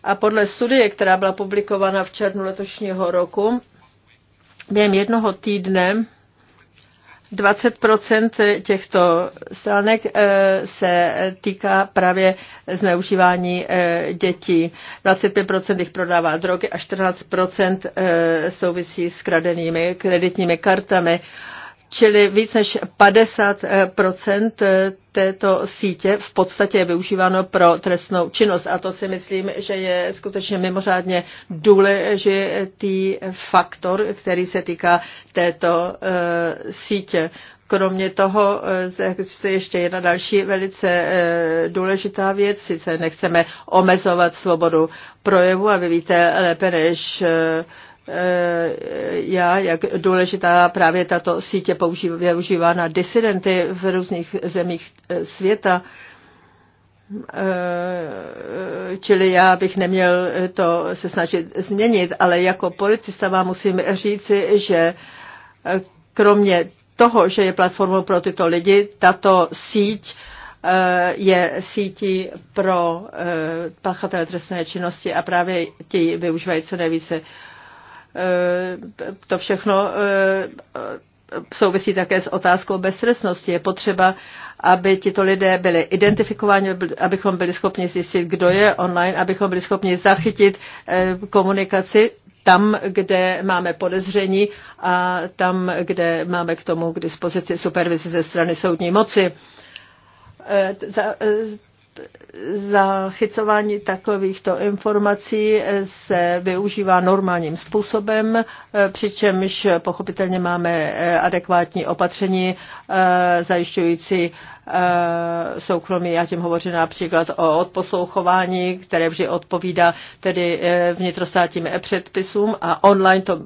A podle studie, která byla publikována v červnu letošního roku, během jednoho týdne 20 těchto stránek eh, se týká právě zneužívání eh, dětí. 25 jich prodává drogy a 14 souvisí s kradenými kreditními kartami. Čili víc než 50 eh, eh, této sítě v podstatě je využíváno pro trestnou činnost. A to si myslím, že je skutečně mimořádně důležitý faktor, který se týká této eh, sítě. Kromě toho je ještě jedna další velice důležitá věc, sice nechceme omezovat svobodu projevu a vy víte lépe než Eh, já, jak důležitá právě tato sítě používá, na disidenty v různých zemích eh, světa. Eh, čili já bych neměl to se snažit změnit, ale jako policista vám musím říci, že kromě toho, že je platformou pro tyto lidi, tato síť je sítí pro pachatele trestné činnosti a právě ti využívají co nejvíce Eh, to všechno eh, souvisí také s otázkou beztrestnosti. Je potřeba, aby tito lidé byli identifikováni, abychom byli schopni zjistit, kdo je online, abychom byli schopni zachytit eh, komunikaci tam, kde máme podezření a tam, kde máme k tomu k dispozici supervizi ze strany soudní moci zachycování takovýchto informací se využívá normálním způsobem, e, přičemž pochopitelně máme e, adekvátní opatření e, zajišťující Eh, soukromí. Já tím hovořím například o odposlouchování, které vždy odpovídá tedy eh, vnitrostátním předpisům a online to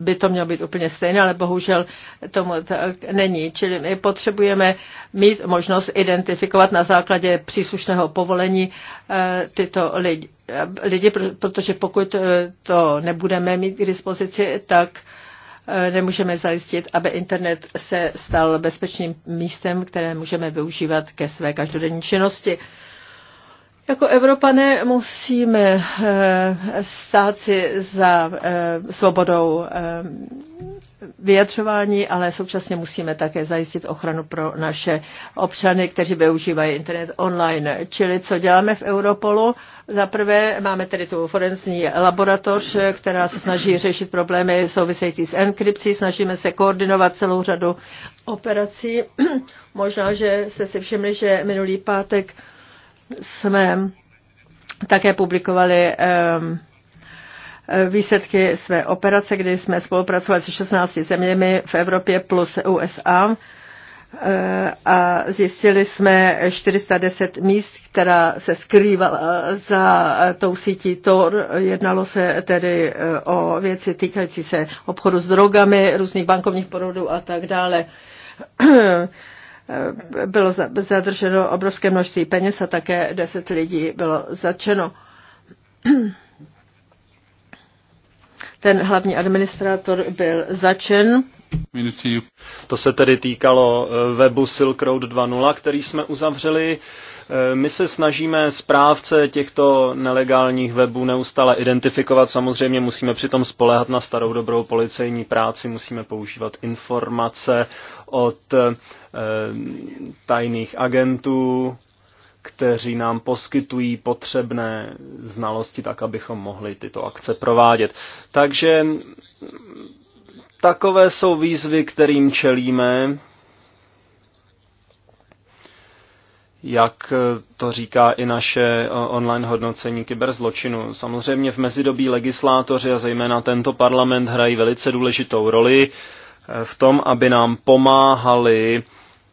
by to mělo být úplně stejné, ale bohužel tomu tak není. Čili my potřebujeme mít možnost identifikovat na základě příslušného povolení eh, tyto lidi, lidi protože pokud to nebudeme mít k dispozici, tak Eh, nemůžeme zajistit, aby internet se stal bezpečným místem, které můžeme využívat ke své každodenní činnosti. Jako Evropané musíme eh, stát si za eh, svobodou eh, vyjadřování, ale současně musíme také zajistit ochranu pro naše občany, kteří využívají internet online. Čili co děláme v Europolu? Za prvé máme tedy tu forenzní laboratoř, která se snaží řešit problémy související s enkrypcí, snažíme se koordinovat celou řadu operací. Možná, že jste si všimli, že minulý pátek jsme také publikovali ehm, e, výsledky své operace, kdy jsme spolupracovali se 16 zeměmi v Evropě plus USA e, a zjistili jsme 410 míst, která se skrývala za tou sítí TOR. Jednalo se tedy e, o věci týkající se obchodu s drogami, různých bankovních porodů a tak dále Eh, bylo zadrženo obrovské množství peněz a také 10 lidí bylo začeno. Ten hlavní administrátor byl začen.
To se tedy týkalo eh, webu Silk Road 2.0, který jsme uzavřeli. Eh, my se snažíme správce těchto nelegálních webů neustále identifikovat. Samozřejmě musíme přitom spolehat na starou dobrou policejní práci, musíme používat informace od eh, tajných agentů, kteří nám poskytují potřebné znalosti, tak abychom mohli tyto akce provádět. Takže takové jsou výzvy, kterým čelíme jak eh, to říká i naše eh, online hodnocení kyberzločinu. Samozřejmě v mezidobí legislátoři a zejména tento parlament hrají velice důležitou roli eh, v tom, aby nám pomáhali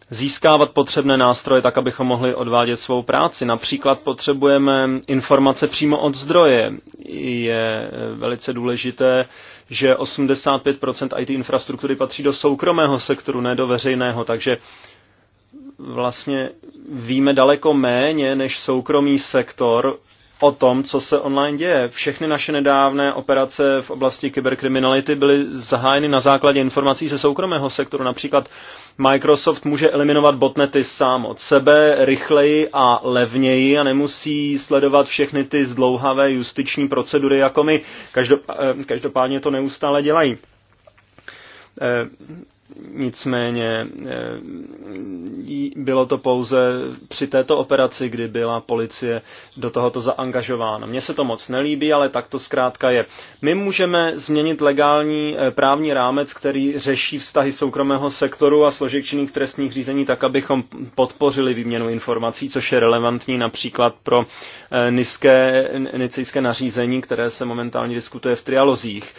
získávat potřebné nástroje tak, abychom mohli odvádět svou práci. Například potřebujeme informace přímo od zdroje. Je velice důležité, že 85% IT infrastruktury patří do soukromého sektoru, ne do veřejného, takže vlastně víme daleko méně než soukromý sektor o tom, co se online děje. Všechny naše nedávné operace v oblasti kyberkriminality byly zahájeny na základě informací ze soukromého sektoru. Například Microsoft může eliminovat botnety sám od sebe rychleji a levněji a nemusí sledovat všechny ty zdlouhavé justiční procedury jako my. Eh, každopádně to neustále dělají. Eh, Nicméně eh, bylo to pouze při této operaci, kdy byla policie do tohoto zaangažována. Mně se to moc nelíbí, ale tak to zkrátka je. My můžeme změnit legální eh, právní rámec, který řeší vztahy soukromého sektoru a složek činných trestních řízení tak, abychom podpořili výměnu informací, což je relevantní například pro eh, niské, nicejské nařízení, které se momentálně diskutuje v trialozích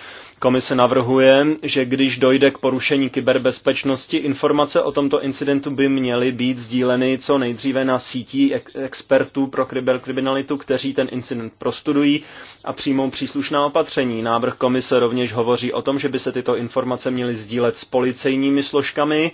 Komise navrhuje, že když dojde k porušení kyberbezpečnosti, informace o tomto incidentu by měly být sdíleny co nejdříve na sítí expertů pro kyberkriminalitu, kteří ten incident prostudují a přijmou příslušná opatření. Návrh komise rovněž hovoří o tom, že by se tyto informace měly sdílet s policejními složkami,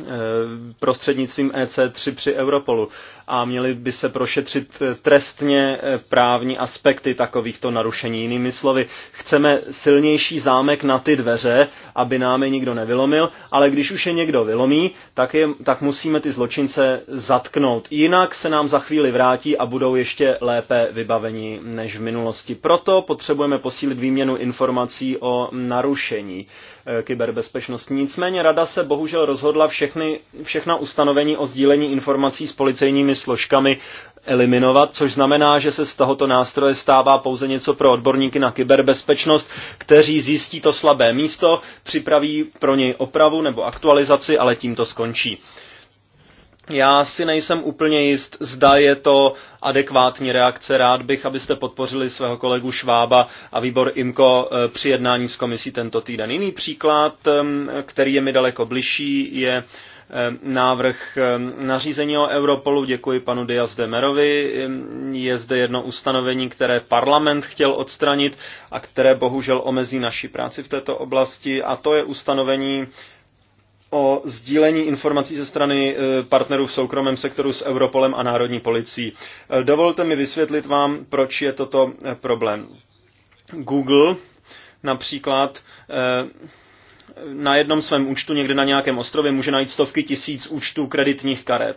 Eh, prostřednictvím EC3 při Europolu a měly by se prošetřit trestně eh, právní aspekty takovýchto narušení. Jinými slovy, chceme silnější zámek na ty dveře, aby nám je nikdo nevylomil, ale když už je někdo vylomí, tak, je, tak musíme ty zločince zatknout. Jinak se nám za chvíli vrátí a budou ještě lépe vybaveni než v minulosti. Proto potřebujeme posílit výměnu informací o narušení. Eh, kyberbezpečnosti. Nicméně rada se bohužel rozhodla všechny, všechna ustanovení o sdílení informací s policejními složkami eliminovat, což znamená, že se z tohoto nástroje stává pouze něco pro odborníky na kyberbezpečnost, kteří zjistí to slabé místo, připraví pro něj opravu nebo aktualizaci, ale tím to skončí. Já si nejsem úplně jist, zda je to adekvátní reakce. Rád bych, abyste podpořili svého kolegu Švába a výbor IMKO eh, při jednání s komisí tento týden. Jiný příklad, který je mi daleko bližší, je návrh nařízení o Europolu. Děkuji panu Diaz Merovi. Je zde jedno ustanovení, které parlament chtěl odstranit a které bohužel omezí naši práci v této oblasti a to je ustanovení o sdílení informací ze strany e, partnerů v soukromém sektoru s Europolem a Národní policií. E, dovolte mi vysvětlit vám, proč je toto e, problém. Google například na jednom svém účtu někde na nějakém ostrově může najít stovky tisíc účtů kreditních karet.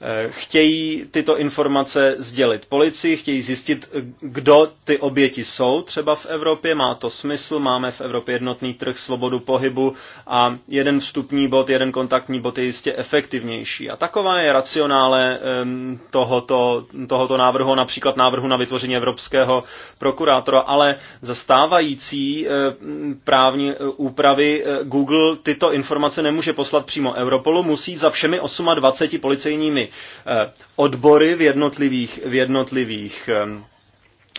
Eh, chtějí tyto informace sdělit policii, chtějí zjistit, eh, kdo ty oběti jsou třeba v Evropě, má to smysl, máme v Evropě jednotný trh, svobodu pohybu a jeden vstupní bod, jeden kontaktní bod je jistě efektivnější. A taková je racionále ehm, tohoto, tohoto návrhu, například návrhu na vytvoření evropského prokurátora, ale zastávající eh, právní úpravy Google tyto informace nemůže poslat přímo Europolu, musí za všemi 28 policejními Eh, odbory v jednotlivých, v jednotlivých eh,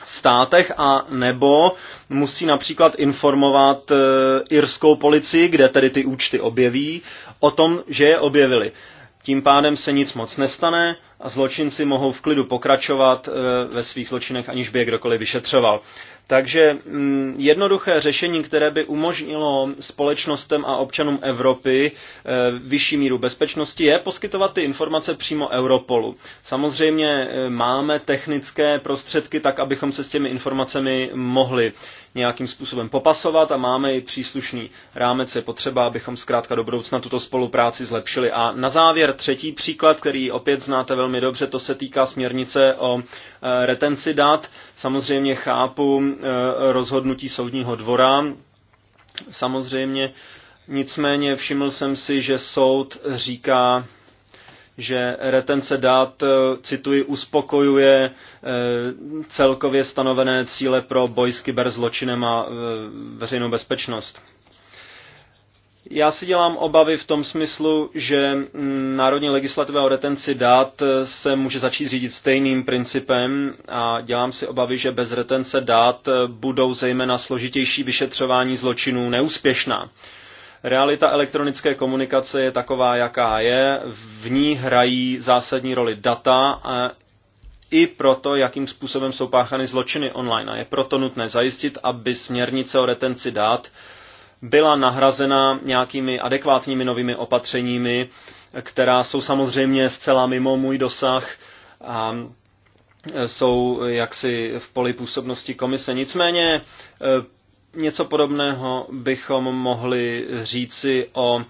státech a nebo musí například informovat eh, irskou policii, kde tedy ty účty objeví, o tom, že je objevili. Tím pádem se nic moc nestane, a zločinci mohou v klidu pokračovat eh, ve svých zločinech, aniž by je kdokoliv vyšetřoval. Takže mm, jednoduché řešení, které by umožnilo společnostem a občanům Evropy eh, vyšší míru bezpečnosti, je poskytovat ty informace přímo Europolu. Samozřejmě eh, máme technické prostředky tak, abychom se s těmi informacemi mohli nějakým způsobem popasovat a máme i příslušný rámec, je potřeba, abychom zkrátka do budoucna tuto spolupráci zlepšili. A na závěr třetí příklad, který opět znáte velmi velmi dobře, to se týká směrnice o e, retenci dat. Samozřejmě chápu e, rozhodnutí soudního dvora. Samozřejmě nicméně všiml jsem si, že soud říká, že retence dat, e, cituji, uspokojuje celkově stanovené cíle pro boj s kyberzločinem a veřejnou bezpečnost. Já si dělám obavy v tom smyslu, že mm, národní legislativa o retenci dát eh, se může začít řídit stejným principem a dělám si obavy, že bez retence dát eh, budou zejména složitější vyšetřování zločinů neúspěšná. Realita elektronické komunikace je taková, jaká je, v ní hrají zásadní roli data a i proto, jakým způsobem jsou páchany zločiny online. A je proto nutné zajistit, aby směrnice o retenci dát byla nahrazena nějakými adekvátními novými opatřeními, která jsou samozřejmě zcela mimo můj dosah a e, jsou jaksi v poli působnosti komise. Nicméně e, něco podobného bychom mohli říci o e,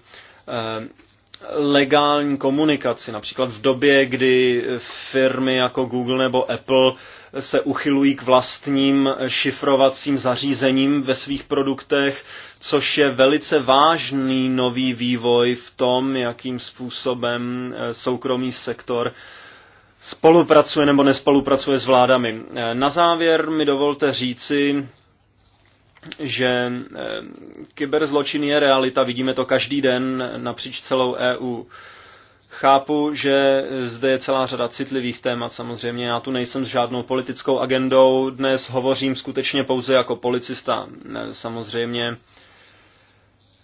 legální komunikaci. Například v době, kdy firmy jako Google nebo Apple se uchylují k vlastním šifrovacím zařízením ve svých produktech, což je velice vážný nový vývoj v tom, jakým způsobem eh, soukromý sektor spolupracuje nebo nespolupracuje s vládami. Eh, na závěr mi dovolte říci, že eh, kyberzločin je realita, vidíme to každý den napříč celou EU. Chápu, že zde je celá řada citlivých témat samozřejmě. Já tu nejsem s žádnou politickou agendou. Dnes hovořím skutečně pouze jako policista. Samozřejmě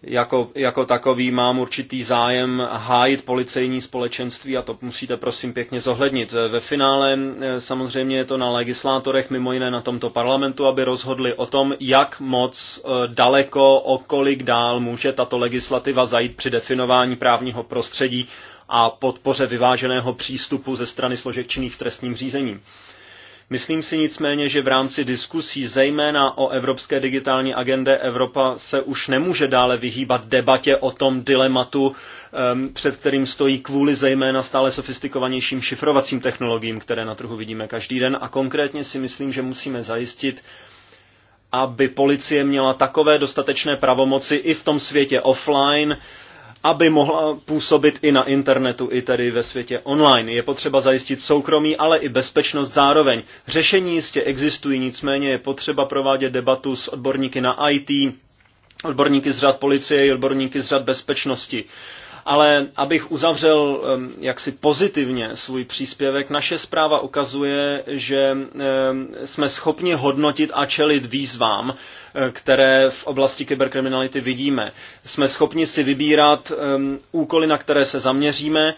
jako, jako takový mám určitý zájem hájit policejní společenství a to musíte prosím pěkně zohlednit. Ve finále eh, samozřejmě je to na legislátorech, mimo jiné na tomto parlamentu, aby rozhodli o tom, jak moc eh, daleko, o kolik dál může tato legislativa zajít při definování právního prostředí a podpoře vyváženého přístupu ze strany složek činných v trestním řízení. Myslím si nicméně, že v rámci diskusí zejména o Evropské digitální agendě Evropa se už nemůže dále vyhýbat debatě o tom dilematu, před kterým stojí kvůli zejména stále sofistikovanějším šifrovacím technologiím, které na trhu vidíme každý den. A konkrétně si myslím, že musíme zajistit, aby policie měla takové dostatečné pravomoci i v tom světě offline, aby mohla působit i na internetu, i tedy ve světě online. Je potřeba zajistit soukromí, ale i bezpečnost zároveň. Řešení jistě existují, nicméně je potřeba provádět debatu s odborníky na IT, odborníky z řad policie i odborníky z řad bezpečnosti. Ale abych uzavřel jaksi pozitivně svůj příspěvek, naše zpráva ukazuje, že jsme schopni hodnotit a čelit výzvám, eh, které v oblasti kyberkriminality vidíme. Jsme schopni si vybírat úkoly, na které se zaměříme,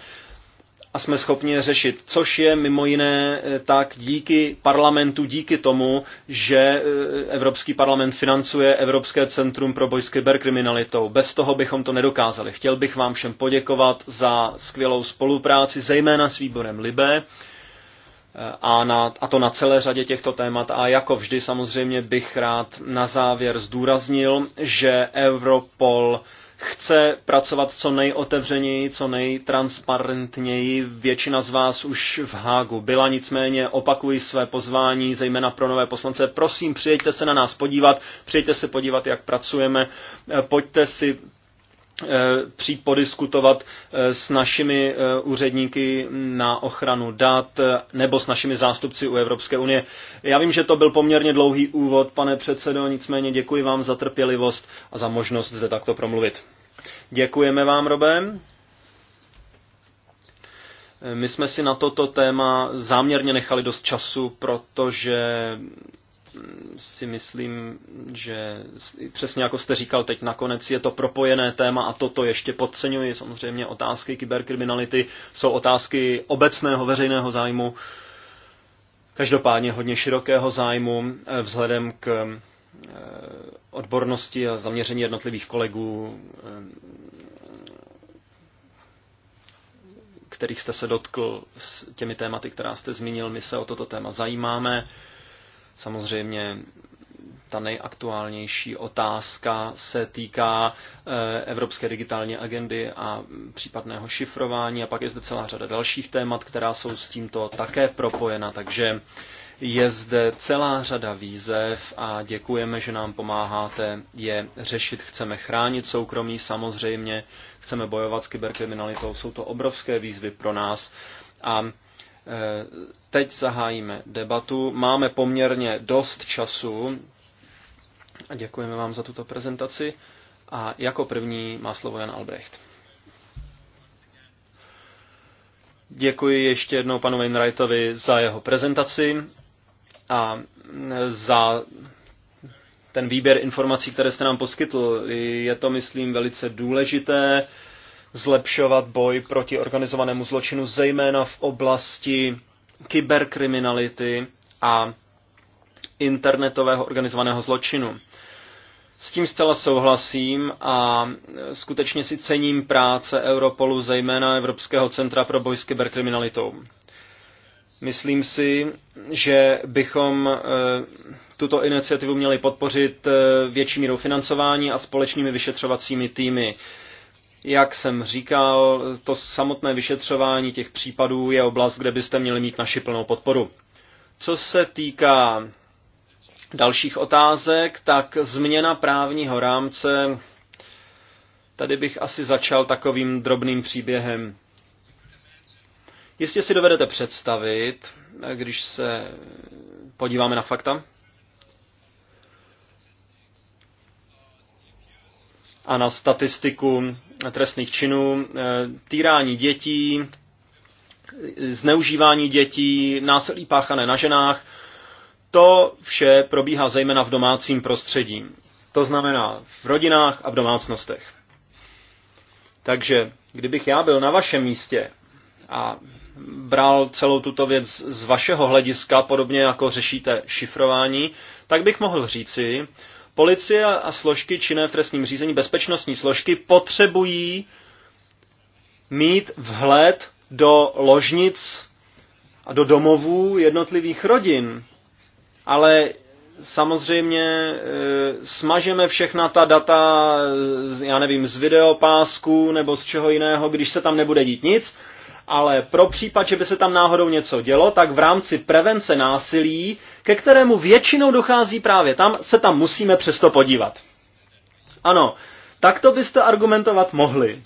a jsme schopni je řešit, což je mimo jiné eh, tak díky parlamentu, díky tomu, že eh, Evropský parlament financuje Evropské centrum pro boj s kyberkriminalitou. Bez toho bychom to nedokázali. Chtěl bych vám všem poděkovat za skvělou spolupráci, zejména s výborem Libe, eh, a, na, a to na celé řadě těchto témat. A jako vždy samozřejmě bych rád na závěr zdůraznil, že Europol chce pracovat co nejotevřeněji, co nejtransparentněji. Většina z vás už v Hágu byla, nicméně opakují své pozvání, zejména pro nové poslance. Prosím, přijďte se na nás podívat, přijďte se podívat, jak pracujeme, pojďte si Eh, přijít podiskutovat eh, s našimi eh, úředníky na ochranu dat nebo s našimi zástupci u Evropské unie. Já vím, že to byl poměrně dlouhý úvod, pane předsedo, nicméně děkuji vám za trpělivost a za možnost zde takto promluvit. Děkujeme vám, Robem. My jsme si na toto téma záměrně nechali dost času, protože si myslím, že přesně jako jste říkal teď nakonec, je to propojené téma a toto ještě podceňuji. Samozřejmě otázky kyberkriminality jsou otázky obecného veřejného zájmu, každopádně hodně širokého zájmu eh, vzhledem k eh, odbornosti a zaměření jednotlivých kolegů, eh, kterých jste se dotkl s těmi tématy, která jste zmínil. My se o toto téma zajímáme. Samozřejmě ta nejaktuálnější otázka se týká eh, Evropské digitální agendy a případného šifrování a pak je zde celá řada dalších témat, která jsou s tímto také propojena, takže je zde celá řada výzev a děkujeme, že nám pomáháte je řešit. Chceme chránit soukromí samozřejmě, chceme bojovat s kyberkriminalitou, jsou to obrovské výzvy pro nás a Eh, teď zahájíme debatu. Máme poměrně dost času. A děkujeme vám za tuto prezentaci. A jako první má slovo Jan Albrecht. Děkuji ještě jednou panu Wainwrightovi za jeho prezentaci a za ten výběr informací, které jste nám poskytl. Je to, myslím, velice důležité zlepšovat boj proti organizovanému zločinu, zejména v oblasti kyberkriminality a internetového organizovaného zločinu. S tím zcela souhlasím a skutečně si cením práce Europolu, zejména Evropského centra pro boj s kyberkriminalitou. Myslím si, že bychom eh, tuto iniciativu měli podpořit eh, větší mírou financování a společnými vyšetřovacími týmy. Jak jsem říkal, to samotné vyšetřování těch případů je oblast, kde byste měli mít naši plnou podporu. Co se týká dalších otázek, tak změna právního rámce. Tady bych asi začal takovým drobným příběhem. Jistě si dovedete představit, když se podíváme na fakta, a na statistiku trestných činů, e, týrání dětí, zneužívání dětí, násilí páchané na ženách, to vše probíhá zejména v domácím prostředí. To znamená v rodinách a v domácnostech. Takže kdybych já byl na vašem místě a bral celou tuto věc z vašeho hlediska, podobně jako řešíte šifrování, tak bych mohl říci, Policie a složky činné v trestním řízení, bezpečnostní složky, potřebují mít vhled do ložnic a do domovů jednotlivých rodin. Ale samozřejmě e, smažeme všechna ta data, eh, já nevím, z videopásku nebo z čeho jiného, když se tam nebude dít nic, ale pro případ, že by se tam náhodou něco dělo, tak v rámci prevence násilí, ke kterému většinou dochází právě tam, se tam musíme přesto podívat. Ano, tak to byste argumentovat mohli.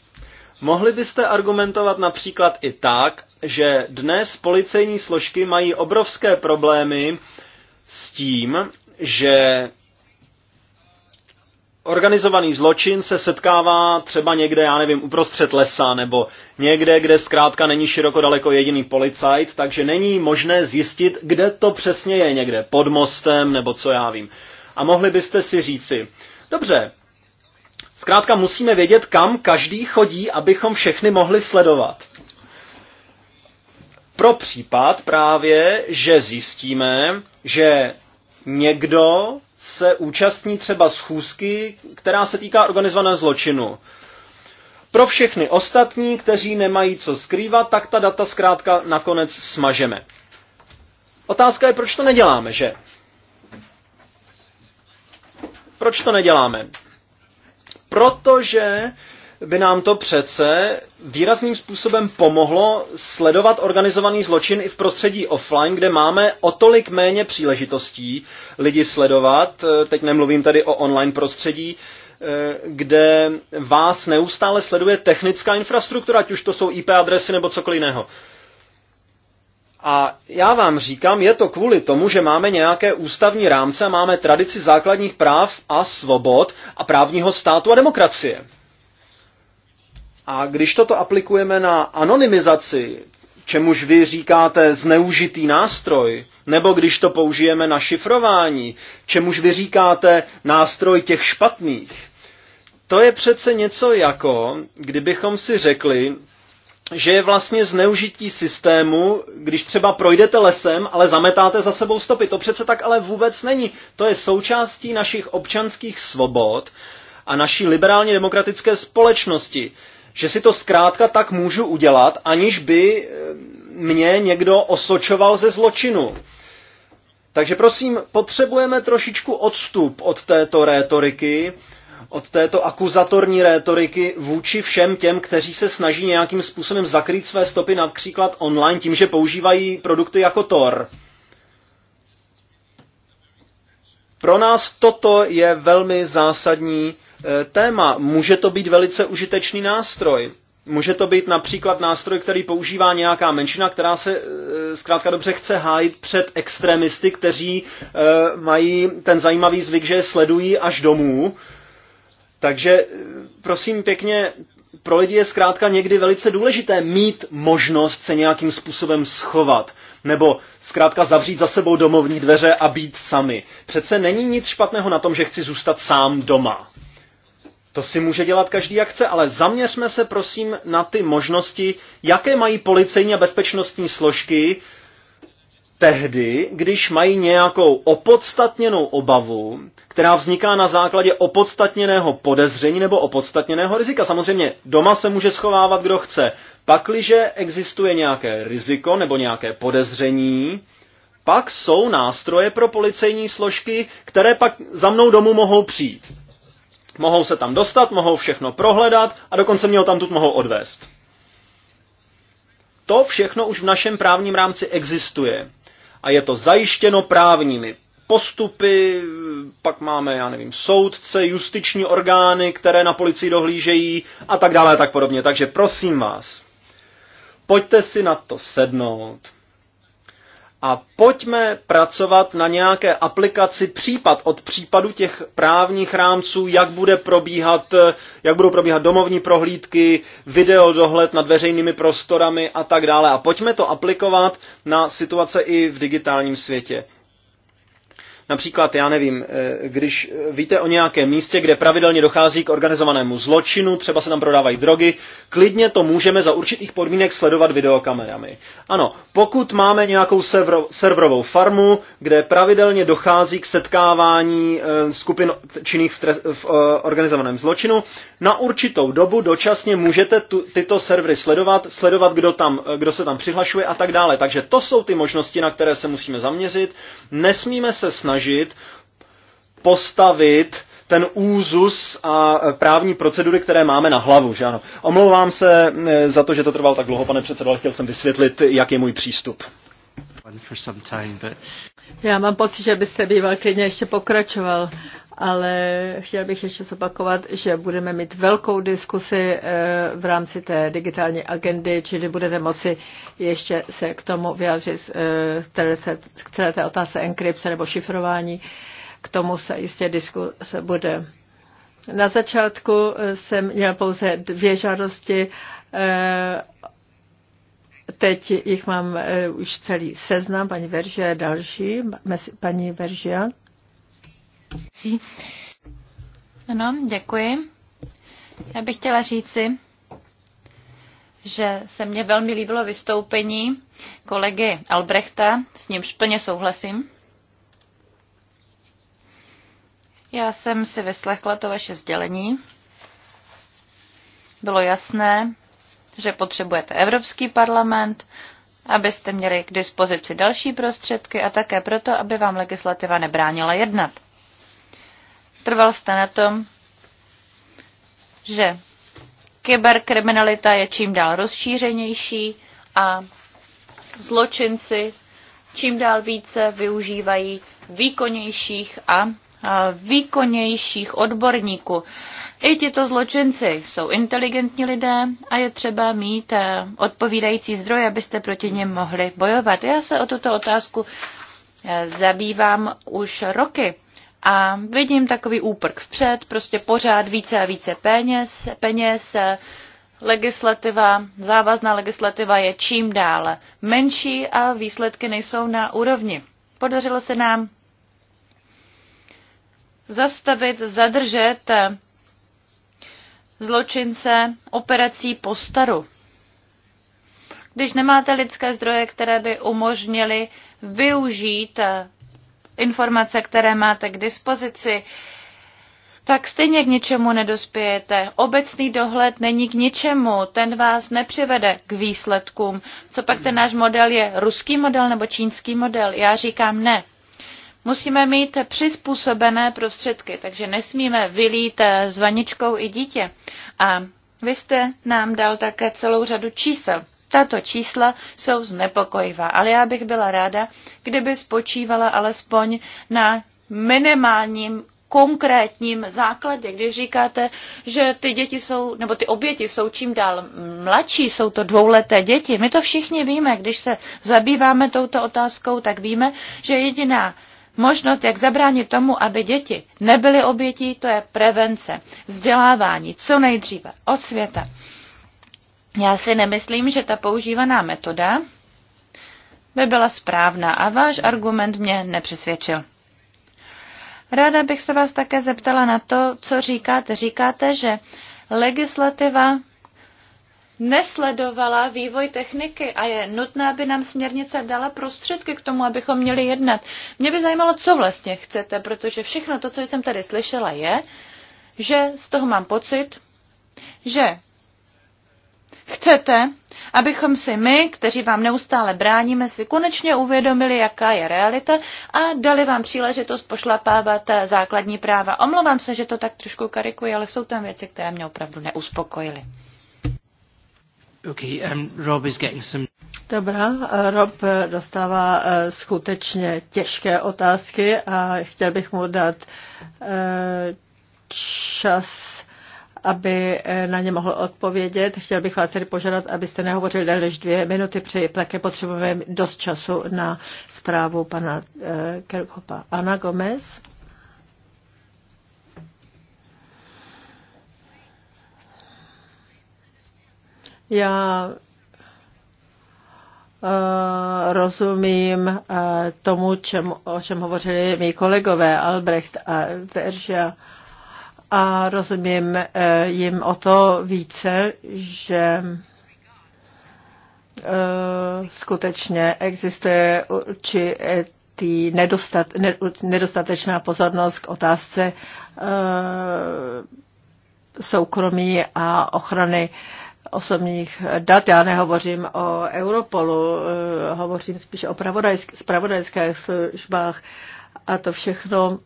Mohli byste argumentovat například i tak, že dnes policejní složky mají obrovské problémy s tím, že organizovaný zločin se setkává třeba někde, já nevím, uprostřed lesa nebo někde, kde zkrátka není široko daleko jediný policajt, takže není možné zjistit, kde to přesně je někde, pod mostem nebo co já vím. A mohli byste si říci, dobře, zkrátka musíme vědět, kam každý chodí, abychom všechny mohli sledovat. Pro případ právě, že zjistíme, že někdo se účastní třeba schůzky, která se týká organizovaného zločinu. Pro všechny ostatní, kteří nemají co skrývat, tak ta data zkrátka nakonec smažeme. Otázka je, proč to neděláme, že? Proč to neděláme? Protože by nám to přece výrazným způsobem pomohlo sledovat organizovaný zločin i v prostředí offline, kde máme o tolik méně příležitostí lidi sledovat. Eh, teď nemluvím tady o online prostředí, eh, kde vás neustále sleduje technická infrastruktura, ať už to jsou IP adresy nebo cokoliv jiného. A já vám říkám, je to kvůli tomu, že máme nějaké ústavní rámce a máme tradici základních práv a svobod a právního státu a demokracie. A když toto aplikujeme na anonymizaci, čemuž vy říkáte zneužitý nástroj, nebo když to použijeme na šifrování, čemuž vy říkáte nástroj těch špatných, to je přece něco jako, kdybychom si řekli, že je vlastně zneužití systému, když třeba projdete lesem, ale zametáte za sebou stopy. To přece tak ale vůbec není. To je součástí našich občanských svobod a naší liberálně demokratické společnosti. Že si to zkrátka tak můžu udělat, aniž by eh, mě někdo osočoval ze zločinu. Takže prosím, potřebujeme trošičku odstup od této rétoriky, od této akuzatorní rétoriky vůči všem těm, kteří se snaží nějakým způsobem zakrýt své stopy například online tím, že používají produkty jako Tor. Pro nás toto je velmi zásadní Eh, téma. Může to být velice užitečný nástroj. Může to být například nástroj, který používá nějaká menšina, která se eh, zkrátka dobře chce hájit před extremisty, kteří eh, mají ten zajímavý zvyk, že je sledují až domů. Takže prosím pěkně, pro lidi je zkrátka někdy velice důležité mít možnost se nějakým způsobem schovat nebo zkrátka zavřít za sebou domovní dveře a být sami. Přece není nic špatného na tom, že chci zůstat sám doma. To si může dělat každý, jak chce, ale zaměřme se prosím na ty možnosti, jaké mají policejní a bezpečnostní složky tehdy, když mají nějakou opodstatněnou obavu, která vzniká na základě opodstatněného podezření nebo opodstatněného rizika. Samozřejmě doma se může schovávat, kdo chce. Pakliže existuje nějaké riziko nebo nějaké podezření, pak jsou nástroje pro policejní složky, které pak za mnou domů mohou přijít. Mohou se tam dostat, mohou všechno prohledat a dokonce mě ho tam tut mohou odvést. To všechno už v našem právním rámci existuje. A je to zajištěno právními postupy, pak máme, já nevím, soudce, justiční orgány, které na policii dohlížejí a tak dále a tak podobně. Takže prosím vás, pojďte si na to sednout a pojďme pracovat na nějaké aplikaci případ od případu těch právních rámců, jak, bude probíhat, jak budou probíhat domovní prohlídky, video dohled nad veřejnými prostorami a tak dále. A pojďme to aplikovat na situace i v digitálním světě. Například, já nevím, eh, když eh, víte o nějakém místě, kde pravidelně dochází k organizovanému zločinu, třeba se tam prodávají drogy, klidně to můžeme za určitých podmínek sledovat videokamerami. Ano, pokud máme nějakou serverovou farmu, kde pravidelně dochází k setkávání eh, skupin činných v, tre, v organizovaném zločinu, na určitou dobu dočasně můžete tu, tyto servery sledovat, sledovat, kdo, tam, kdo se tam přihlašuje a tak dále. Takže to jsou ty možnosti, na které se musíme zaměřit. Nesmíme se snažit snažit postavit ten úzus a právní procedury, které máme na hlavu. Že ano? Omlouvám se eh, za to, že to trvalo tak dlouho, pane předsedo, ale chtěl jsem vysvětlit, jak je můj přístup.
Já mám pocit, že byste býval klidně ještě pokračoval, ale chtěl bych ještě zopakovat, že budeme mít velkou diskusi eh, v rámci té digitální agendy, čili budete moci ještě se k tomu vyjádřit eh, k celé té otázce enkrypce nebo šifrování. K tomu se jistě diskuse bude. Na začátku eh, jsem měl pouze dvě žádosti. Teď jich mám už celý seznam. Paní Veržia další. Paní Veržia.
Ano, děkuji. Já bych chtěla říci, že se mně velmi líbilo vystoupení kolegy Albrechta, s ním plně souhlasím. Já jsem si vyslechla to vaše sdělení. Bylo jasné, že potřebujete Evropský parlament, abyste měli k dispozici další prostředky a také proto, aby vám legislativa nebránila jednat. Trval jste na tom, že kyberkriminalita je čím dál rozšířenější a zločinci čím dál více využívají výkonnějších a výkonnějších odborníků. I tito zločinci jsou inteligentní lidé a je třeba mít eh, odpovídající zdroje, abyste proti něm mohli bojovat. Já se o tuto otázku eh, zabývám už roky a vidím takový úprk vpřed, prostě pořád více a více peněz, peněz legislativa, závazná legislativa je čím dále menší a výsledky nejsou na úrovni. Podařilo se nám zastavit, zadržet zločince operací po staru, Když nemáte lidské zdroje, které by umožnily využít informace, které máte k dispozici, tak stejně k ničemu nedospějete. Obecný dohled není k ničemu, ten vás nepřivede k výsledkům. Co pak ten náš model je ruský model nebo čínský model? Já říkám ne. Musíme mít přizpůsobené prostředky, takže nesmíme vylít eh, s vaničkou i dítě. A vy jste nám dal také celou řadu čísel. Tato čísla jsou znepokojivá, ale já bych byla ráda, kdyby spočívala alespoň na minimálním konkrétním základě, když říkáte, že ty děti jsou, nebo ty oběti jsou čím dál mladší, jsou to dvouleté děti. My to všichni víme, když se zabýváme touto otázkou, tak víme, že jediná Možnost, jak zabránit tomu, aby děti nebyly obětí, to je prevence, vzdělávání, co nejdříve, osvěta. Já si nemyslím, že ta používaná metoda by byla správná a váš argument mě nepřesvědčil. Ráda bych se vás také zeptala na to, co říkáte. Říkáte, že legislativa nesledovala vývoj techniky a je nutné, aby nám směrnice dala prostředky k tomu, abychom měli jednat. Mě by zajímalo, co vlastně chcete, protože všechno to, co jsem tady slyšela, je, že z toho mám pocit, že Chcete, abychom si my, kteří vám neustále bráníme, si konečně uvědomili, jaká je realita a dali vám příležitost pošlapávat eh, základní práva. Omlouvám se, že to tak trošku karikuji, ale jsou tam věci, které mě opravdu neuspokojily.
Okay, um, Rob is getting some...
Dobrá, eh, Rob eh, dostává skutečně těžké otázky a chtěl bych mu dát čas aby eh, na ně mohl odpovědět. Chtěl bych vás tedy požádat, abyste nehovořili déle než dvě minuty, protože také potřebujeme dost času na zprávu pana eh, Kerkopa. Ana Gomez. Já eh, rozumím tomu, čem, o čem hovořili mý kolegové Albrecht a Veržia a rozumím eh, jim o to více, že eh, skutečně existuje určitý nedostat, nedostatečná pozornost k otázce eh, soukromí a ochrany osobních dat. Já nehovořím o Europolu, hovořím spíš o spravodajských službách a to všechno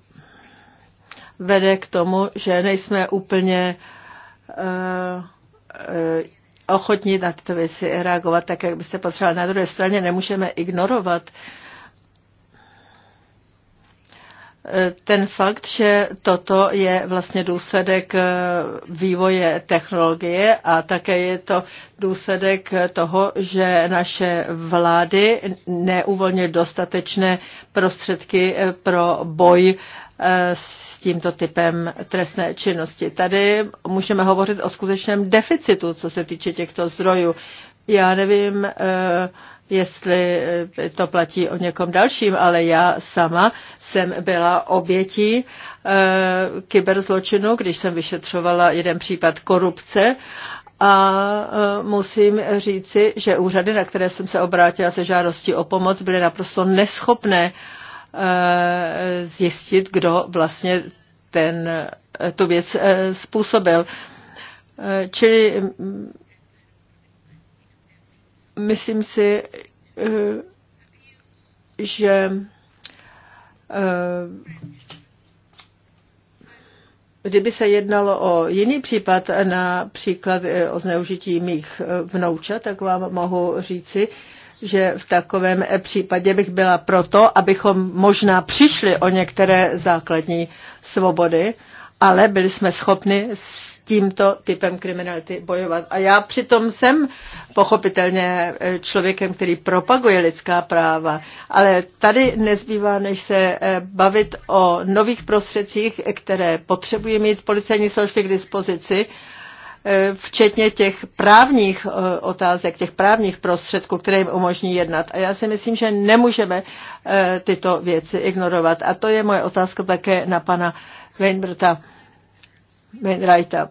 vede k tomu, že nejsme úplně eh, eh, ochotní na tyto věci reagovat tak, jak byste potřebovali. Na druhé straně nemůžeme ignorovat eh, ten fakt, že toto je vlastně důsledek vývoje technologie a také je to důsledek toho, že naše vlády neuvolně dostatečné prostředky pro boj Eh, s tímto typem trestné činnosti. Tady můžeme hovořit o skutečném deficitu, co se týče těchto zdrojů. Já nevím, eh, jestli eh, to platí o někom dalším, ale já sama jsem byla obětí kyberzločinu, když jsem vyšetřovala jeden případ korupce a musím říci, že úřady, na které jsem se obrátila se žádostí o pomoc, byly naprosto neschopné Eh, zjistit, kdo vlastně ten, eh, tu věc eh, způsobil. Čili mm, myslím si, že kdyby se jednalo o jiný případ, například o zneužití mých vnoučat, tak vám mohu říci, že v takovém případě bych byla proto, abychom možná přišli o některé základní svobody, ale byli jsme schopni s tímto typem kriminality bojovat. A já přitom jsem pochopitelně eh, člověkem, který propaguje lidská práva, ale tady nezbývá, než se eh, bavit o nových prostředcích, které potřebuje mít policajní složky k dispozici, E, včetně těch právních e, otázek, těch právních prostředků, které jim umožní jednat. A já si myslím, že nemůžeme e, tyto věci ignorovat. A to je moje otázka také na pana Weinbrta. Weinreita.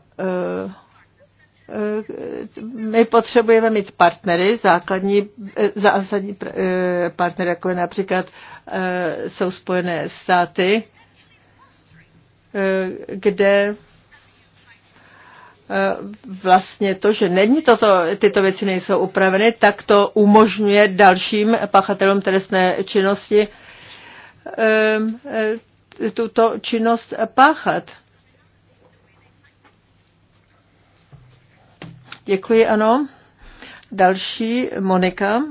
My potřebujeme mít partnery, základní, základní partnery, jako je například jsou Spojené státy, kde Eh, vlastně to, že není toto, tyto věci nejsou upraveny, tak to umožňuje dalším pachatelům trestné činnosti ehm, eh, tuto činnost páchat. Děkuji, ano. Další, Monika.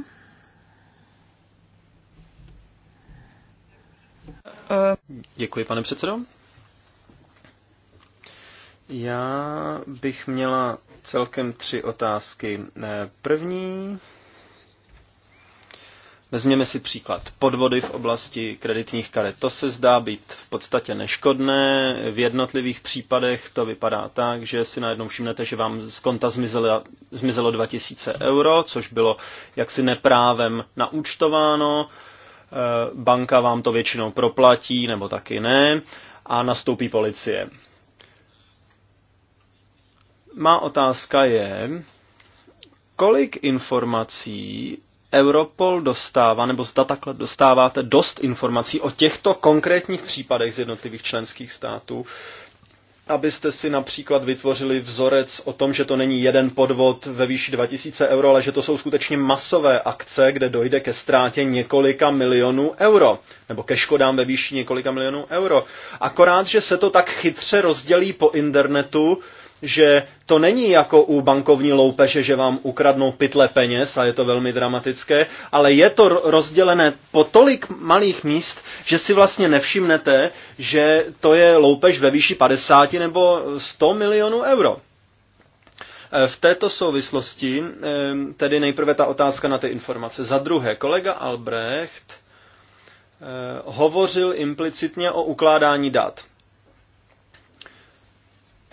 Eh, Děkuji, pane předsedo. Já bych měla celkem tři otázky. Eh, první, vezměme si příklad. Podvody v oblasti kreditních karet. To se zdá být v podstatě neškodné. V jednotlivých případech to vypadá tak, že si najednou všimnete, že vám z konta zmizelo, zmizelo 2000 euro, což bylo jaksi neprávem naúčtováno. Eh, banka vám to většinou proplatí, nebo taky ne. A nastoupí policie. Má otázka je, kolik informací Europol dostává, nebo zda takhle dostáváte dost informací o těchto konkrétních případech z jednotlivých členských států, abyste si například vytvořili vzorec o tom, že to není jeden podvod ve výši 2000 euro, ale že to jsou skutečně masové akce, kde dojde ke ztrátě několika milionů euro, nebo ke škodám ve výši několika milionů euro. Akorát, že se to tak chytře rozdělí po internetu, že to není jako u bankovní loupeže, že vám ukradnou pytle peněz a je to velmi dramatické, ale je to rozdělené po tolik malých míst, že si vlastně nevšimnete, že to je loupež ve výši 50 nebo 100 milionů euro. E, v této souvislosti e, tedy nejprve ta otázka na ty informace. Za druhé, kolega Albrecht e, hovořil implicitně o ukládání dat.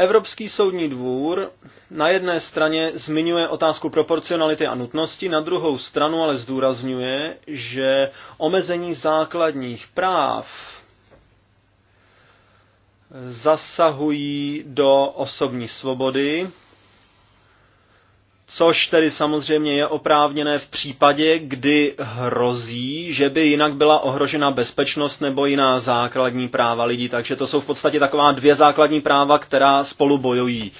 Evropský soudní dvůr na jedné straně zmiňuje otázku proporcionality a nutnosti, na druhou stranu ale zdůrazňuje, že omezení základních práv zasahují do osobní svobody což tedy samozřejmě je oprávněné v případě, kdy hrozí, že by jinak byla ohrožena bezpečnost nebo jiná základní práva lidí. Takže to jsou v podstatě taková dvě základní práva, která spolu bojují.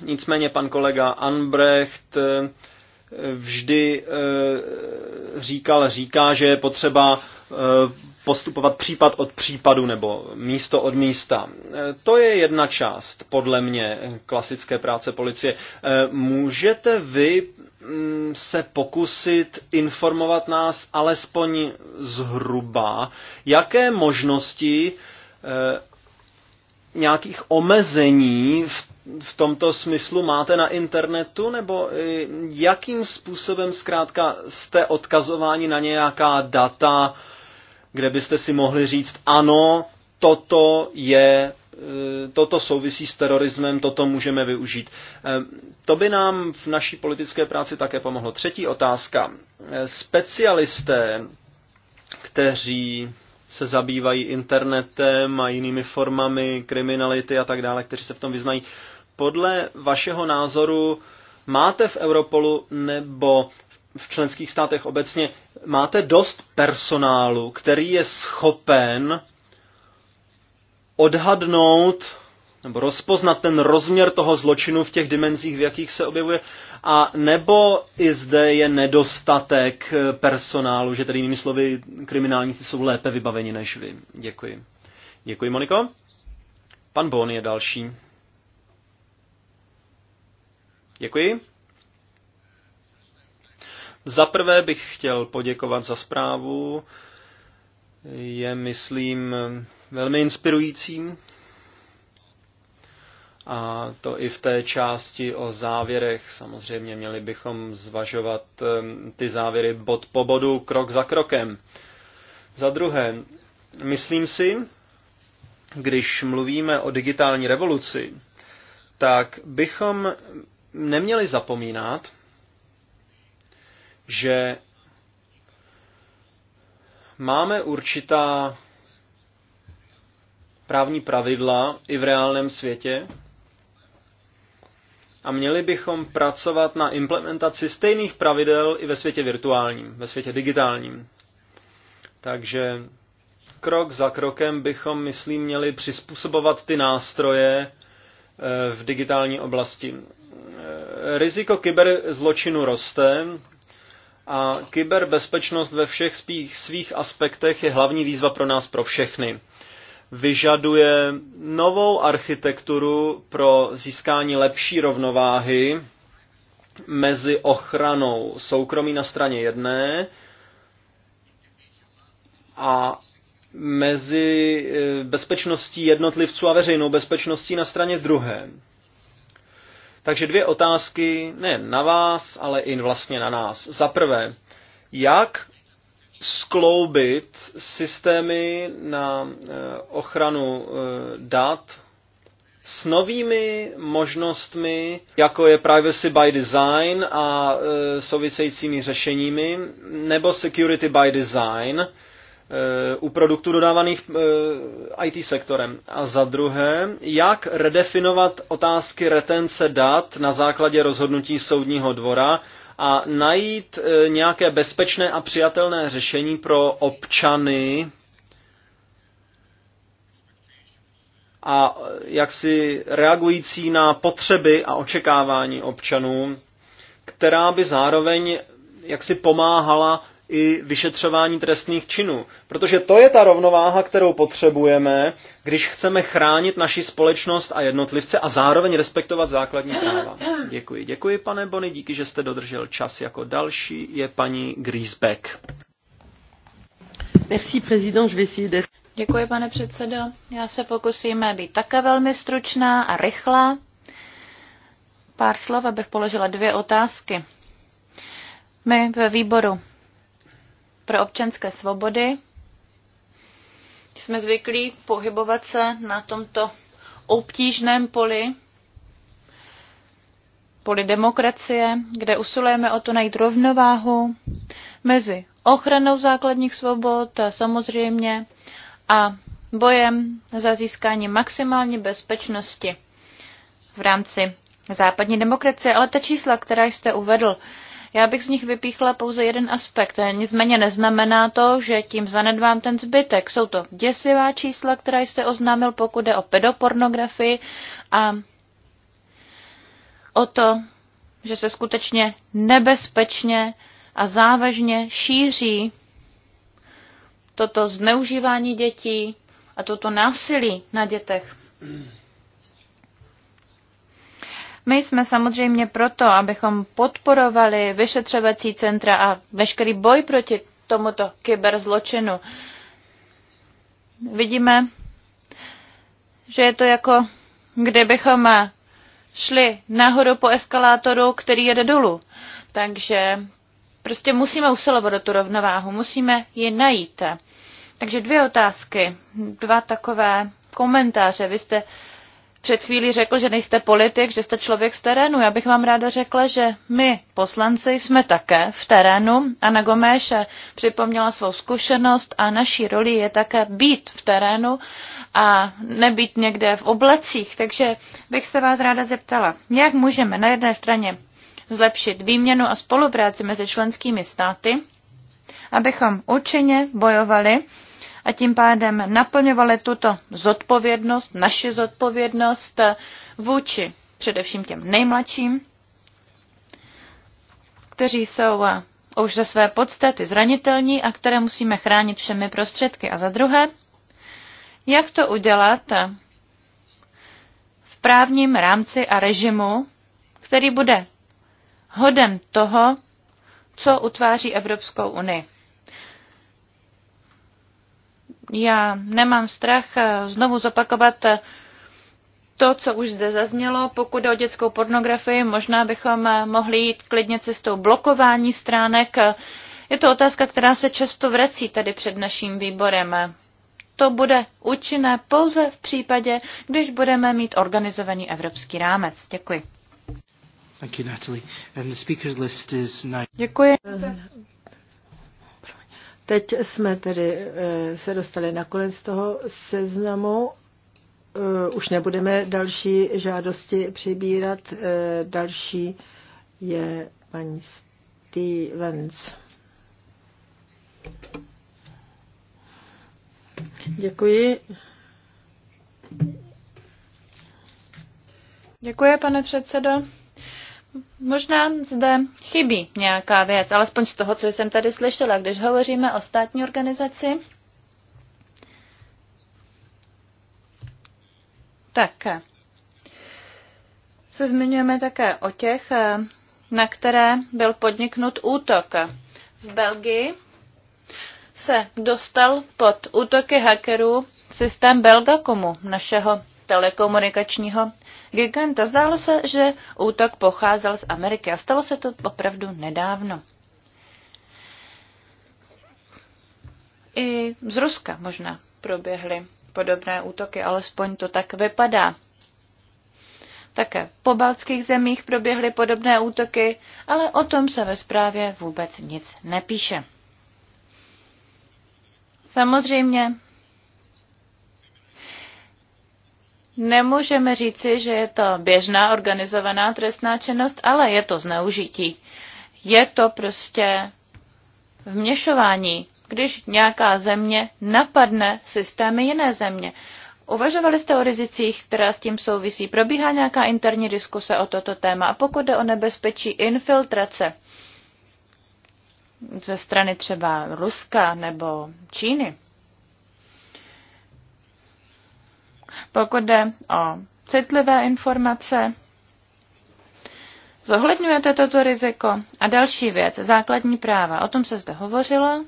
Nicméně pan kolega Anbrecht eh, vždy eh, říkal, říká, že je potřeba eh, postupovat případ od případu nebo místo od místa. Eh, to je jedna část, podle mě, klasické práce policie. Můžete vy mm, se pokusit informovat nás alespoň zhruba, jaké možnosti nějakých omezení v v tomto smyslu máte na internetu, nebo e, jakým způsobem zkrátka jste odkazováni na nějaká data, kde byste si mohli říct, ano, toto je e, toto souvisí s terorismem, toto můžeme využít. E, to by nám v naší politické práci také pomohlo. Třetí otázka. Specialisté, kteří se zabývají internetem a jinými formami kriminality a tak dále, kteří se v tom vyznají, podle vašeho názoru máte v Europolu nebo v členských státech obecně, máte dost personálu, který je schopen odhadnout nebo rozpoznat ten rozměr toho zločinu v těch dimenzích, v jakých se objevuje, a nebo i zde je nedostatek personálu, že tedy jinými slovy kriminálníci jsou lépe vybaveni než vy. Děkuji. Děkuji, Moniko. Pan Bon je další. Děkuji. Za prvé bych chtěl poděkovat za zprávu. Je, myslím, velmi inspirujícím. A to i v té části o závěrech. Samozřejmě měli bychom zvažovat ty závěry bod po bodu, krok za krokem. Za druhé, myslím si, když mluvíme o digitální revoluci, tak bychom neměli zapomínat, že máme určitá právní pravidla i v reálném světě a měli bychom pracovat na implementaci stejných pravidel i ve světě virtuálním, ve světě digitálním. Takže krok za krokem bychom, myslím, měli přizpůsobovat ty nástroje Eh, v digitální oblasti. Eh, riziko kyberzločinu roste a kyberbezpečnost ve všech svých aspektech je hlavní výzva pro nás, pro všechny vyžaduje novou architekturu pro získání lepší rovnováhy mezi ochranou soukromí na straně jedné a mezi eh, bezpečností jednotlivců a veřejnou bezpečností na straně druhé. Takže dvě otázky, ne na vás, ale i vlastně na nás. Za prvé, jak skloubit systémy na eh, ochranu eh, dat s novými možnostmi, jako je privacy by design a souvisejícími řešeními, nebo security by design, Eh, u produktů dodávaných eh, IT sektorem. A za druhé, jak redefinovat otázky retence dat na základě rozhodnutí soudního dvora a najít eh, nějaké bezpečné a přijatelné řešení pro občany a jak si reagující na potřeby a očekávání občanů, která by zároveň jak si pomáhala i vyšetřování trestných činů. Protože to je ta rovnováha, kterou potřebujeme, když chceme chránit naši společnost a jednotlivce a zároveň respektovat základní práva. Děkuji, děkuji pane Bony, díky, že jste dodržel čas. Jako další je paní Griesbeck.
Merci, président, je vais
Děkuji, pane předsedo. Já se pokusím být také velmi stručná a rychlá. Pár slov, abych položila dvě otázky. My ve výboru pro občanské svobody. Jsme zvyklí pohybovat se na tomto obtížném poli, poli demokracie, kde usilujeme o to najít rovnováhu mezi ochranou základních svobod samozřejmě a bojem za získání maximální bezpečnosti v rámci západní demokracie. Ale ta čísla, která jste uvedl, já bych z nich vypíchla pouze jeden aspekt. Nicméně neznamená to, že tím zanedbám ten zbytek. Jsou to děsivá čísla, která jste oznámil, pokud jde o pedopornografii a o to, že se skutečně nebezpečně a závažně šíří toto zneužívání dětí a toto násilí na dětech. My jsme samozřejmě proto, abychom podporovali vyšetřovací centra a veškerý boj proti tomuto kyberzločinu. Vidíme, že je to jako kdybychom šli nahoru po eskalátoru, který jede dolů. Takže prostě musíme usilovat o tu rovnováhu, musíme ji najít. Takže dvě otázky, dva takové komentáře. Vy jste před chvílí řekl, že nejste politik, že jste člověk z terénu. Já bych vám ráda řekla, že my, poslanci, jsme také v terénu. Ana Goméše připomněla svou zkušenost a naší roli je také být v terénu a nebýt někde v oblecích. Takže bych se vás ráda zeptala, jak můžeme na jedné straně zlepšit výměnu a spolupráci mezi členskými státy, abychom účinně bojovali a tím pádem naplňovali tuto zodpovědnost, naši zodpovědnost eh, vůči především těm nejmladším, kteří jsou eh, už ze své podstaty zranitelní a které musíme chránit všemi prostředky. A za druhé, jak to udělat eh, v právním rámci a režimu, který bude hoden toho, co utváří Evropskou unii. Já nemám strach eh, znovu zopakovat eh, to, co už zde zaznělo, pokud jde o dětskou pornografii, možná bychom eh, mohli jít klidně cestou blokování stránek. Je to otázka, která se často vrací tady před naším výborem. To bude účinné pouze v případě, když budeme mít organizovaný evropský rámec. Děkuji.
Thank you, Natalie. And the speakers list is
Děkuji.
Teď jsme tedy eh, se dostali na konec toho seznamu. Eh, už nebudeme další žádosti přibírat. Eh, další je paní Stevens.
Děkuji. Děkuji, pane předsedo možná zde chybí nějaká věc, alespoň z toho, co jsem tady slyšela, když hovoříme o státní organizaci. Tak, se zmiňujeme také o těch, na které byl podniknut útok. V Belgii se dostal pod útoky hackerů systém Belgacomu, našeho telekomunikačního giganta. Zdálo se, že útok pocházel z Ameriky a stalo se to opravdu nedávno. I z Ruska možná proběhly podobné útoky, alespoň to tak vypadá. Také po baltských zemích proběhly podobné útoky, ale o tom se ve zprávě vůbec nic nepíše. Samozřejmě nemůžeme říci, že je to běžná organizovaná trestná činnost, ale je to zneužití. Je to prostě vměšování, když nějaká země napadne systémy jiné země. Uvažovali jste o rizicích, která s tím souvisí? Probíhá nějaká interní diskuse o toto téma? A pokud jde o nebezpečí infiltrace ze strany třeba Ruska nebo Číny, Pokud jde o citlivé informace, zohledňujete toto riziko? A další věc, základní práva, o tom se zde hovořilo.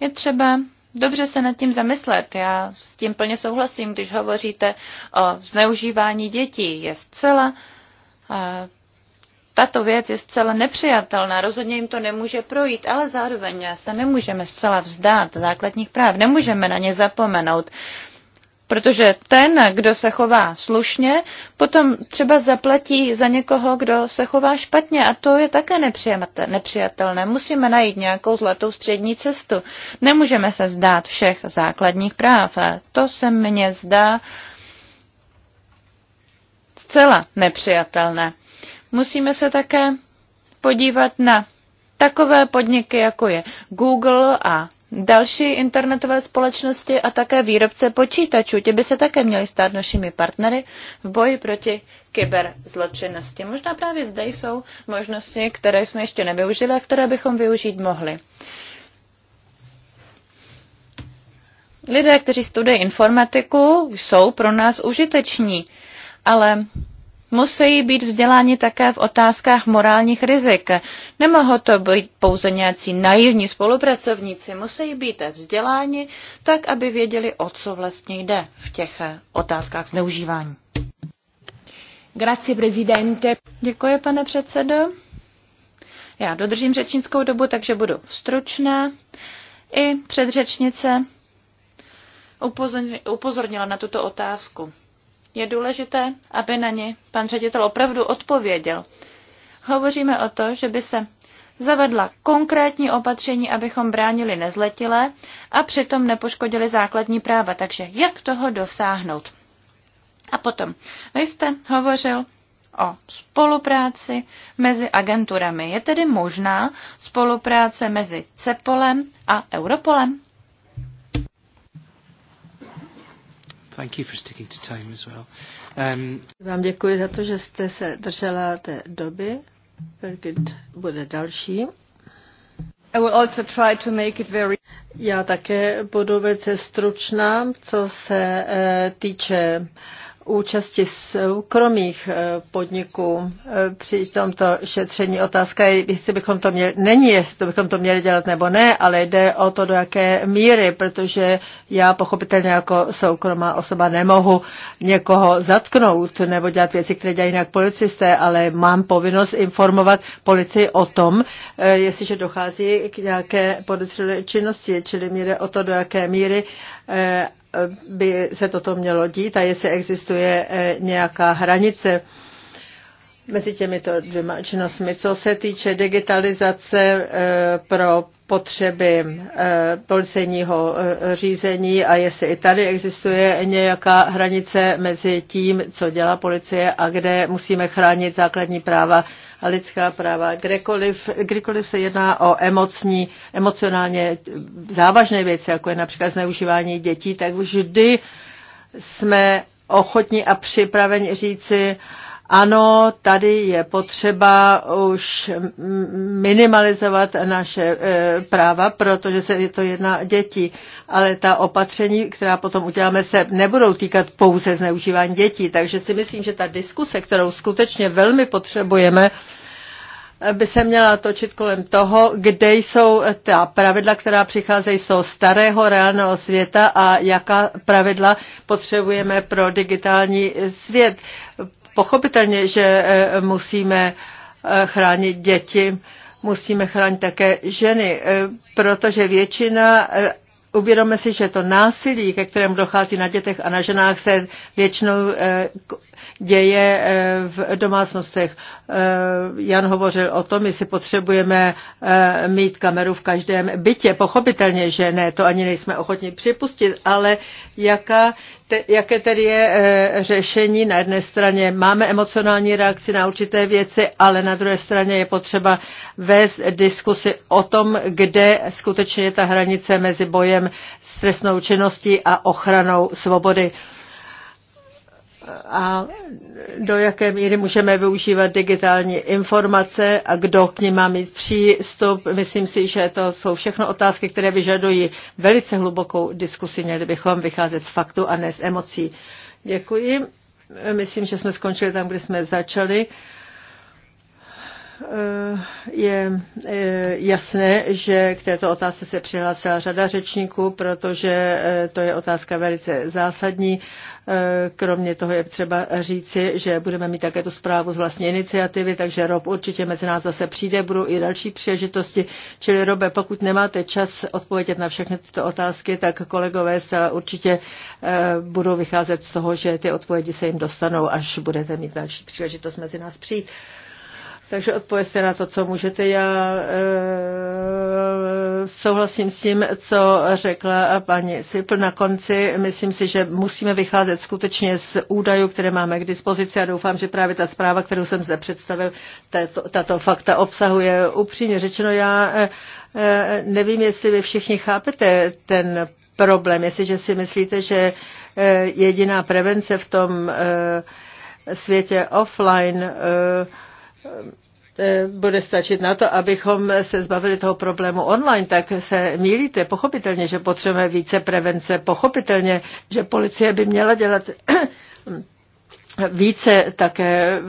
Je třeba dobře se nad tím zamyslet. Já s tím plně souhlasím, když hovoříte o zneužívání dětí. Je zcela tato věc je zcela nepřijatelná, rozhodně jim to nemůže projít, ale zároveň se nemůžeme zcela vzdát základních práv, nemůžeme na ně zapomenout. Protože ten, kdo se chová slušně, potom třeba zaplatí za někoho, kdo se chová špatně a to je také nepřijatelné. Musíme najít nějakou zlatou střední cestu. Nemůžeme se vzdát všech základních práv. A to se mně zdá zcela nepřijatelné. Musíme se také podívat na takové podniky, jako je Google a další internetové společnosti a také výrobce počítačů. Ti by se také měli stát našimi partnery v boji proti kyberzločinnosti. Možná právě zde jsou možnosti, které jsme ještě nevyužili a které bychom využít mohli. Lidé, kteří studují informatiku, jsou pro nás užiteční, ale musí být vzděláni také v otázkách morálních rizik. Nemohou to být pouze nějací naivní spolupracovníci, musí být vzděláni tak, aby věděli, o co vlastně jde v těch eh, otázkách zneužívání. Grazie, prezidente. Děkuji, pane předsedo. Já dodržím řečnickou dobu, takže budu stručná. I předřečnice upozornila na tuto otázku je důležité, aby na ně pan ředitel opravdu odpověděl. Hovoříme o to, že by se zavedla konkrétní opatření, abychom bránili nezletilé a přitom nepoškodili základní práva. Takže jak toho dosáhnout? A potom, vy jste hovořil o spolupráci mezi agenturami. Je tedy možná spolupráce mezi CEPOLem a Europolem?
Thank you for sticking to time as well. Um,
Vám děkuji za to, že jste se držela té doby. Birgit bude další. I will also try to make it very... Já také budu velice stručná, co se uh, týče uh, účasti soukromých eh, podniků eh, při tomto šetření. Otázka je, jestli bychom to měli, není jestli to bychom to měli dělat nebo ne, ale jde o to, do jaké míry, protože já pochopitelně jako soukromá osoba nemohu někoho zatknout nebo dělat věci, které dělají jinak policisté, ale mám povinnost informovat policii o tom, eh, jestliže dochází k nějaké podezřelé činnosti, čili míry o to, do jaké míry by se toto mělo dít a jestli existuje eh, nějaká hranice mezi těmito dvěma činnostmi. Co se týče digitalizace eh, pro potřeby eh, policejního řízení a jestli i tady existuje nějaká hranice mezi tím, co dělá policie a kde musíme chránit základní práva lidská práva. Kdekoliv, kdykoliv se jedná o emocní, emocionálně závažné věci, jako je například zneužívání dětí, tak vždy jsme ochotní a připraveni říci, uh, ano, tady je potřeba už minimalizovat naše e, práva, protože se to jedná děti, Ale ta opatření, která potom uděláme, se nebudou týkat pouze zneužívání dětí. Takže si myslím, že ta diskuse, kterou skutečně velmi potřebujeme, by se měla točit kolem toho, kde jsou ta pravidla, která přicházejí z toho starého reálného světa a jaká pravidla potřebujeme pro digitální svět. Pochopitelně, že eh, musíme eh, chránit děti, musíme chránit také ženy, eh, protože většina Uvědomíme si, že to násilí, ke kterému dochází na dětech a na ženách, se většinou děje eh, v domácnostech. Eh, Jan hovořil o tom, jestli potřebujeme eh, mít kameru v každém bytě. Pochopitelně, že ne, to ani nejsme ochotni připustit, ale jaká, te, jaké tedy je řešení? Na jedné straně máme emocionální reakci na určité věci, ale na druhé straně je potřeba vést diskusy o tom, kde skutečně je ta hranice mezi bojem s trestnou činností a ochranou svobody. Uh, a do jaké míry můžeme využívat digitální informace a kdo k ní má mít přístup. Myslím si, že to jsou všechno otázky, které vyžadují velice hlubokou diskusi. Měli bychom vycházet z faktu a ne z emocí. Děkuji. Myslím, že jsme skončili tam, kde jsme začali. Eh, je eh, jasné, že k této otázce se přihlásila řada řečníků, protože eh, to je otázka velice zásadní Eh, kromě toho je třeba říci, že budeme mít také tu zprávu z vlastní iniciativy, takže Rob určitě mezi nás zase přijde, budou i další příležitosti. Čili Robe, pokud nemáte čas odpovědět na všechny tyto otázky, tak kolegové se určitě eh, budou vycházet z toho, že ty odpovědi se jim dostanou, až budete mít další příležitost mezi nás přijít. Takže odpověste na to, co můžete. Já e, souhlasím s tím, co řekla paní Sipl na konci. Myslím si, že musíme vycházet skutečně z údajů, které máme k dispozici a doufám, že právě ta zpráva, kterou jsem zde představil, tato, tato fakta obsahuje. Upřímně řečeno, já e, nevím, jestli vy všichni chápete ten problém, jestliže si myslíte, že e, jediná prevence v tom e, světě offline e, Eh, bude stačit na to, abychom se zbavili toho problému online, tak se mílíte. Pochopitelně, že potřebujeme více prevence, pochopitelně, že policie by měla dělat více také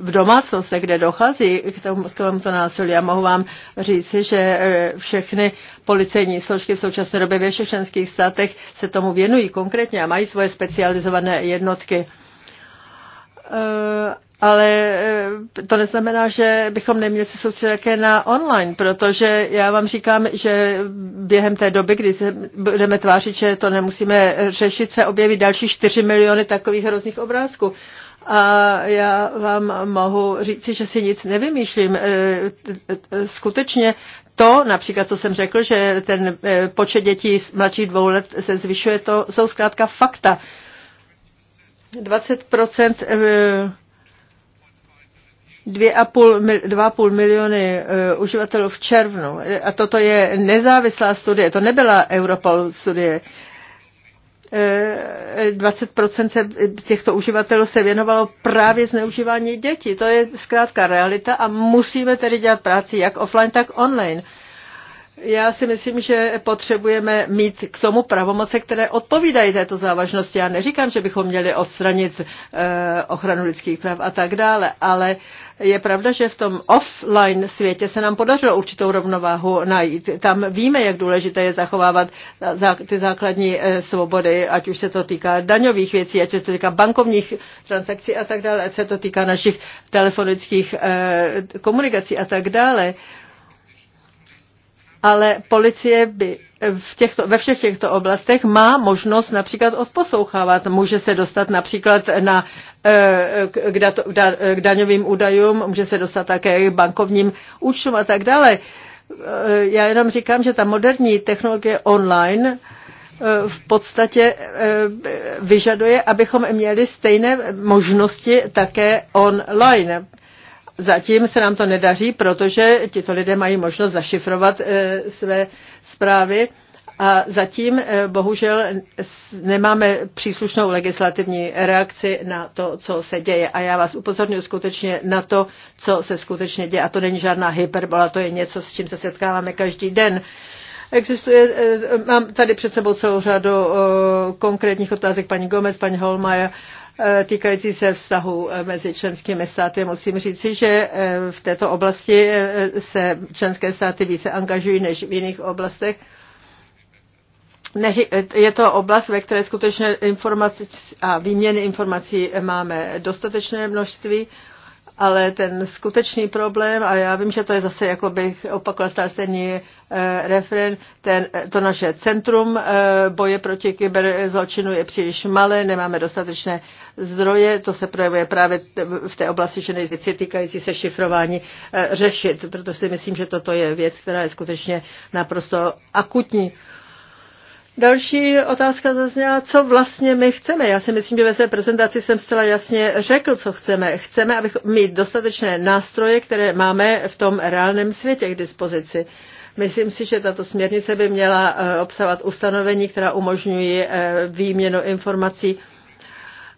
v domácnostech, kde dochází k, tom, k tomuto násilí. Já mohu vám říci, že eh, všechny policejní složky v současné době ve všech členských státech se tomu věnují konkrétně a mají svoje specializované jednotky eh, ale eh, to neznamená, že bychom neměli se soustředit také na online, protože já vám říkám, že během té doby, kdy se budeme tvářit, že to nemusíme řešit, se objeví další 4 miliony takových hrozných obrázků. A já vám mohu říci, že si nic nevymýšlím. Eh, eh, skutečně to, například, co jsem řekl, že ten počet dětí mladších dvou let se zvyšuje, to jsou zkrátka fakta. 20 2,5 miliony uh, uživatelů v červnu. A toto je nezávislá studie, to nebyla Europol studie. 20% eh, těchto uživatelů se věnovalo právě zneužívání dětí. To je zkrátka realita a musíme tedy dělat práci jak offline, tak online. Já si myslím, že potřebujeme mít k tomu pravomoce, které odpovídají této závažnosti. Já neříkám, že bychom měli odstranit eh, ochranu lidských práv a tak dále, ale je pravda, že v tom offline světě se nám podařilo určitou rovnováhu najít. Tam víme, jak důležité je zachovávat ty základní eh, svobody, ať už se to týká daňových věcí, ať se to týká bankovních transakcí a tak dále, ať se to týká našich telefonických eh, komunikací a tak dále ale policie by v těchto, ve všech těchto oblastech má možnost například odposlouchávat. Může se dostat například na, eh, k, dato, eh, k daňovým údajům, může se dostat také k bankovním účtům a tak dále. Eh, já jenom říkám, že ta moderní technologie online v podstatě vyžaduje, abychom měli stejné možnosti také online. Zatím se nám to nedaří, protože tito lidé mají možnost zašifrovat eh, své zprávy a zatím eh, bohužel nemáme příslušnou legislativní reakci na to, co se děje. A já vás upozorňuji skutečně na to, co se skutečně děje. A to není žádná hyperbola, to je něco, s čím se setkáváme každý den. Existuje, eh, mám tady před sebou celou řadu konkrétních otázek paní Gomez, paní Holmaja Eh, týkající se vztahu eh, mezi členskými státy. Musím říci, že eh, v této oblasti se členské státy více angažují než v jiných oblastech. Je to oblast, ve které skutečně informace a výměny informací máme dostatečné množství, ale ten skutečný problém, a já vím, že to je zase, jako bych opakoval stále, stejný referen, ten, to naše centrum boje proti kyberzločinu je příliš malé, nemáme dostatečné zdroje, to se projevuje právě v té oblasti, že nejsi týkající se šifrování eh, řešit, proto si myslím, že toto je věc, která je skutečně naprosto akutní. Další otázka zazněla, co vlastně my chceme. Já si myslím, že ve své prezentaci jsem zcela jasně řekl, co chceme. Chceme, abych mít dostatečné nástroje, které máme v tom reálném světě k dispozici. Myslím si, že tato směrnice by měla eh, obsahovat ustanovení, která umožňují eh, výměnu informací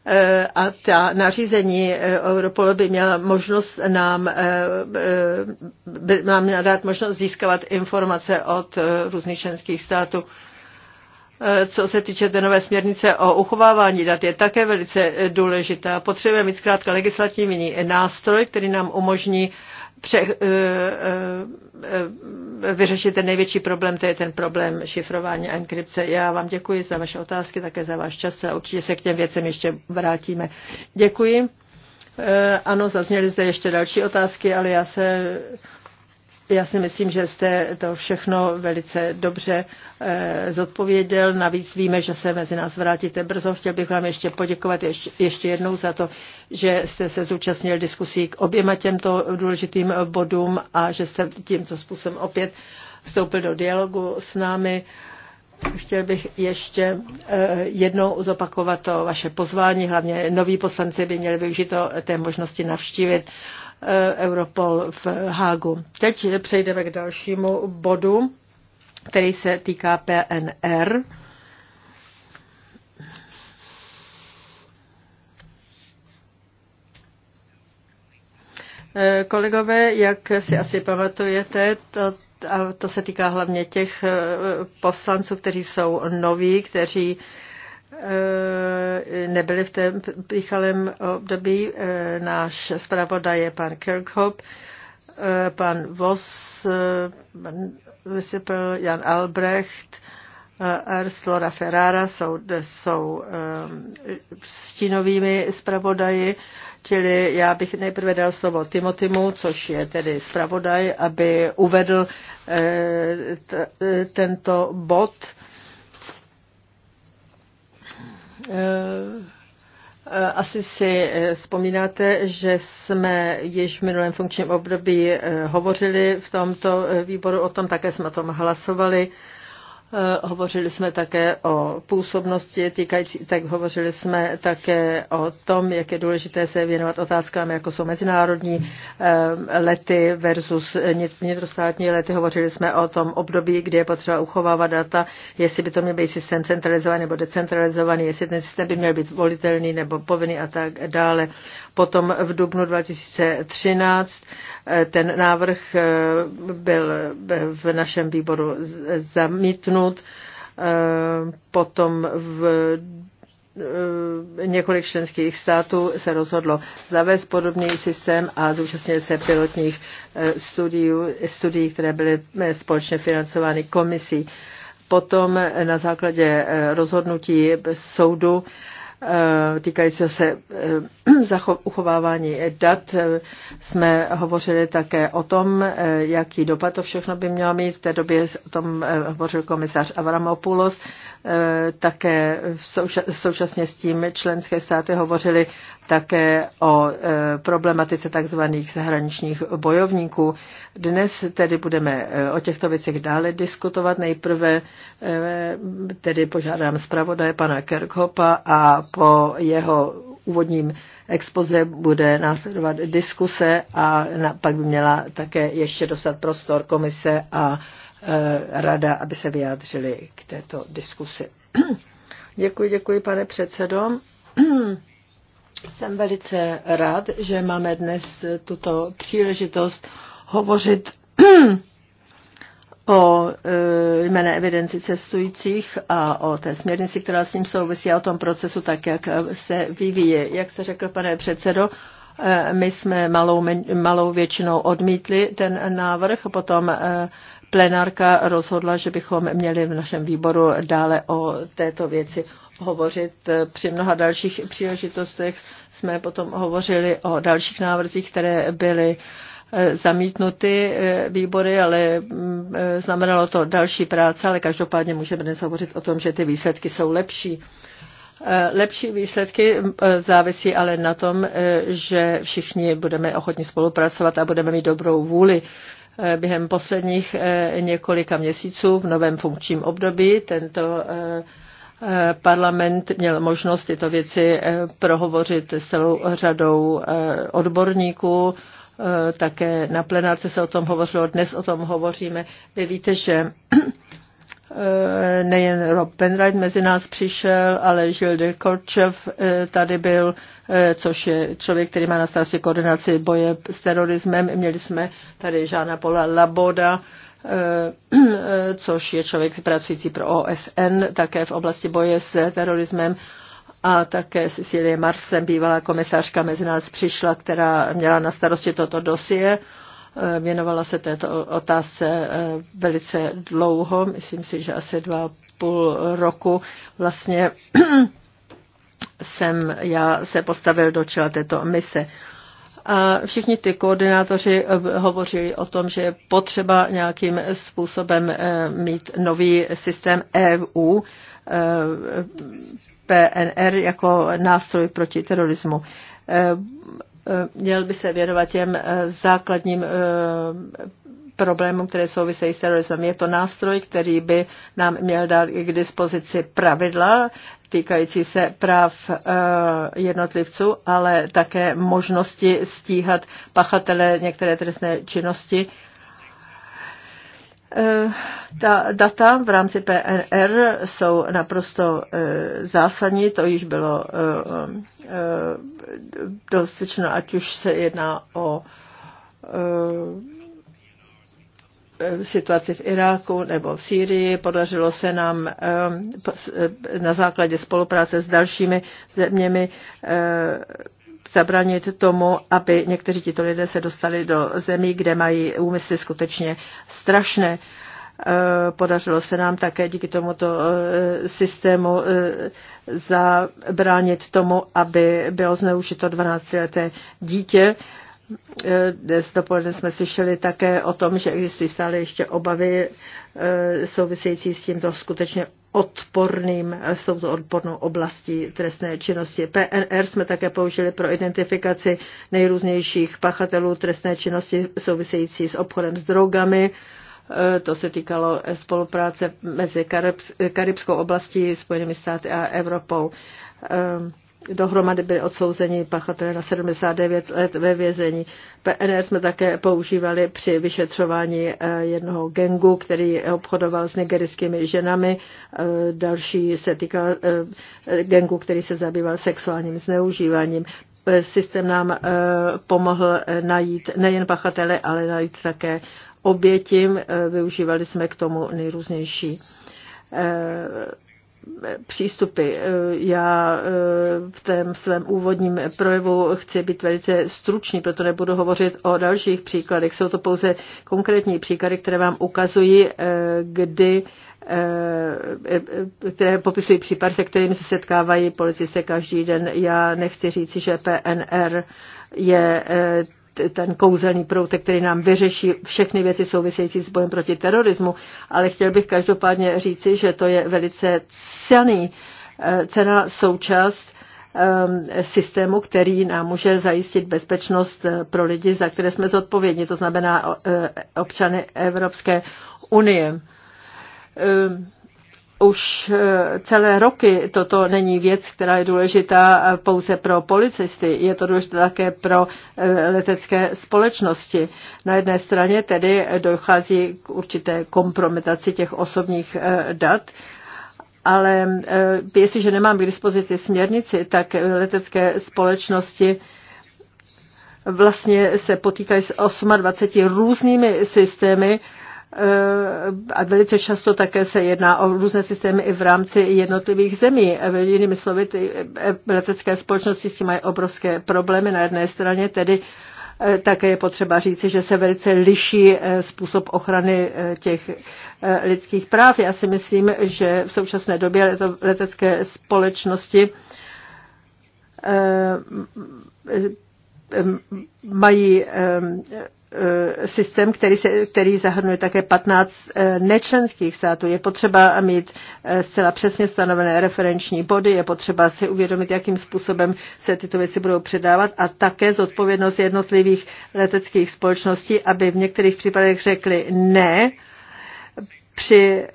Eh, a ta nařízení eh, Europol by měla možnost nám, eh, by nám měla dát možnost získávat informace od různých členských států. Co se týče té nové směrnice o uchovávání dat, je také velice důležitá. Potřebujeme mít zkrátka legislativní nástroj, který nám umožní pře, eh, eh, vyřešit ten největší problém, to je ten problém šifrování a enkrypce. Já vám děkuji za vaše otázky, také za váš čas a určitě se k těm věcem ještě vrátíme. Děkuji. Eh, ano, zazněly zde ještě další otázky, ale já se já si myslím, že jste to všechno velice dobře eh, zodpověděl. Navíc víme, že se mezi nás vrátíte brzo. Chtěl bych vám ještě poděkovat ještě, ještě jednou za to, že jste se zúčastnil diskusí k oběma těmto důležitým bodům a že jste tímto způsobem opět vstoupil do dialogu s námi. Chtěl bych ještě eh, jednou zopakovat to vaše pozvání. Hlavně noví poslanci by měli využít to, té možnosti navštívit Eh, Europol v Hágu. Teď přejdeme k dalšímu bodu, který se týká PNR. Eh, kolegové, jak si asi pamatujete, to, a to se týká hlavně těch eh, poslanců, kteří jsou noví, kteří Eh, nebyli v tom pýchalém období. Eh, náš zpravodaj je pan Kirkhope, eh, pan Vos, pan Vysipel, Jan Albrecht, Ernst Lora Ferrara jsou, jsou stínovými zpravodaji, čili já bych nejprve dal slovo Timotimu, což je tedy zpravodaj, aby uvedl tento bod Eh, asi si eh, vzpomínáte, že jsme již v minulém funkčním období eh, hovořili v tomto výboru o tom, také jsme o tom hlasovali Eh, hovořili jsme také o působnosti týkající, tak hovořili jsme také o tom, jak je důležité se věnovat otázkám, jako jsou mezinárodní eh, lety versus vnitrostátní lety. Hovořili jsme o tom období, kdy je potřeba uchovávat data, jestli by to měl být systém centralizovaný nebo decentralizovaný, jestli ten systém by měl být volitelný nebo povinný a tak dále. Potom v dubnu 2013 ten návrh eh, byl v našem výboru zamítnut, eh, potom v eh, několik členských států se rozhodlo zavést podobný systém a zúčastnil se pilotních studií, studií které byly společně financovány komisí. Potom na základě rozhodnutí soudu Eh, týkají se eh, uchovávání dat. Eh, jsme hovořili také o tom, jaký dopad to všechno by mělo mít. V té době o tom hovořil komisař Avramopoulos také současně s tím členské státy hovořily také o e, problematice tzv. zahraničních bojovníků. Dnes tedy budeme e, o těchto věcech dále diskutovat. Nejprve e, tedy požádám zpravodaje pana Kerkhopa a po jeho úvodním expoze bude následovat diskuse a pak by měla také ještě dostat prostor komise a Eh, rada, aby se vyjádřili k této diskusi. Děkuji, děkuji, pane předsedo. Jsem velice rád, že máme dnes tuto příležitost hovořit o eh, jméne evidenci cestujících a o té směrnici, která s ním souvisí a o tom procesu, tak jak se vyvíje. Jak jste řekl, pane předsedo, eh, my jsme malou, malou většinou odmítli ten návrh, potom plenárka rozhodla, že bychom měli v našem výboru dále o této věci hovořit. Při mnoha dalších příležitostech jsme potom hovořili o dalších návrzích, které byly eh, zamítnuty eh, výbory, ale mm, eh, znamenalo to další práce, ale každopádně můžeme dnes hovořit o tom, že ty výsledky jsou lepší. Lepší výsledky mm, závisí ale na tom, že všichni budeme ochotni spolupracovat a budeme mít dobrou vůli Eh, během posledních eh, několika měsíců v novém funkčním období. Tento eh, parlament měl možnost tyto věci prohovořit s celou řadou odborníků. Také na plenáce se o tom hovořilo, dnes o tom hovoříme. Vy víte, že Eh, nejen Rob Benright mezi nás přišel, ale Žil de Korčev eh, tady byl, eh, což je člověk, který má na starosti koordinaci boje s terorismem. Měli jsme tady Žána Pola Laboda, což je člověk pracující pro OSN, také v oblasti boje s terorismem. A také Cecilie Marsem, bývalá komisařka, mezi nás přišla, která měla na starosti toto dosie. Eh, věnovala se této otázce eh, velice dlouho, myslím si, že asi dva půl roku vlastně jsem já se postavil do čela této mise. A všichni ty koordinátoři eh, hovořili o tom, že je potřeba nějakým způsobem mít nový systém EU, PNR jako nástroj proti terorismu. Eh, měl by se věnovat těm eh, základním eh, problémům, které souvisejí s terorismem. Je to nástroj, který by nám měl dát k dispozici pravidla týkající se práv jednotlivců, ale také možnosti stíhat pachatele některé trestné činnosti Eh, ta data v rámci PNR jsou naprosto eh, zásadní, to již bylo eh, dosvědčeno, ať už se jedná o situaci v Iráku nebo v Sýrii. Podařilo se nám na základě spolupráce s dalšími zeměmi zabránit tomu, aby někteří tito lidé se dostali do zemí, kde mají úmysly skutečně strašné. E, podařilo se nám také díky tomuto e, systému e, zabránit tomu, aby bylo zneužito 12-leté dítě. Dnes dopoledne jsme slyšeli také o tom, že existují stále ještě obavy související s tímto skutečně odporným, jsou to odpornou oblasti trestné činnosti. PNR jsme také použili pro identifikaci nejrůznějších pachatelů trestné činnosti související s obchodem s drogami. Eh, to se týkalo spolupráce mezi Karibskou oblastí, Spojenými státy a Evropou. Ehm, Dohromady byli odsouzeni pachatelé na 79 let ve vězení. PNR jsme také používali při vyšetřování eh, jednoho gengu, který obchodoval s nigerijskými ženami. Eh, další se týkal eh, gengu, který se zabýval sexuálním zneužíváním systém nám pomohl najít nejen pachatele, ale najít také oběti. Využívali jsme k tomu nejrůznější přístupy. Eh, Já eh, v tém svém úvodním projevu chci být velice stručný, proto nebudu hovořit o dalších příkladech. Jsou to pouze konkrétní příklady, které vám ukazují, eh, kdy které popisují případ, se kterým se setkávají policisté každý den. Já nechci říci, že PNR je ten kouzelný proutek, který nám vyřeší všechny věci související s bojem proti terorismu, ale chtěl bych každopádně říci, že to je velice cený, eh, cená součást ehm, systému, který nám může zajistit bezpečnost eh, pro lidi, za které jsme zodpovědní, to znamená eh, občany Evropské unie. Ehm, už eh, celé roky toto není věc, která je důležitá eh, pouze pro policisty, je to důležité také pro eh, letecké společnosti. Na jedné straně tedy dochází k určité kompromitaci těch osobních dat, ale jestliže nemám k dispozici směrnici, tak letecké společnosti vlastně se potýkají s 28 různými systémy, Eh, a velice často také se jedná o různé systémy i v rámci jednotlivých zemí. Eh, jinými slovy, ty eh, letecké společnosti s tím mají obrovské problémy. Na jedné straně tedy také je potřeba říci, že se velice liší způsob ochrany těch lidských práv. Já si myslím, že v současné době letecké společnosti mají Eh, systém, který, se, který zahrnuje také 15 eh, nečlenských států. Je potřeba mít eh, zcela přesně stanovené referenční body, je potřeba si uvědomit, jakým způsobem se tyto věci budou předávat a také zodpovědnost jednotlivých leteckých společností, aby v některých případech řekli ne při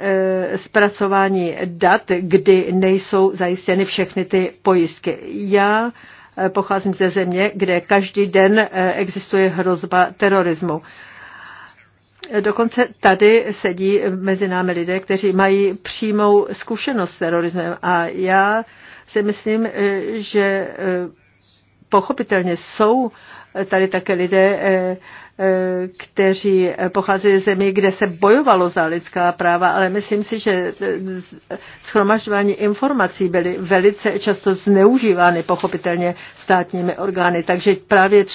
zpracování dat, kdy nejsou zajištěny všechny ty pojistky. Já Eh, pocházím ze země, kde každý den eh, existuje hrozba terorismu. Eh, dokonce tady sedí mezi námi lidé, kteří mají přímou zkušenost s terorismem a já si myslím, že pochopitelně jsou tady také lidé, kteří pochází ze zemí, kde se bojovalo za lidská práva, ale myslím si, že schromažďování informací byly velice často zneužívány pochopitelně státními orgány. Takže právě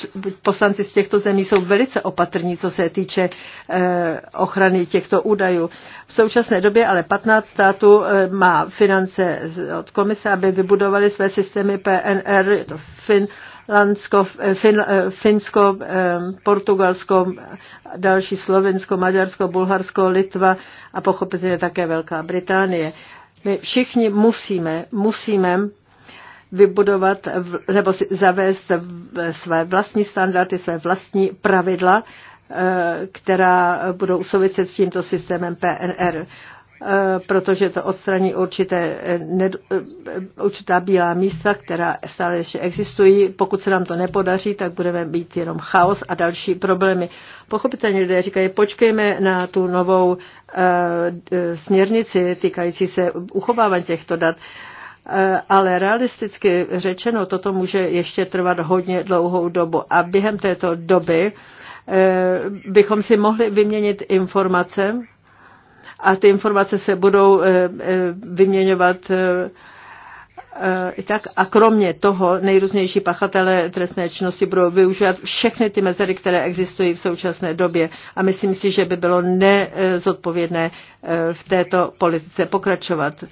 poslanci z těchto zemí jsou velice opatrní, co se týče eh, ochrany těchto údajů. V současné době ale 15 států eh, má finance od komise, aby vybudovali své systémy PNR, je to FIN, Lansko, fin, Finsko, Portugalsko, další Slovensko, Maďarsko, Bulharsko, Litva a pochopitelně také Velká Británie. My všichni musíme, musíme vybudovat nebo zavést své vlastní standardy, své vlastní pravidla, eh, která budou souviset s tímto systémem PNR. Eh, protože to odstraní určité, eh, eh, určitá bílá místa, která stále ještě existují. Pokud se nám to nepodaří, tak budeme být jenom chaos a další problémy. Pochopitelně lidé říkají, počkejme na tu novou směrnici týkající se uchovávání těchto dat ale realisticky řečeno, toto může ještě trvat hodně dlouhou dobu a během této doby bychom si mohli vyměnit informace a ty informace se budou eh, eh, vyměňovat eh, tak a kromě toho nejrůznější pachatele trestné činnosti budou využívat všechny ty mezery, které existují v současné době a myslím si, že by bylo nezodpovědné v této politice pokračovat.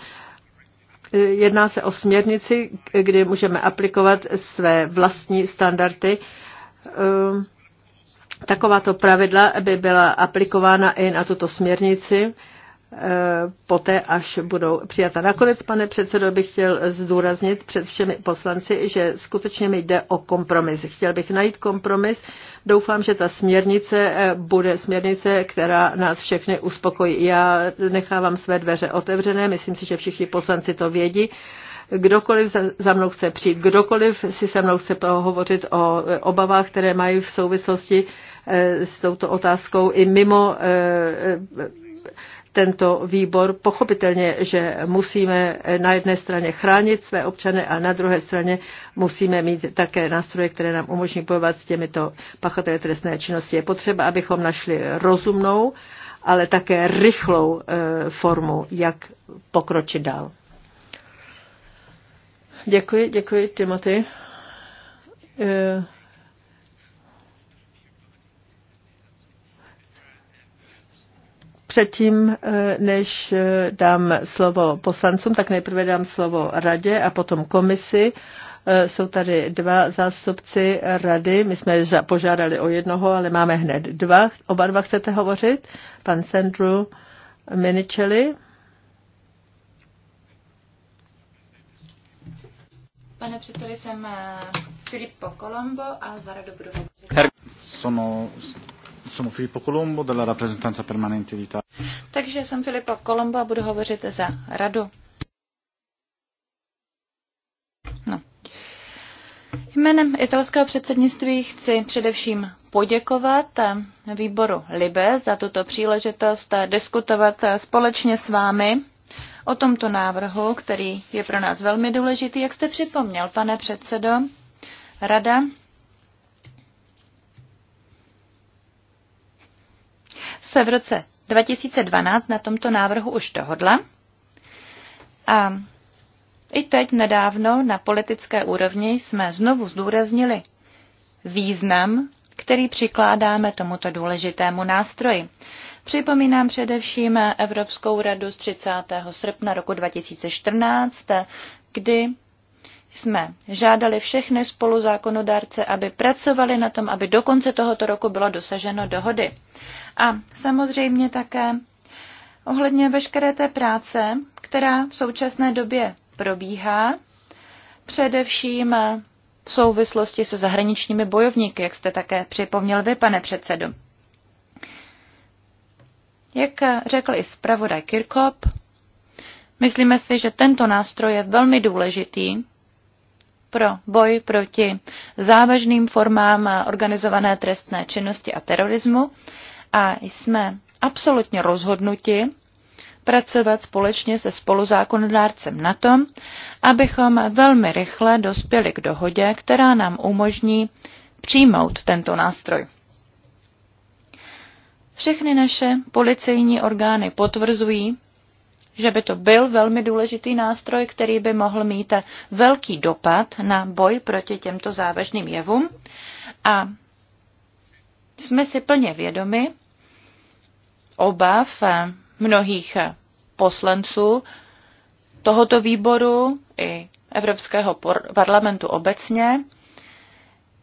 Jedná se o směrnici, kdy můžeme aplikovat své vlastní standardy. Takováto pravidla by byla aplikována i na tuto směrnici. Eh, poté, až budou přijata. Nakonec, pane předsedo, bych chtěl zdůraznit před všemi poslanci, že skutečně mi jde o kompromis. Chtěl bych najít kompromis. Doufám, že ta směrnice eh, bude směrnice, která nás všechny uspokojí. Já nechávám své dveře otevřené, myslím si, že všichni poslanci to vědí kdokoliv za mnou chce přijít, kdokoliv si se mnou chce pohovořit o eh, obavách, které mají v souvislosti s touto otázkou i mimo tento výbor. Pochopitelně, že musíme na jedné straně chránit své občany, a na druhé straně musíme mít také nástroje, které nám umožní bojovat s těmito pachateli trestné činnosti. Je potřeba, abychom našli rozumnou, ale také rychlou eh, formu, jak pokročit dál. Děkuji, děkuji, Timothy. Eh, Předtím, eh, než eh, dám slovo poslancům, tak nejprve dám slovo radě a potom komisi. Eh, jsou tady dva zástupci rady. My jsme požádali o jednoho, ale máme hned dva. Oba dva chcete hovořit? Pan Sandru Minicelli.
Pane předsedo, jsem Filippo Colombo a za radu budu hovořit. Sono Sono Filippo Colombo della rappresentanza permanente d'Italia. Takže jsem Filippo Colombo a budu hovořit za radu. No. Jménem italského předsednictví chci především poděkovat výboru Libe za tuto příležitost diskutovat společně s vámi o tomto návrhu, který je pro nás velmi důležitý. Jak jste připomněl, pane předsedo, Rada se v roce 2012 na tomto návrhu už dohodla a i teď nedávno na politické úrovni jsme znovu zdůraznili význam, který přikládáme tomuto důležitému nástroji. Připomínám především Evropskou radu z 30. srpna roku 2014, kdy jsme žádali všechny spoluzákonodárce, aby pracovali na tom, aby do konce tohoto roku bylo dosaženo dohody. A samozřejmě také ohledně veškeré té práce, která v současné době probíhá, především v souvislosti se zahraničními bojovníky, jak jste také připomněl vy, pane předsedo. Jak řekl i zpravodaj Kirkop, myslíme si, že tento nástroj je velmi důležitý pro boj proti závažným formám organizované trestné činnosti a terorismu a jsme absolutně rozhodnuti pracovat společně se spoluzákonodárcem na tom, abychom velmi rychle dospěli k dohodě, která nám umožní přijmout tento nástroj. Všechny naše policejní orgány potvrzují, že by to byl velmi důležitý nástroj, který by mohl mít velký dopad na boj proti těmto závažným jevům. A jsme si plně vědomi obav mnohých poslanců tohoto výboru i Evropského parlamentu obecně.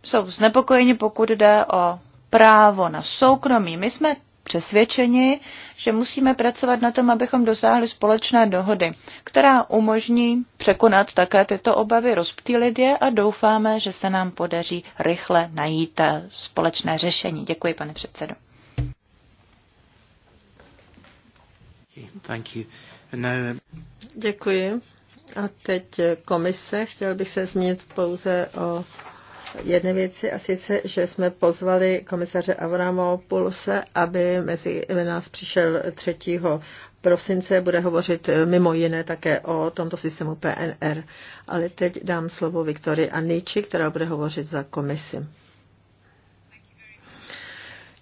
Jsou znepokojeni, pokud jde o právo na soukromí. My jsme přesvědčeni, že musíme pracovat na tom, abychom dosáhli společné dohody, která umožní překonat také tyto obavy, rozptýlit je a doufáme, že se nám podaří rychle najít eh, společné řešení. Děkuji, pane předsedo.
Thank you. Now... Um,
Děkuji. A teď eh, komise. Chtěl bych se zmínit pouze o jedné věci a sice, že jsme pozvali komisaře Avramopulse, aby mezi nás přišel 3. prosince, bude hovořit mimo jiné také o tomto systému PNR. Ale teď dám slovo Viktorii Aniči, která bude hovořit za komisi.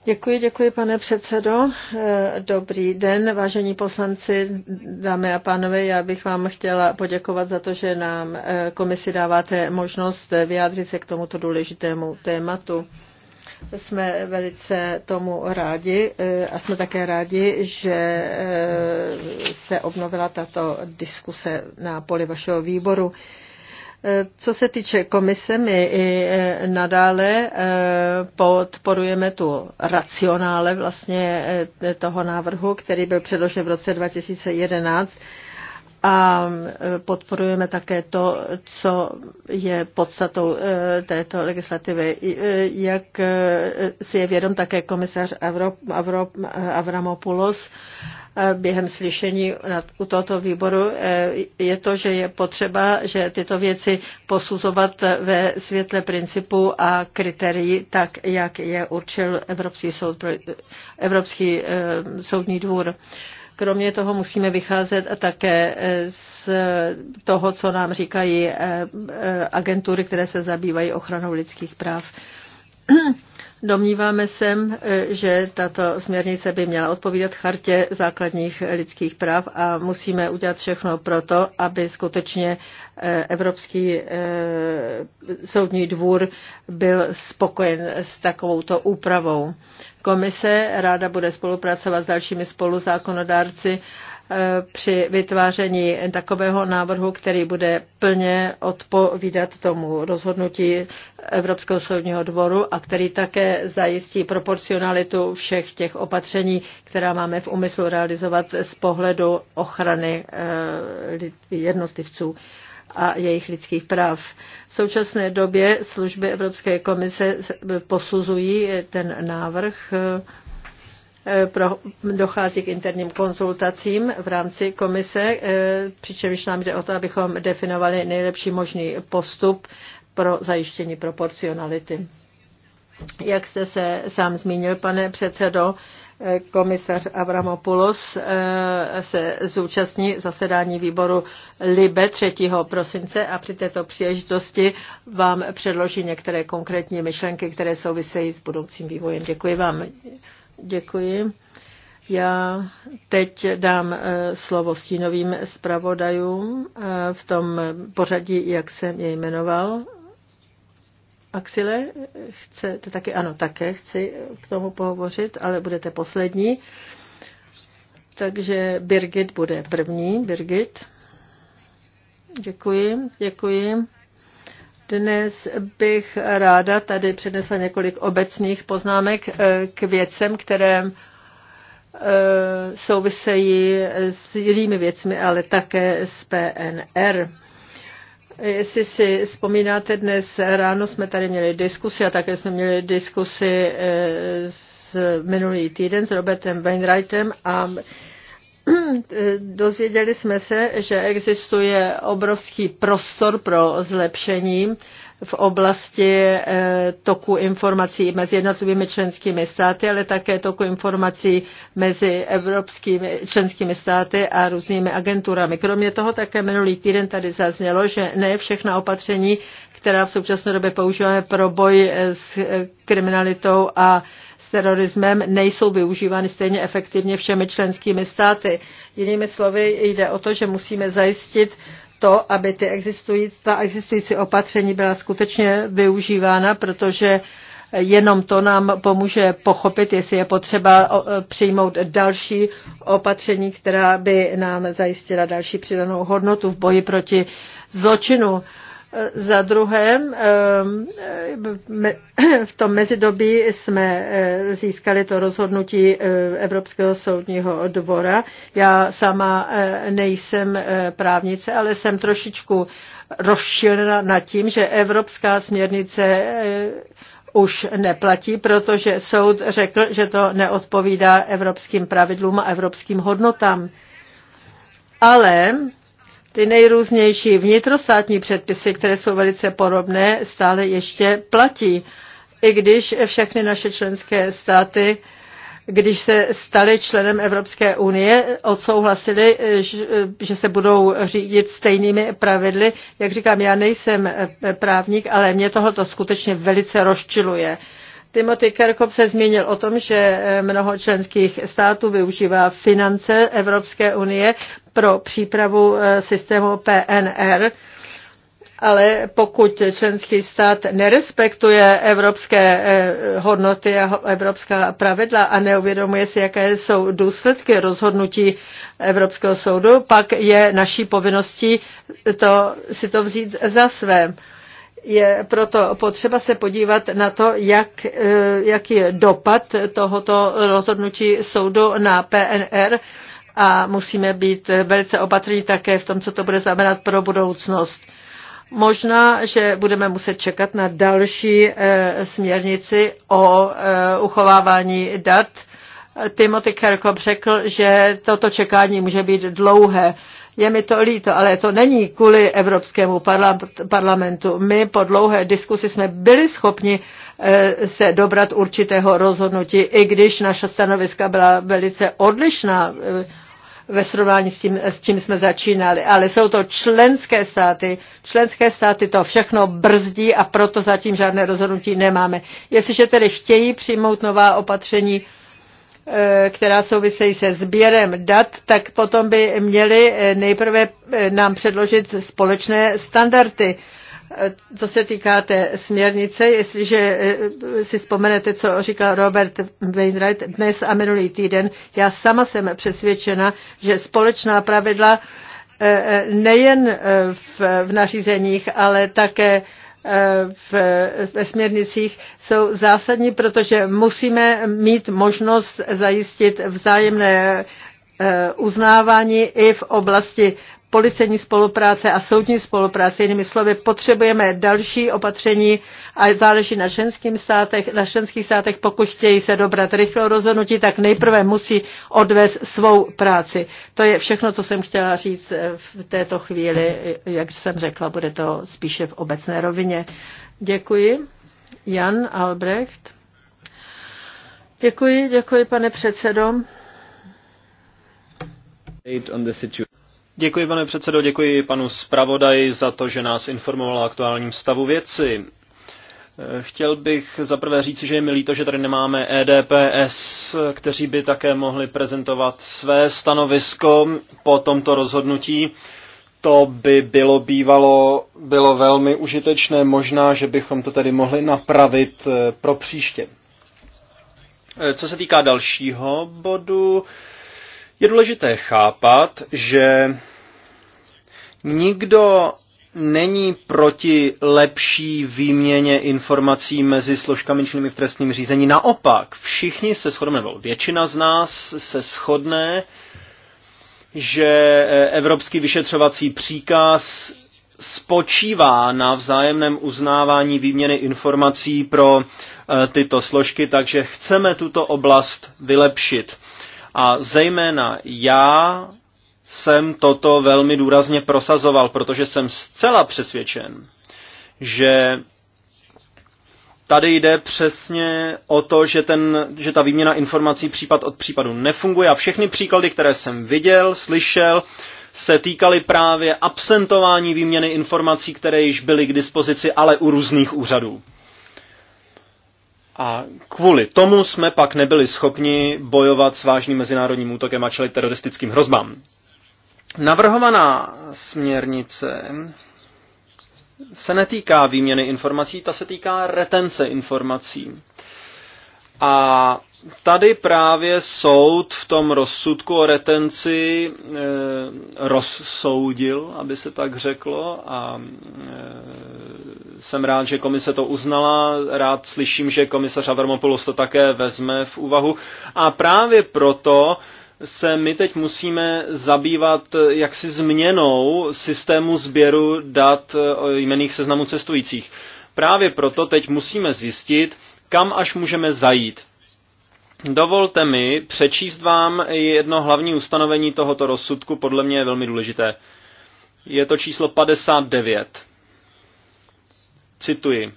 Děkuji, děkuji, pane předsedo. Eh, dobrý den, vážení poslanci, dámy a pánové. Já bych vám chtěla poděkovat za to, že nám eh, komisi dáváte možnost vyjádřit se k tomuto důležitému tématu. Jsme velice tomu rádi eh, a jsme také rádi, že se obnovila tato diskuse na poli vašeho výboru. Co se týče komise, my i e, nadále e, podporujeme tu racionále vlastně e, toho návrhu, který byl předložen v roce 2011 a e, podporujeme také to, co je podstatou e, této legislativy. E, jak si je vědom také komisař Avramopoulos během slyšení u tohoto výboru, je to, že je potřeba, že tyto věci posuzovat ve světle principu a kritérií, tak jak je určil Evropský, soud, Evropský soudní dvůr. Kromě toho musíme vycházet také eh, z toho, co nám říkají eh, eh, agentury, které se zabývají ochranou lidských práv. Domníváme se, eh, že tato směrnice by měla odpovídat chartě základních lidských práv a musíme udělat všechno proto, aby skutečně eh, Evropský eh, soudní dvůr byl spokojen s takovouto úpravou. Komise ráda bude spolupracovat s dalšími spoluzákonodárci Eh, při vytváření takového návrhu, který bude plně odpovídat tomu rozhodnutí Evropského soudního dvoru a který také zajistí proporcionalitu všech těch opatření, která máme v úmyslu realizovat z pohledu ochrany eh, jednotlivců a jejich lidských práv. V současné době služby Evropské komise posuzují ten návrh eh, Eh, pro, dochází k interním konzultacím v rámci komise, eh, přičemž nám jde o to, abychom definovali nejlepší možný postup pro zajištění proporcionality. Jak jste se sám zmínil, pane předsedo, eh, komisař Avramopoulos se zúčastní zasedání výboru LIBE 3. prosince a při této příležitosti vám předloží některé konkrétní myšlenky, které souvisejí s budoucím vývojem. Děkuji vám. Děkuji. Já teď dám eh, slovo stínovým zpravodajům eh, v tom pořadí, jak jsem jej jmenoval. Axile, chcete taky? Ano, také chci k tomu pohovořit, ale budete poslední. Takže Birgit bude první. Birgit. Děkuji, děkuji. Dnes bych ráda tady přinesla několik obecných poznámek eh, k věcem, které eh, souvisejí s jinými věcmi, ale také s PNR. Jestli si vzpomínáte, dnes ráno jsme tady měli diskusi a také jsme měli diskusi s eh, minulý týden s Robertem Weinreitem a Eh, dozvěděli jsme se, že existuje obrovský prostor pro zlepšení v oblasti eh, toku informací mezi jednotlivými členskými státy, ale také toku informací mezi evropskými členskými státy a různými agenturami. Kromě toho také minulý týden tady zaznělo, že ne všechna opatření, která v současné době používáme pro boj s kriminalitou a s terorismem, nejsou využívány stejně efektivně všemi členskými státy. Jinými slovy jde o to, že musíme zajistit to, aby ty existující, ta existující opatření byla skutečně využívána, protože jenom to nám pomůže pochopit, jestli je potřeba přijmout další opatření, která by nám zajistila další přidanou hodnotu v boji proti zločinu. Za druhé, ehm, v tom mezidobí jsme eh, získali to rozhodnutí eh, Evropského soudního dvora. Já sama eh, nejsem právnice, ale jsem trošičku rozšířena nad tím, že Evropská směrnice už neplatí, protože soud řekl, že to neodpovídá evropským pravidlům a evropským hodnotám. Ale ty nejrůznější vnitrostátní předpisy, které jsou velice podobné, stále ještě platí. I když všechny naše členské státy když se staly členem Evropské unie, odsouhlasili, že se budou řídit stejnými pravidly. Jak říkám, já nejsem právník, ale mě tohoto skutečně velice rozčiluje. Timothy Kerkhoff se zmínil o tom, že eh, mnoho členských států využívá finance Evropské unie pro přípravu eh, systému PNR, ale pokud členský stát nerespektuje evropské eh, hodnoty a evropská pravidla a neuvědomuje si, jaké jsou důsledky rozhodnutí Evropského soudu, pak je naší povinností to, si to vzít za své. Je proto potřeba se podívat na to, jak, eh, jaký je dopad tohoto rozhodnutí soudu na PNR a musíme být velice opatrní také v tom, co to bude znamenat pro budoucnost. Možná, že budeme muset čekat na další eh, směrnici o eh, uchovávání dat. Timothy Kerkop řekl, že toto čekání může být dlouhé. Je mi to líto, ale to není kvůli Evropskému parlamentu. My po dlouhé diskusi jsme byli schopni eh, se dobrat určitého rozhodnutí, i když naše stanoviska byla velice odlišná eh, ve srovnání s tím, s čím jsme začínali, ale jsou to členské státy. Členské státy to všechno brzdí a proto zatím žádné rozhodnutí nemáme. Jestliže tedy chtějí přijmout nová opatření, Eh, která souvisejí se sběrem dat, tak potom by měli eh, nejprve eh, nám předložit společné standardy. Co se týká té směrnice, jestliže si vzpomenete, co říkal Robert Wainwright dnes a minulý týden, já sama jsem přesvědčena, že společná pravidla nejen v nařízeních, ale také v, ve směrnicích jsou zásadní, protože musíme mít možnost zajistit vzájemné eh, uznávání i v oblasti policejní spolupráce a soudní spolupráce. Jinými slovy, potřebujeme další opatření a záleží na, členským státech, na členských státech. Pokud chtějí se dobrat rychlého rozhodnutí, tak nejprve musí odvést svou práci. To je všechno, co jsem chtěla říct eh, v této chvíli. Jak jsem řekla, bude to spíše v obecné rovině. Děkuji. Jan Albrecht. Děkuji, děkuji, pane předsedo.
Děkuji, pane předsedo, děkuji panu zpravodaji za to, že nás informoval o aktuálním stavu věci. Chtěl bych zaprvé říci, že je mi líto, že tady nemáme EDPS, kteří by také mohli prezentovat své stanovisko po tomto rozhodnutí. To by bylo bývalo, bylo velmi užitečné, možná, že bychom to tedy mohli napravit eh, pro příště. Eh, co se týká dalšího bodu, je důležité chápat, že nikdo není proti lepší výměně informací mezi složkami činnými v trestním řízení. Naopak, všichni se shodneme, nebo většina z nás se shodne, že evropský vyšetřovací příkaz spočívá na vzájemném uznávání výměny informací pro eh, tyto složky, takže chceme tuto oblast vylepšit. A zejména já jsem toto velmi důrazně prosazoval, protože jsem zcela přesvědčen, že tady jde přesně o to, že, ten, že ta výměna informací případ od případu nefunguje a všechny příklady, které jsem viděl, slyšel, se týkaly právě absentování výměny informací, které již byly k dispozici, ale u různých úřadů. A kvůli tomu jsme pak nebyli schopni bojovat s vážným mezinárodním útokem a čelit teroristickým hrozbám. Navrhovaná směrnice se netýká výměny informací, ta se týká retence informací. A tady právě soud v tom rozsudku o retenci e, rozsoudil, aby se tak řeklo, a e, jsem rád, že komise to uznala, rád slyším, že komisař Avermopoulos to také vezme v úvahu a právě proto se my teď musíme zabývat eh, jaksi změnou systému sběru dat jmených seznamů cestujících. Právě proto teď musíme zjistit, kam až můžeme zajít Dovolte mi přečíst vám jedno hlavní ustanovení tohoto rozsudku, podle mě je velmi důležité. Je to číslo 59. Cituji. E,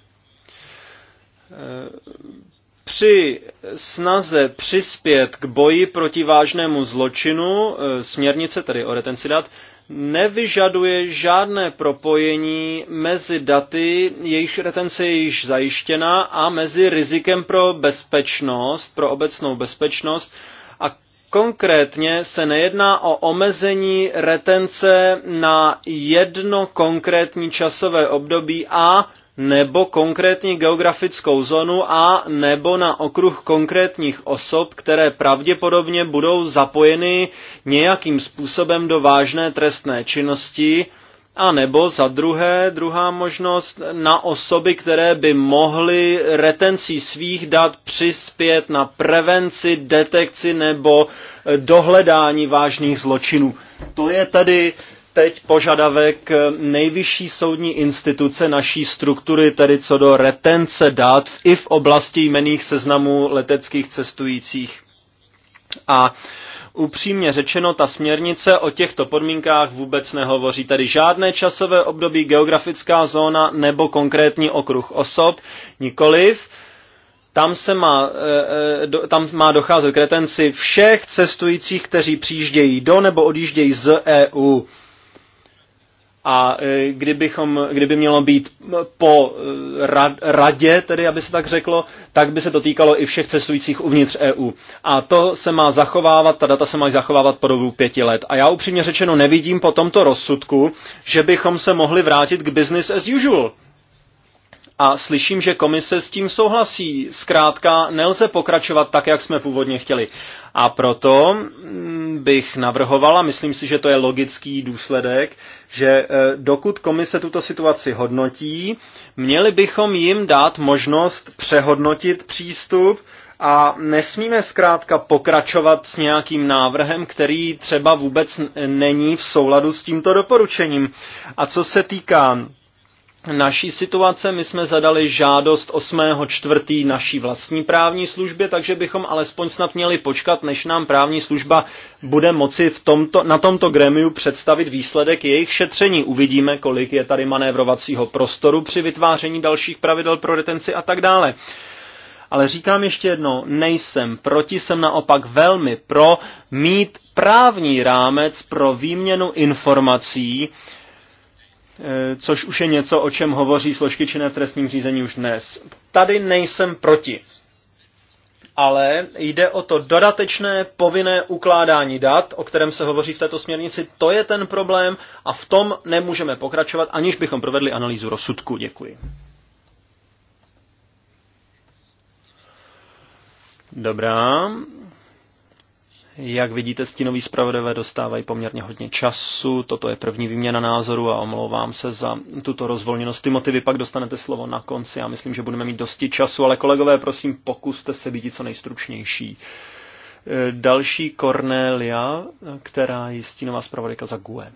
při snaze přispět k boji proti vážnému zločinu, e, směrnice tedy o retencidat, nevyžaduje žádné propojení mezi daty, jejichž retence je již zajištěna, a mezi rizikem pro bezpečnost, pro obecnou bezpečnost. A konkrétně se nejedná o omezení retence na jedno konkrétní časové období a nebo konkrétní geografickou zónu a nebo na okruh konkrétních osob, které pravděpodobně budou zapojeny nějakým způsobem do vážné trestné činnosti, a nebo za druhé, druhá možnost, na osoby, které by mohly retencí svých dat přispět na prevenci, detekci nebo dohledání vážných zločinů. To je tady teď požadavek nejvyšší soudní instituce naší struktury, tedy co do retence dat i v oblasti jmených seznamů leteckých cestujících. A upřímně řečeno, ta směrnice o těchto podmínkách vůbec nehovoří. Tedy žádné časové období, geografická zóna nebo konkrétní okruh osob, nikoliv. Tam, se má, e, e, tam má docházet k retenci všech cestujících, kteří přijíždějí do nebo odjíždějí z EU. A e, kdybychom, kdyby mělo být po e, radě, tedy aby se tak řeklo, tak by se to týkalo i všech cestujících uvnitř EU. A to se má zachovávat, ta data se mají zachovávat po dobu pěti let. A já upřímně řečeno nevidím po tomto rozsudku, že bychom se mohli vrátit k business as usual. A slyším, že komise s tím souhlasí. Zkrátka nelze pokračovat tak, jak jsme původně chtěli. A proto mm, bych navrhovala, myslím si, že to je logický důsledek, že eh, dokud komise tuto situaci hodnotí, měli bychom jim dát možnost přehodnotit přístup a nesmíme zkrátka pokračovat s nějakým návrhem, který třeba vůbec není v souladu s tímto doporučením. A co se týká naší situace. My jsme zadali žádost 8.4. naší vlastní právní službě, takže bychom alespoň snad měli počkat, než nám právní služba bude moci v tomto, na tomto gremiu představit výsledek jejich šetření. Uvidíme, kolik je tady manévrovacího prostoru při vytváření dalších pravidel pro retenci a tak dále. Ale říkám ještě jedno: nejsem proti, jsem naopak velmi pro mít právní rámec pro výměnu informací, Eh, což už je něco, o čem hovoří složky činné v trestním řízení už dnes. Tady nejsem proti, ale jde o to dodatečné povinné ukládání dat, o kterém se hovoří v této směrnici. To je ten problém a v tom nemůžeme pokračovat, aniž bychom provedli analýzu rozsudku. Děkuji. Dobrá, jak vidíte, stínoví zpravodajové dostávají poměrně hodně času. Toto je první výměna názoru a omlouvám se za tuto rozvolněnost. Ty motivy pak dostanete slovo na konci. Já myslím, že budeme mít dosti času, ale kolegové, prosím, pokuste se být co nejstručnější. E, další Cornelia, která je stínová zpravodajka za GUE.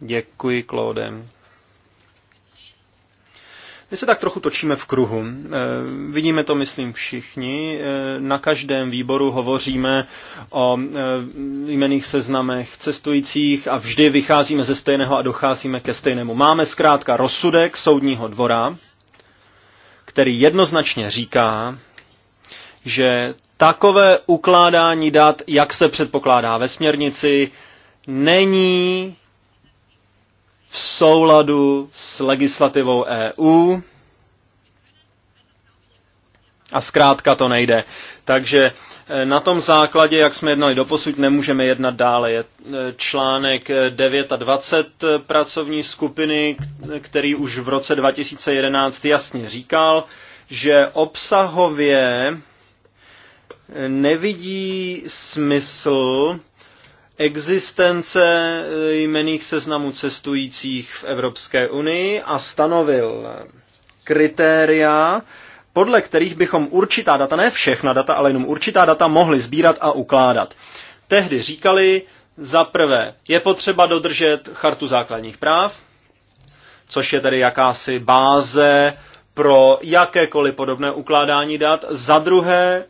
Děkuji, Claudem. My se tak trochu točíme v kruhu. Eh, vidíme to, myslím, všichni. Eh, na každém výboru hovoříme o eh, jmených seznamech cestujících a vždy vycházíme ze stejného a docházíme ke stejnému. Máme zkrátka rozsudek soudního dvora, který jednoznačně říká, že takové ukládání dat, jak se předpokládá ve směrnici, není v souladu s legislativou EU. A zkrátka to nejde. Takže eh, na tom základě, jak jsme jednali doposud, nemůžeme jednat dále. Je eh, článek 29 eh, pracovní skupiny, který už v roce 2011 jasně říkal, že obsahově nevidí smysl existence eh, jmených seznamů cestujících v Evropské unii a stanovil kritéria, podle kterých bychom určitá data, ne všechna data, ale jenom určitá data mohli sbírat a ukládat. Tehdy říkali, za prvé, je potřeba dodržet chartu základních práv, což je tedy jakási báze pro jakékoliv podobné ukládání dat. Za druhé,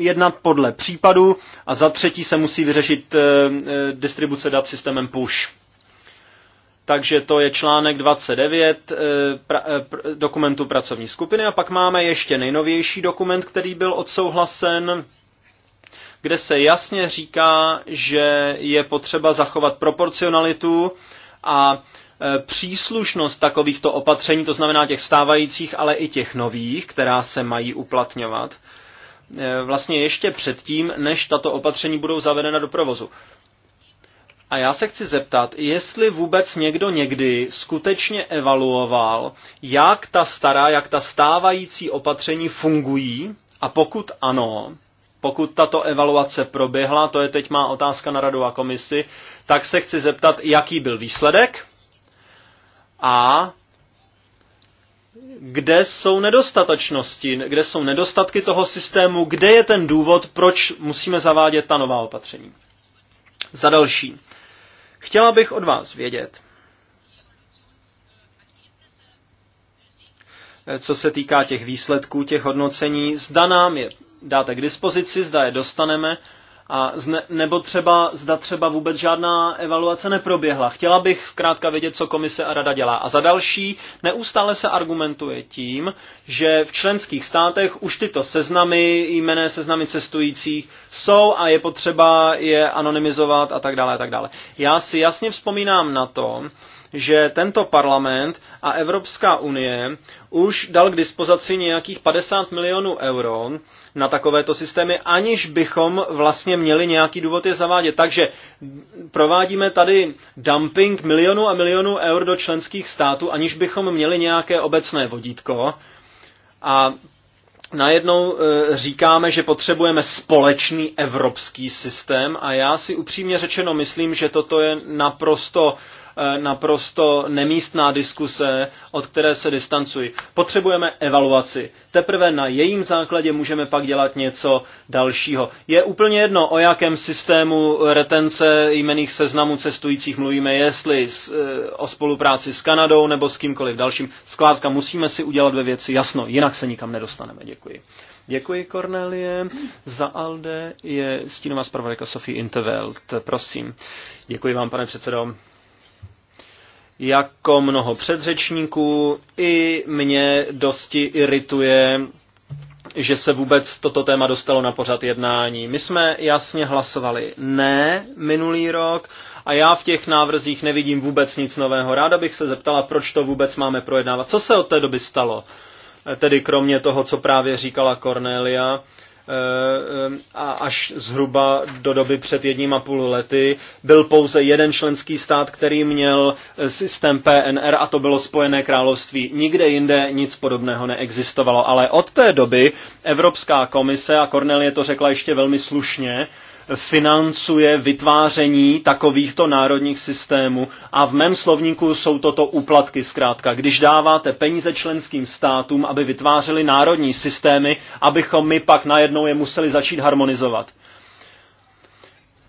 jednat podle případu a za třetí se musí vyřešit eh, eh, distribuce dat systémem push. Takže to je článek 29 eh, dokumentu pracovní skupiny a pak máme ještě nejnovější dokument, který byl odsouhlasen, kde se jasně říká, že je potřeba zachovat proporcionalitu a příslušnost takovýchto opatření, to znamená těch stávajících, ale i těch nových, která se mají uplatňovat. E, vlastně ještě předtím, než tato opatření budou zavedena do provozu. A já se chci zeptat, jestli vůbec někdo někdy skutečně evaluoval, jak ta stará, jak ta stávající opatření fungují a pokud ano, pokud tato evaluace proběhla, to je teď má otázka na radu a komisi, tak se chci zeptat, jaký byl výsledek a kde jsou nedostatečnosti, kde jsou nedostatky toho systému, kde je ten důvod, proč musíme zavádět ta nová opatření. Za další. Chtěla bych od vás vědět, co se týká těch výsledků, těch hodnocení, zda nám je dáte k dispozici, zda je dostaneme a zne, nebo třeba, zda třeba vůbec žádná evaluace neproběhla. Chtěla bych zkrátka vědět, co komise a rada dělá. A za další, neustále se argumentuje tím, že v členských státech už tyto seznamy, jmené seznamy cestujících jsou a je potřeba je anonymizovat a tak dále a tak dále. Já si jasně vzpomínám na to, že tento parlament a Evropská unie už dal k dispozici nějakých 50 milionů euro na takovéto systémy, aniž bychom vlastně měli nějaký důvod je zavádět. Takže provádíme tady dumping milionů a milionů eur do členských států, aniž bychom měli nějaké obecné vodítko. A najednou e, říkáme, že potřebujeme společný evropský systém a já si upřímně řečeno myslím, že toto je naprosto Eh, naprosto nemístná diskuse, od které se distancuji. Potřebujeme evaluaci. Teprve na jejím základě můžeme pak dělat něco dalšího. Je úplně jedno, o jakém systému retence jmených seznamů cestujících mluvíme, jestli s, eh, o spolupráci s Kanadou nebo s kýmkoliv dalším. Skládka musíme si udělat ve věci jasno, jinak se nikam nedostaneme. Děkuji. Děkuji, Kornelie. Za Alde je stínová zpravodajka Sofie Intervelt. Prosím. Děkuji vám, pane předsedo jako mnoho předřečníků, i mě dosti irituje, že se vůbec toto téma dostalo na pořad jednání. My jsme jasně hlasovali ne minulý rok a já v těch návrzích nevidím vůbec nic nového. Ráda bych se zeptala, proč to vůbec máme projednávat. Co se od té doby stalo? Tedy kromě toho, co právě říkala Cornelia, Eh, eh, a až zhruba do doby před jedním a půl lety byl pouze jeden členský stát, který měl eh, systém PNR a to bylo Spojené království. Nikde jinde nic podobného neexistovalo, ale od té doby Evropská komise, a Cornelie to řekla ještě velmi slušně, financuje vytváření takovýchto národních systémů a v mém slovníku jsou toto úplatky zkrátka. Když dáváte peníze členským státům, aby vytvářeli národní systémy, abychom my pak najednou je museli začít harmonizovat.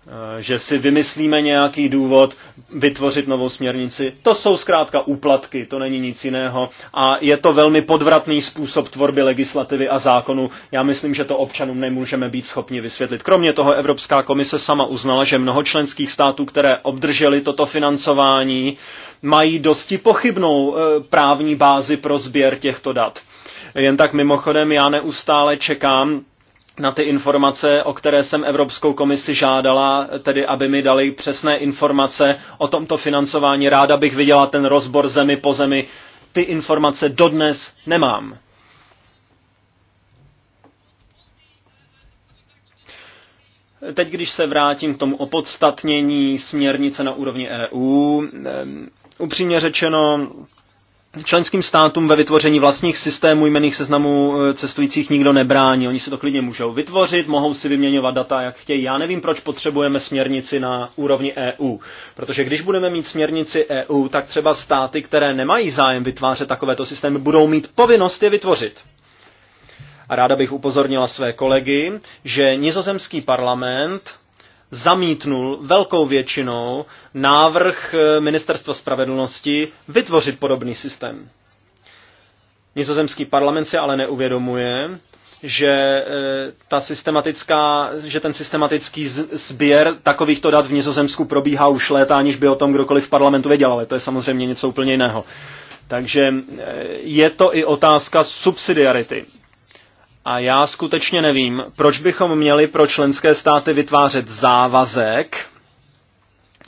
Eh, že si vymyslíme nějaký důvod vytvořit novou směrnici. To jsou zkrátka úplatky, to není nic jiného a je to velmi podvratný způsob tvorby legislativy a zákonu. Já myslím, že to občanům nemůžeme být schopni vysvětlit. Kromě toho Evropská komise sama uznala, že mnoho členských států, které obdrželi toto financování, mají dosti pochybnou eh, právní bázi pro sběr těchto dat. Jen tak mimochodem, já neustále čekám, na ty informace, o které jsem Evropskou komisi žádala, tedy aby mi dali přesné informace o tomto financování. Ráda bych viděla ten rozbor zemi po zemi. Ty informace dodnes nemám. Teď, když se vrátím k tomu opodstatnění směrnice na úrovni EU, upřímně řečeno, Členským státům ve vytvoření vlastních systémů jmených seznamů e, cestujících nikdo nebrání. Oni si to klidně můžou vytvořit, mohou si vyměňovat data, jak chtějí. Já nevím, proč potřebujeme směrnici na úrovni EU. Protože když budeme mít směrnici EU, tak třeba státy, které nemají zájem vytvářet takovéto systémy, budou mít povinnost je vytvořit. A ráda bych upozornila své kolegy, že nizozemský parlament zamítnul velkou většinou návrh eh, Ministerstva spravedlnosti vytvořit podobný systém. Nizozemský parlament si ale neuvědomuje, že, eh, ta systematická, že ten systematický sběr takovýchto dat v Nizozemsku probíhá už léta, aniž by o tom kdokoliv v parlamentu věděl, ale to je samozřejmě něco úplně jiného. Takže eh, je to i otázka subsidiarity. A já skutečně nevím, proč bychom měli pro členské státy vytvářet závazek,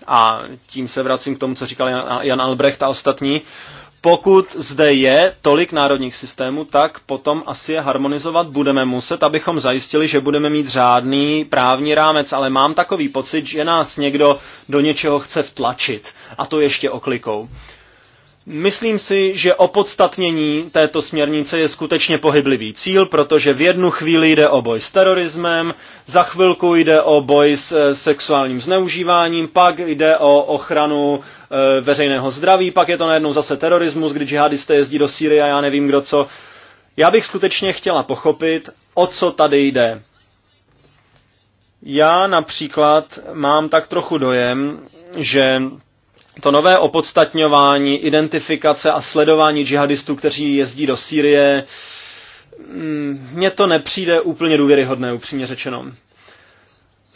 a tím se vracím k tomu, co říkal Jan Albrecht a ostatní, pokud zde je tolik národních systémů, tak potom asi je harmonizovat budeme muset, abychom zajistili, že budeme mít řádný právní rámec, ale mám takový pocit, že nás někdo do něčeho chce vtlačit a to ještě oklikou. Myslím si, že opodstatnění této směrnice je skutečně pohyblivý cíl, protože v jednu chvíli jde o boj s terorismem, za chvilku jde o boj s eh, sexuálním zneužíváním, pak jde o ochranu e, veřejného zdraví, pak je to najednou zase terorismus, kdy džihadisté jezdí do Sýrie a já nevím kdo co. Já bych skutečně chtěla pochopit, o co tady jde. Já například mám tak trochu dojem, že to nové opodstatňování, identifikace a sledování džihadistů, kteří jezdí do Sýrie, mm, mně to nepřijde úplně důvěryhodné, upřímně řečeno.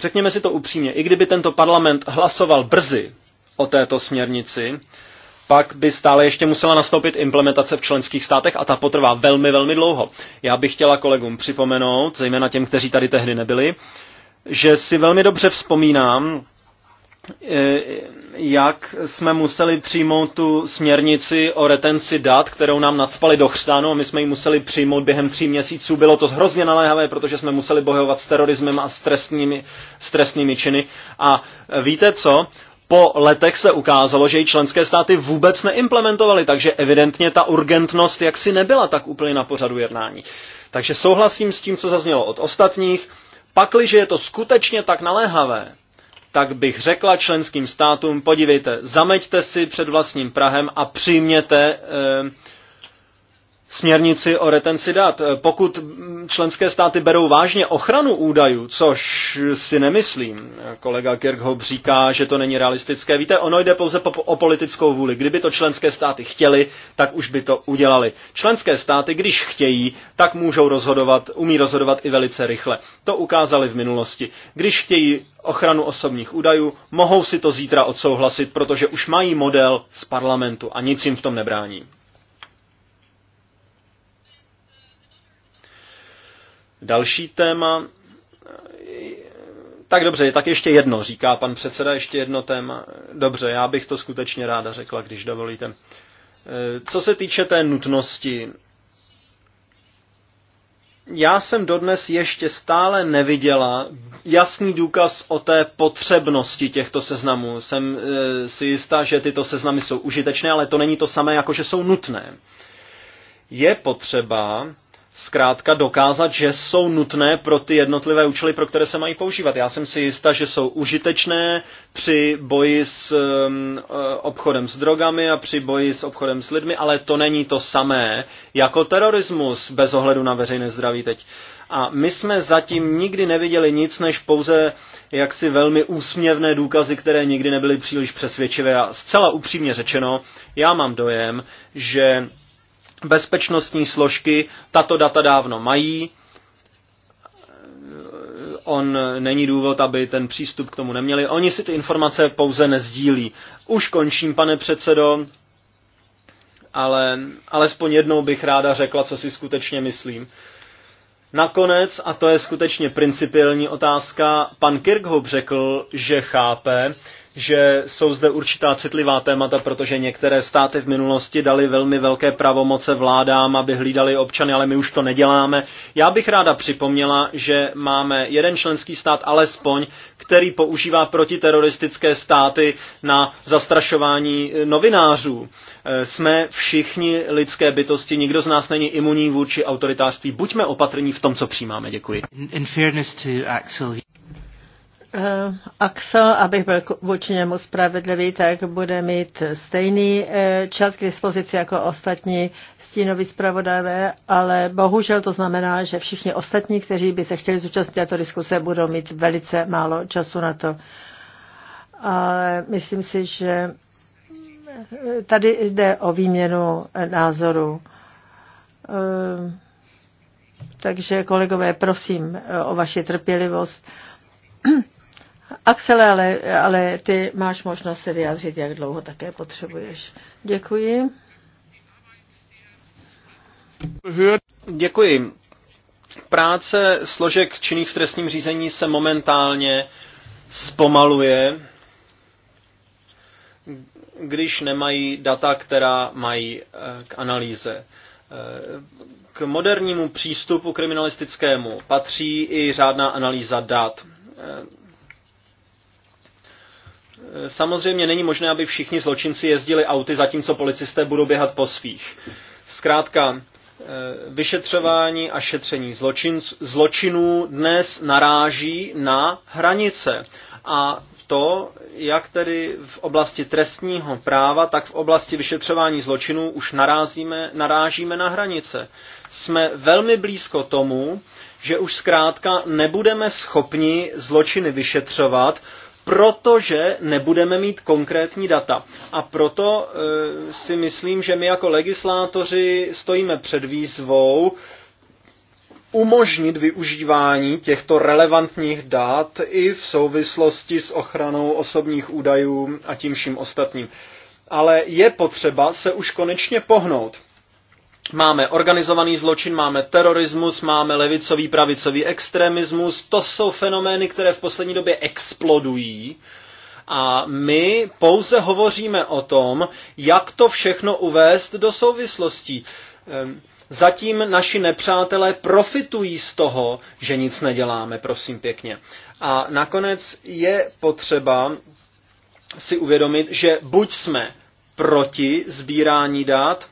Řekněme si to upřímně, i kdyby tento parlament hlasoval brzy o této směrnici, pak by stále ještě musela nastoupit implementace v členských státech a ta potrvá velmi, velmi dlouho. Já bych chtěla kolegům připomenout, zejména těm, kteří tady tehdy nebyli, že si velmi dobře vzpomínám, Eh, jak jsme museli přijmout tu směrnici o retenci dat, kterou nám nadspali do chřtánu a my jsme ji museli přijmout během tří měsíců. Bylo to hrozně naléhavé, protože jsme museli bojovat s terorismem a s trestnými, s trestnými činy. A eh, víte co? Po letech se ukázalo, že ji členské státy vůbec neimplementovaly, takže evidentně ta urgentnost jaksi nebyla tak úplně na pořadu jednání. Takže souhlasím s tím, co zaznělo od ostatních. Pakliže je to skutečně tak naléhavé, tak bych řekla členským státům, podívejte, zameďte si před vlastním Prahem a přijměte eh, směrnici o retenci dat. Pokud členské státy berou vážně ochranu údajů, což si nemyslím, kolega Kirchhoff říká, že to není realistické, víte, ono jde pouze po, o politickou vůli. Kdyby to členské státy chtěly, tak už by to udělali. Členské státy, když chtějí, tak můžou rozhodovat, umí rozhodovat i velice rychle. To ukázali v minulosti. Když chtějí ochranu osobních údajů, mohou si to zítra odsouhlasit, protože už mají model z parlamentu a nic jim v tom nebrání. Další téma. Tak dobře, tak ještě jedno, říká pan předseda, ještě jedno téma. Dobře, já bych to skutečně ráda řekla, když dovolíte. E, co se týče té nutnosti, já jsem dodnes ještě stále neviděla jasný důkaz o té potřebnosti těchto seznamů. Jsem e, si jistá, že tyto seznamy jsou užitečné, ale to není to samé, jako že jsou nutné. Je potřeba zkrátka dokázat, že jsou nutné pro ty jednotlivé účely, pro které se mají používat. Já jsem si jistá, že jsou užitečné při boji s um, eh, obchodem s drogami a při boji s obchodem s lidmi, ale to není to samé jako terorismus bez ohledu na veřejné zdraví teď. A my jsme zatím nikdy neviděli nic, než pouze jaksi velmi úsměvné důkazy, které nikdy nebyly příliš přesvědčivé. A zcela upřímně řečeno, já mám dojem, že Bezpečnostní složky tato data dávno mají. On není důvod, aby ten přístup k tomu neměli. Oni si ty informace pouze nezdílí. Už končím, pane předsedo, ale alespoň jednou bych ráda řekla, co si skutečně myslím. Nakonec, a to je skutečně principiální otázka, pan Kirkhope řekl, že chápe, že jsou zde určitá citlivá témata, protože některé státy v minulosti dali velmi velké pravomoce vládám, aby hlídali občany, ale my už to neděláme. Já bych ráda připomněla, že máme jeden členský stát alespoň, který používá protiteroristické státy na zastrašování novinářů. Eh, jsme všichni lidské bytosti, nikdo z nás není imunní vůči autoritářství. Buďme opatrní v tom, co přijímáme. Děkuji.
Eh, Axel, abych byl vůči němu spravedlivý, tak bude mít stejný eh, čas k dispozici jako ostatní stínoví zpravodajové, ale bohužel to znamená, že všichni ostatní, kteří by se chtěli zúčastnit této diskuse, budou mít velice málo času na to. Ale myslím si, že eh, tady jde o výměnu názoru. Takže kolegové, prosím o vaši trpělivost. Axel, ale, ale ty máš možnost se vyjádřit, jak dlouho také potřebuješ. Děkuji.
Děkuji. Práce složek činných v trestním řízení se momentálně zpomaluje, když nemají data, která mají eh, k analýze. Eh, k modernímu přístupu kriminalistickému patří i řádná analýza dat. Eh, Samozřejmě není možné, aby všichni zločinci jezdili auty, zatímco policisté budou běhat po svých. Zkrátka, eh, vyšetřování a šetření zločin, zločinů dnes naráží na hranice. A to, jak tedy v oblasti trestního práva, tak v oblasti vyšetřování zločinů už narázíme, narážíme na hranice. Jsme velmi blízko tomu, že už zkrátka nebudeme schopni zločiny vyšetřovat, protože nebudeme mít konkrétní data. A proto e, si myslím, že my jako legislátoři stojíme před výzvou umožnit využívání těchto relevantních dat i v souvislosti s ochranou osobních údajů a tím vším ostatním. Ale je potřeba se už konečně pohnout. Máme organizovaný zločin, máme terorismus, máme levicový, pravicový extremismus. To jsou fenomény, které v poslední době explodují. A my pouze hovoříme o tom, jak to všechno uvést do souvislostí. Ehm, zatím naši nepřátelé profitují z toho, že nic neděláme, prosím pěkně. A nakonec je potřeba si uvědomit, že buď jsme proti sbírání dát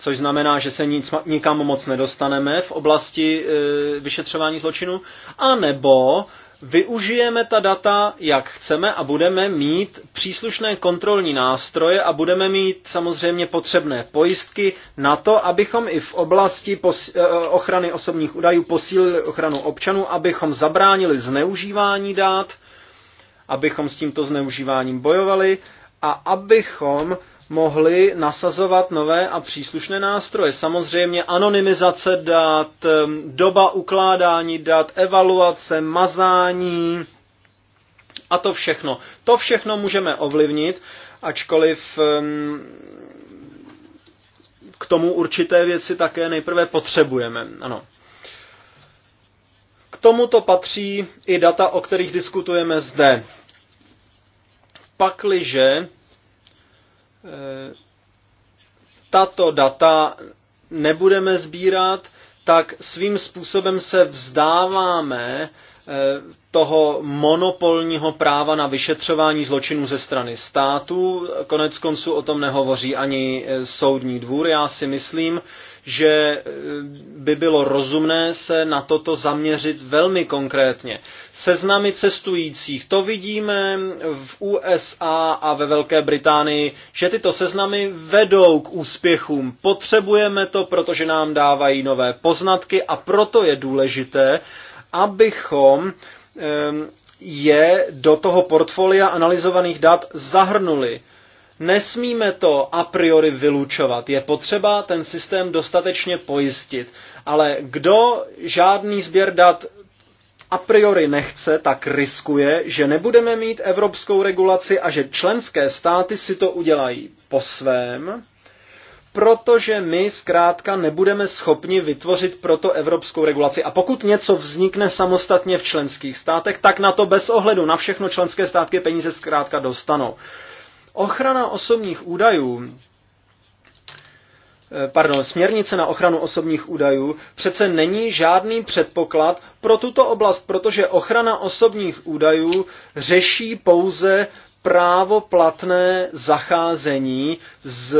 což znamená, že se nic, nikam moc nedostaneme v oblasti e, vyšetřování zločinu, anebo využijeme ta data, jak chceme a budeme mít příslušné kontrolní nástroje a budeme mít samozřejmě potřebné pojistky na to, abychom i v oblasti e, ochrany osobních údajů posílili ochranu občanů, abychom zabránili zneužívání dát, abychom s tímto zneužíváním bojovali a abychom mohli nasazovat nové a příslušné nástroje. Samozřejmě anonymizace dat, doba ukládání dat, evaluace, mazání a to všechno. To všechno můžeme ovlivnit, ačkoliv k tomu určité věci také nejprve potřebujeme. Ano. K tomuto patří i data, o kterých diskutujeme zde. Pakliže Eh, tato data nebudeme sbírat, tak svým způsobem se vzdáváme eh, toho monopolního práva na vyšetřování zločinů ze strany státu. Konec konců o tom nehovoří ani eh, soudní dvůr. Já si myslím, že eh, by bylo rozumné se na toto zaměřit velmi konkrétně. Seznamy cestujících, to vidíme v USA a ve Velké Británii, že tyto seznamy vedou k úspěchům. Potřebujeme to, protože nám dávají nové poznatky a proto je důležité, abychom eh, je do toho portfolia analyzovaných dat zahrnuli. Nesmíme to a priori vylučovat. Je potřeba ten systém dostatečně pojistit. Ale kdo žádný sběr dat a priori nechce, tak riskuje, že nebudeme mít evropskou regulaci a že členské státy si to udělají po svém, protože my zkrátka nebudeme schopni vytvořit proto evropskou regulaci. A pokud něco vznikne samostatně v členských státech, tak na to bez ohledu na všechno členské státky peníze zkrátka dostanou. Ochrana osobních údajů, eh, pardon, směrnice na ochranu osobních údajů přece není žádný předpoklad pro tuto oblast, protože ochrana osobních údajů řeší pouze právo platné zacházení s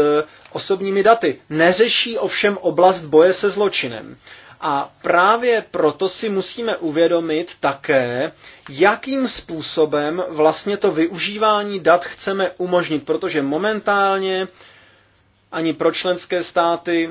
osobními daty. Neřeší ovšem oblast boje se zločinem. A právě proto si musíme uvědomit také, jakým způsobem vlastně to využívání dat chceme umožnit, protože momentálně ani pro členské státy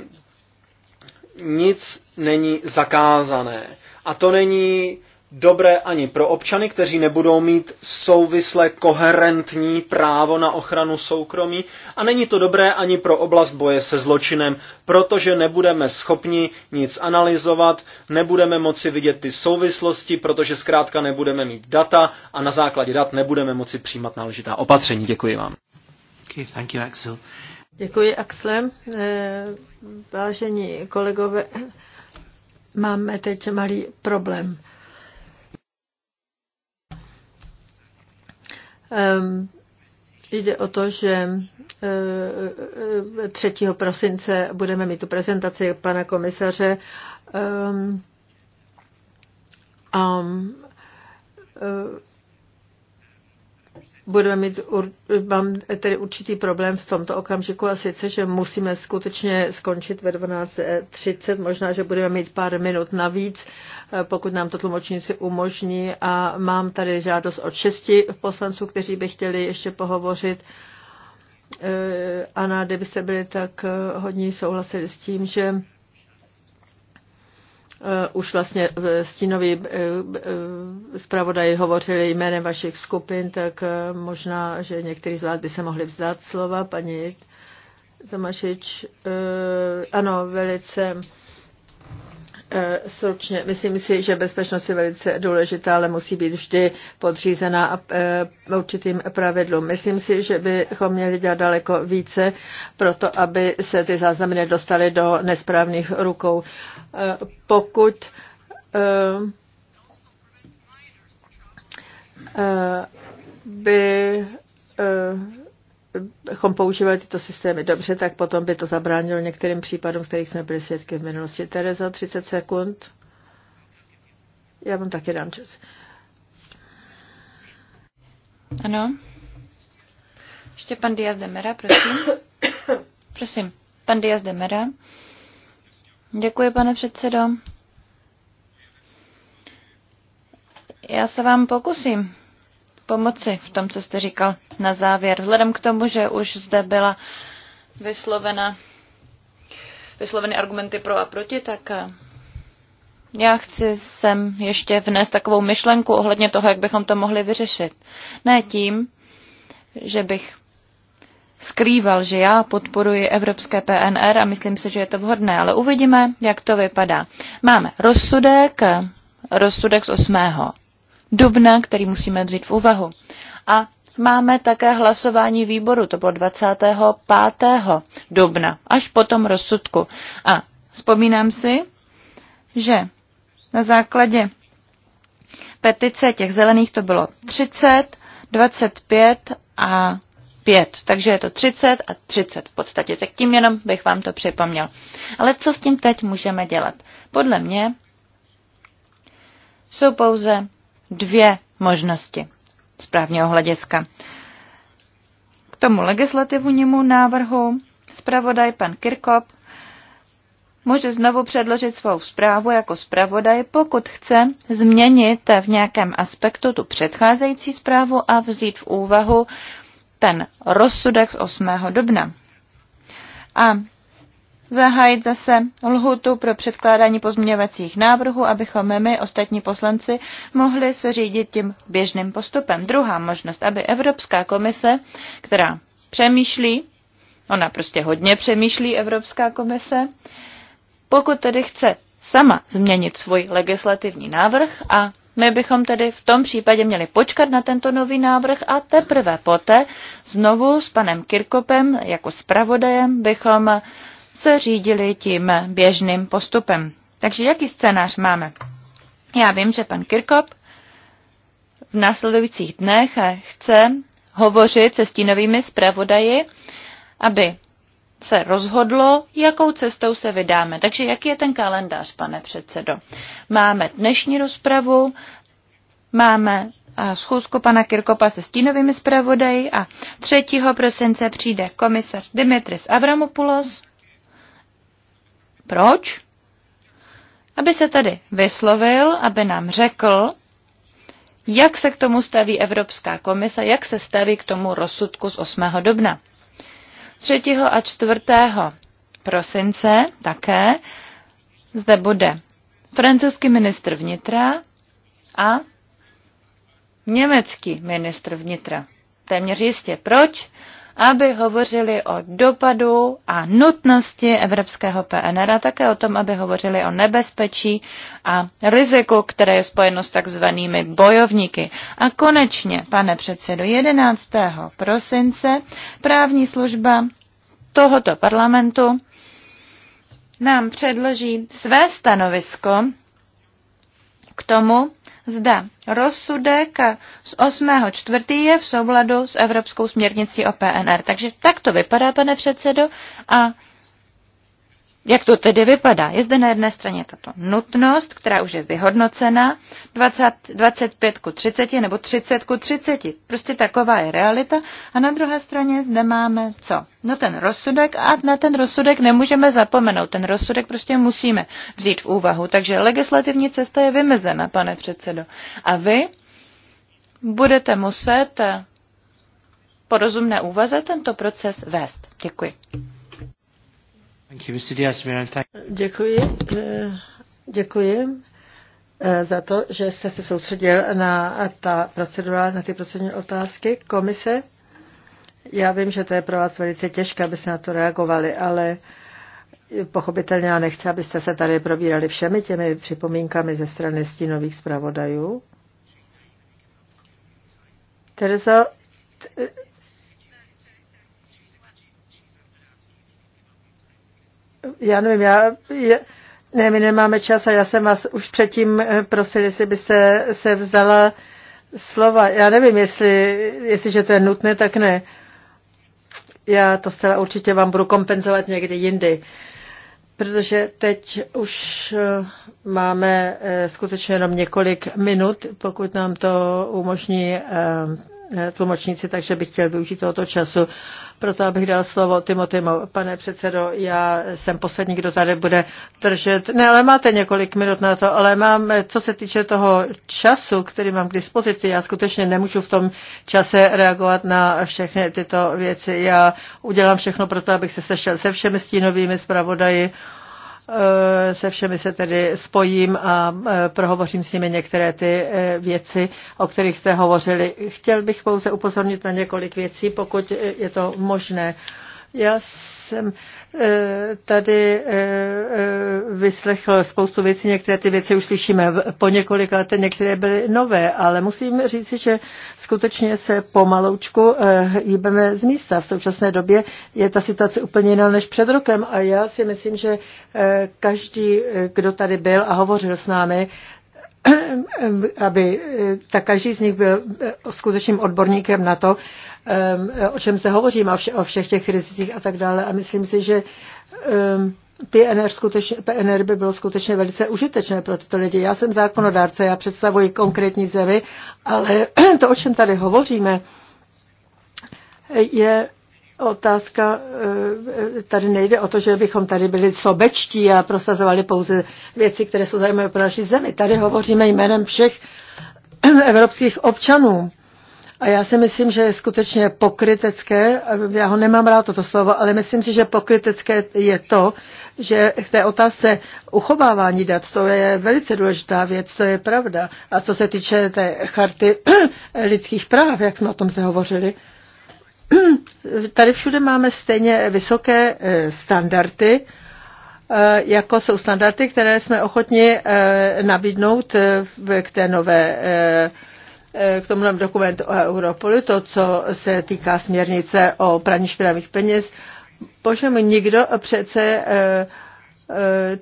nic není zakázané. A to není dobré ani pro občany, kteří nebudou mít souvisle koherentní právo na ochranu soukromí a není to dobré ani pro oblast boje se zločinem, protože nebudeme schopni nic analyzovat, nebudeme moci vidět ty souvislosti, protože zkrátka nebudeme mít data a na základě dat nebudeme moci přijímat náležitá opatření. Děkuji
vám. Okay, thank you, Axel.
Děkuji, Axle. Eh, vážení kolegové, máme teď malý problém. Ehm, jde o to, že 3. Eh, prosince budeme mít tu prezentaci pana komisaře ehm, a eh, budeme mít, mám tedy určitý problém v tomto okamžiku a sice, že musíme skutečně skončit ve 12.30, možná, že budeme mít pár minut navíc, eh, pokud nám to tlumočníci umožní a mám tady žádost od šesti poslanců, kteří by chtěli ještě pohovořit. Eh, Ana, kdybyste byli tak eh, hodně souhlasili s tím, že Eh, už vlastně eh, stínoví eh, zpravodaji hovořili jménem vašich skupin, tak možná, že někteří z vás by se mohli vzdát slova. Paní Tomašič, ano, velice E, Sručně, myslím si, že bezpečnost je velice důležitá, ale musí být vždy podřízená e, určitým pravidlům. Myslím si, že bychom měli dělat daleko více pro to, aby se ty záznamy nedostaly do nesprávných rukou. E, pokud by bychom používali tyto systémy dobře, tak potom by to zabránilo některým případům, kterých jsme byli svědky v minulosti. Tereza, 30 sekund. Já vám taky dám čas.
Ano. Ještě pan Diaz de Mera, prosím. prosím, pan Diaz de Mera. Děkuji, pane předsedo. Já se vám pokusím pomoci v tom, co jste říkal na závěr. Vzhledem k tomu, že už zde byla vyslovena, vysloveny argumenty pro a proti, tak eh, já chci sem ještě vnést takovou myšlenku ohledně toho, jak bychom to mohli vyřešit. Ne tím, že bych skrýval, že já podporuji evropské PNR a myslím si, že je to vhodné, ale uvidíme, jak to vypadá. Máme rozsudek, eh, rozsudek z 8 dubna, který musíme vzít v úvahu. A máme také hlasování výboru, to bylo 25. dubna, až po tom rozsudku. A vzpomínám si, že na základě petice těch zelených to bylo 30, 25 a 5. Takže je to 30 a 30 v podstatě. Tak tím jenom bych vám to připomněl. Ale co s tím teď můžeme dělat? Podle mě jsou pouze dvě možnosti z právního hlediska. K tomu legislativnímu návrhu zpravodaj pan Kirkop může znovu předložit svou zprávu jako zpravodaj, pokud chce změnit v nějakém aspektu tu předcházející zprávu a vzít v úvahu ten rozsudek z 8. dubna. A zahájit zase lhutu pro předkládání pozměňovacích návrhů, abychom my, ostatní poslanci, mohli se řídit tím běžným postupem. Druhá možnost, aby Evropská komise, která přemýšlí, ona prostě hodně přemýšlí Evropská komise, pokud tedy chce sama změnit svůj legislativní návrh a my bychom tedy v tom případě měli počkat na tento nový návrh a teprve poté znovu s panem Kirkopem jako zpravodajem bychom se řídili tím běžným postupem. Takže jaký scénář máme? Já vím, že pan Kirkop v následujících dnech chce hovořit se stínovými zpravodaji, aby se rozhodlo, jakou cestou se vydáme. Takže jaký je ten kalendář, pane předsedo? Máme dnešní rozpravu, máme eh, schůzku pana Kirkopa se stínovými zpravodaji a 3. prosince přijde komisař Dimitris Avramopoulos proč? Aby se tady vyslovil, aby nám řekl, jak se k tomu staví Evropská komise, jak se staví k tomu rozsudku z 8. dubna. 3. a 4. prosince také zde bude francouzský ministr vnitra a německý ministr vnitra. Téměř jistě. Proč? aby hovořili o dopadu a nutnosti evropského PNR a také o tom, aby hovořili o nebezpečí a riziku, které je spojeno s takzvanými bojovníky. A konečně, pane předsedo, 11. prosince právní služba tohoto parlamentu nám předloží své stanovisko k tomu, zda rozsudek z 8.4. je v souladu s Evropskou směrnicí o PNR. Takže tak to vypadá, pane předsedo, a jak to tedy vypadá? Je zde na jedné straně tato nutnost, která už je vyhodnocena 20, 25 ku 30 nebo 30 ku 30. Prostě taková je realita. A na druhé straně zde máme co? No ten rozsudek a na ten rozsudek nemůžeme zapomenout. Ten rozsudek prostě musíme vzít v úvahu. Takže legislativní cesta je vymezena, pane předsedo. A vy budete muset po rozumné úvaze tento proces vést. Děkuji.
Děkuji.
Eh, děkuji eh, za to, že jste se soustředil na, ta procedura, na ty procedurální otázky komise. Já vím, že to je pro vás velice těžké, abyste na to reagovali, ale pochopitelně já nechci, abyste se tady probírali všemi těmi připomínkami ze strany stínových zpravodajů. Terezo, já nevím, já, je, ne, my nemáme čas a já jsem vás už předtím eh, prosil, jestli byste se vzdala slova. Já nevím, jestli, jestliže to je nutné, tak ne. Já to zcela určitě vám budu kompenzovat někdy jindy. Protože teď už eh, máme eh, skutečně jenom několik minut, pokud nám to umožní tlumočníci, takže bych chtěl využít tohoto času proto abych dal slovo Timotimu. Pane předsedo, já jsem poslední, kdo tady bude držet. Ne, ale máte několik minut na to, ale mám, co se týče toho času, který mám k dispozici, já skutečně nemůžu v tom čase reagovat na všechny tyto věci. Já udělám všechno pro to, abych se sešel se všemi stínovými zpravodaji. Eh, se všemi se tedy spojím a eh, prohovořím s nimi některé ty eh, věci, o kterých jste hovořili. Chtěl bych pouze upozornit na několik věcí, pokud je to možné. Já jsem Eh, tady eh, eh, vyslechl spoustu věcí, některé ty věci už slyšíme po několika letech, některé byly nové, ale musím říci, že skutečně se pomaloučku hýbeme z místa. V současné době je ta situace úplně jiná než před rokem a já si myslím, že každý, kdo tady byl a hovořil s námi, aby tak každý z nich byl skutečným odborníkem na to, o čem se hovoří, o všech těch rizicích a tak dále. A myslím si, že PNR, skutečně, PNR by bylo skutečně velice užitečné pro tyto lidi. Já jsem zákonodárce, já představuji konkrétní zemi, ale to, o čem tady hovoříme, je otázka, eh, tady nejde o to, že bychom tady byli sobečtí a prosazovali pouze věci, které jsou zajímavé pro naši zemi. Tady hovoříme jménem všech evropských občanů. A já si myslím, že je skutečně pokrytecké, já ho nemám rád toto slovo, ale myslím si, že pokrytecké je to, že k té otázce uchovávání dat, to je velice důležitá věc, to je pravda. A co se týče té charty lidských práv, jak jsme o tom se hovořili, tady všude máme stejně vysoké e, standardy, e, jako jsou standardy, které jsme ochotni e, nabídnout k té nové k tomu nám dokumentu o Europolu, to, co se týká směrnice o praní špinavých peněz. Bože mi nikdo přece eh, eh,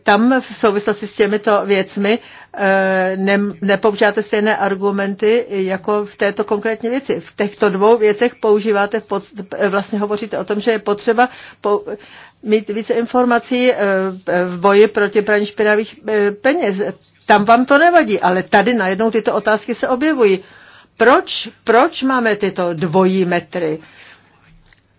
tam v souvislosti s těmito věcmi eh, ne, nepoužíváte stejné argumenty jako v této konkrétní věci. V těchto dvou věcech používáte, pod, vlastně hovoříte o tom, že je potřeba po, mít více informací v boji proti praní špinavých peněz. Tam vám to nevadí, ale tady najednou tyto otázky se objevují. Proč, proč máme tyto dvojí metry?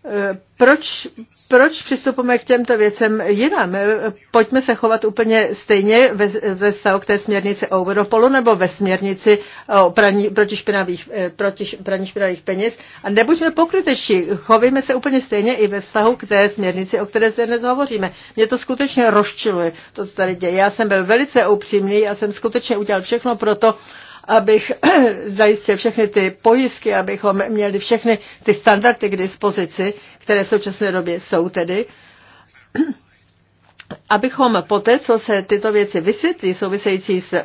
E, proč, proč přistupujeme k těmto věcem jinam? E, pojďme se chovat úplně stejně ve, ve stavu k té směrnici o Europolu nebo ve směrnici o praní, proti, špinavých, e, proti praní špinavých peněz a nebuďme pokryteční. Chovíme se úplně stejně i ve vztahu k té směrnici, o které zde dnes hovoříme. Mě to skutečně rozčiluje, to, co tady děje. Já jsem byl velice upřímný, já jsem skutečně udělal všechno pro to, abych zajistil všechny ty pojistky, abychom měli všechny ty standardy k dispozici, které v současné době jsou tedy, abychom poté, co se tyto věci vysvětlí, související s,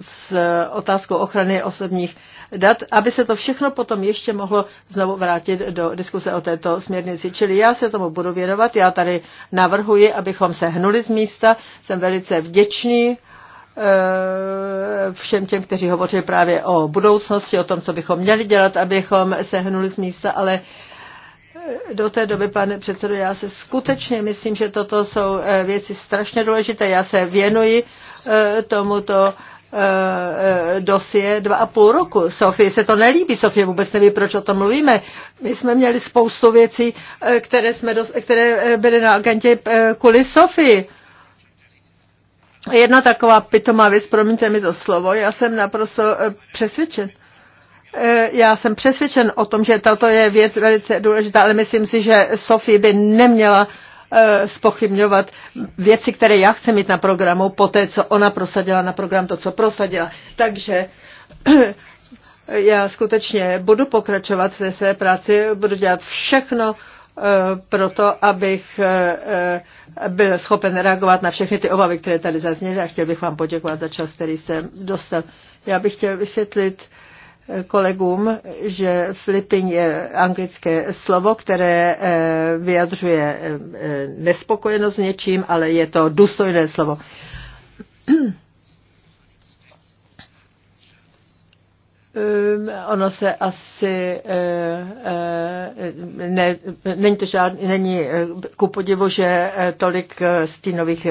s otázkou ochrany osobních dat, aby se to všechno potom ještě mohlo znovu vrátit do diskuse o této směrnici. Čili já se tomu budu věnovat, já tady navrhuji, abychom se hnuli z místa, jsem velice vděčný Eh, všem těm, kteří hovoří právě o budoucnosti, o tom, co bychom měli dělat, abychom se hnuli z místa, ale eh, do té doby, pane předsedo, já se skutečně myslím, že toto jsou eh, věci strašně důležité. Já se věnuji tomuto dosie dva a půl roku. Sofie se to nelíbí, Sofie vůbec neví, proč o tom mluvíme. My jsme měli spoustu věcí, které, jsme dos- které byly na agentě kvůli Sofii. Jedna taková pitomá věc, promiňte mi to slovo, já jsem naprosto eh, přesvědčen. Eh, já jsem přesvědčen o tom, že tato je věc velice důležitá, ale myslím si, že Sofie by neměla eh, spochybňovat věci, které já chci mít na programu, po té, co ona prosadila na program, to, co prosadila. Takže já skutečně budu pokračovat ve své práci, budu dělat všechno, Eh, proto abych eh, eh, byl schopen reagovat na všechny ty obavy, které tady zazněly a chtěl bych vám poděkovat za čas, který jsem dostal. Já bych chtěl vysvětlit kolegům, že flipping je anglické slovo, které vyjadřuje nespokojenost s něčím, ale je to důstojné slovo. Ehm, ono se asi eh, eh, ne, není to žádný, není eh, ku podivu, že tolik stínových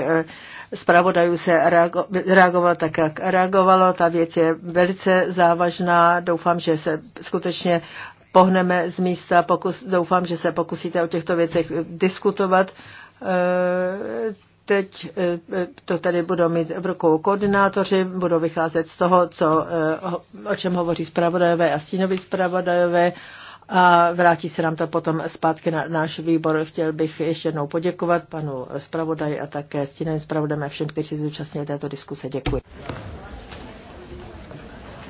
zpravodajů se reago, reagovalo tak, jak reagovalo. Ta věc je velice závažná. Doufám, že se skutečně pohneme z místa. Pokus, doufám, že se pokusíte o těchto věcech diskutovat Teď eh, eh, to tady budou mít v rukou koordinátoři, budou vycházet z toho, co, eh, o čem hovoří zpravodajové a stínoví zpravodajové a vrátí se nám to potom zpátky na náš výbor. Chtěl bych ještě jednou poděkovat panu zpravodaji a také stínovým zpravodem a všem, kteří se zúčastnili této diskuse. Děkuji.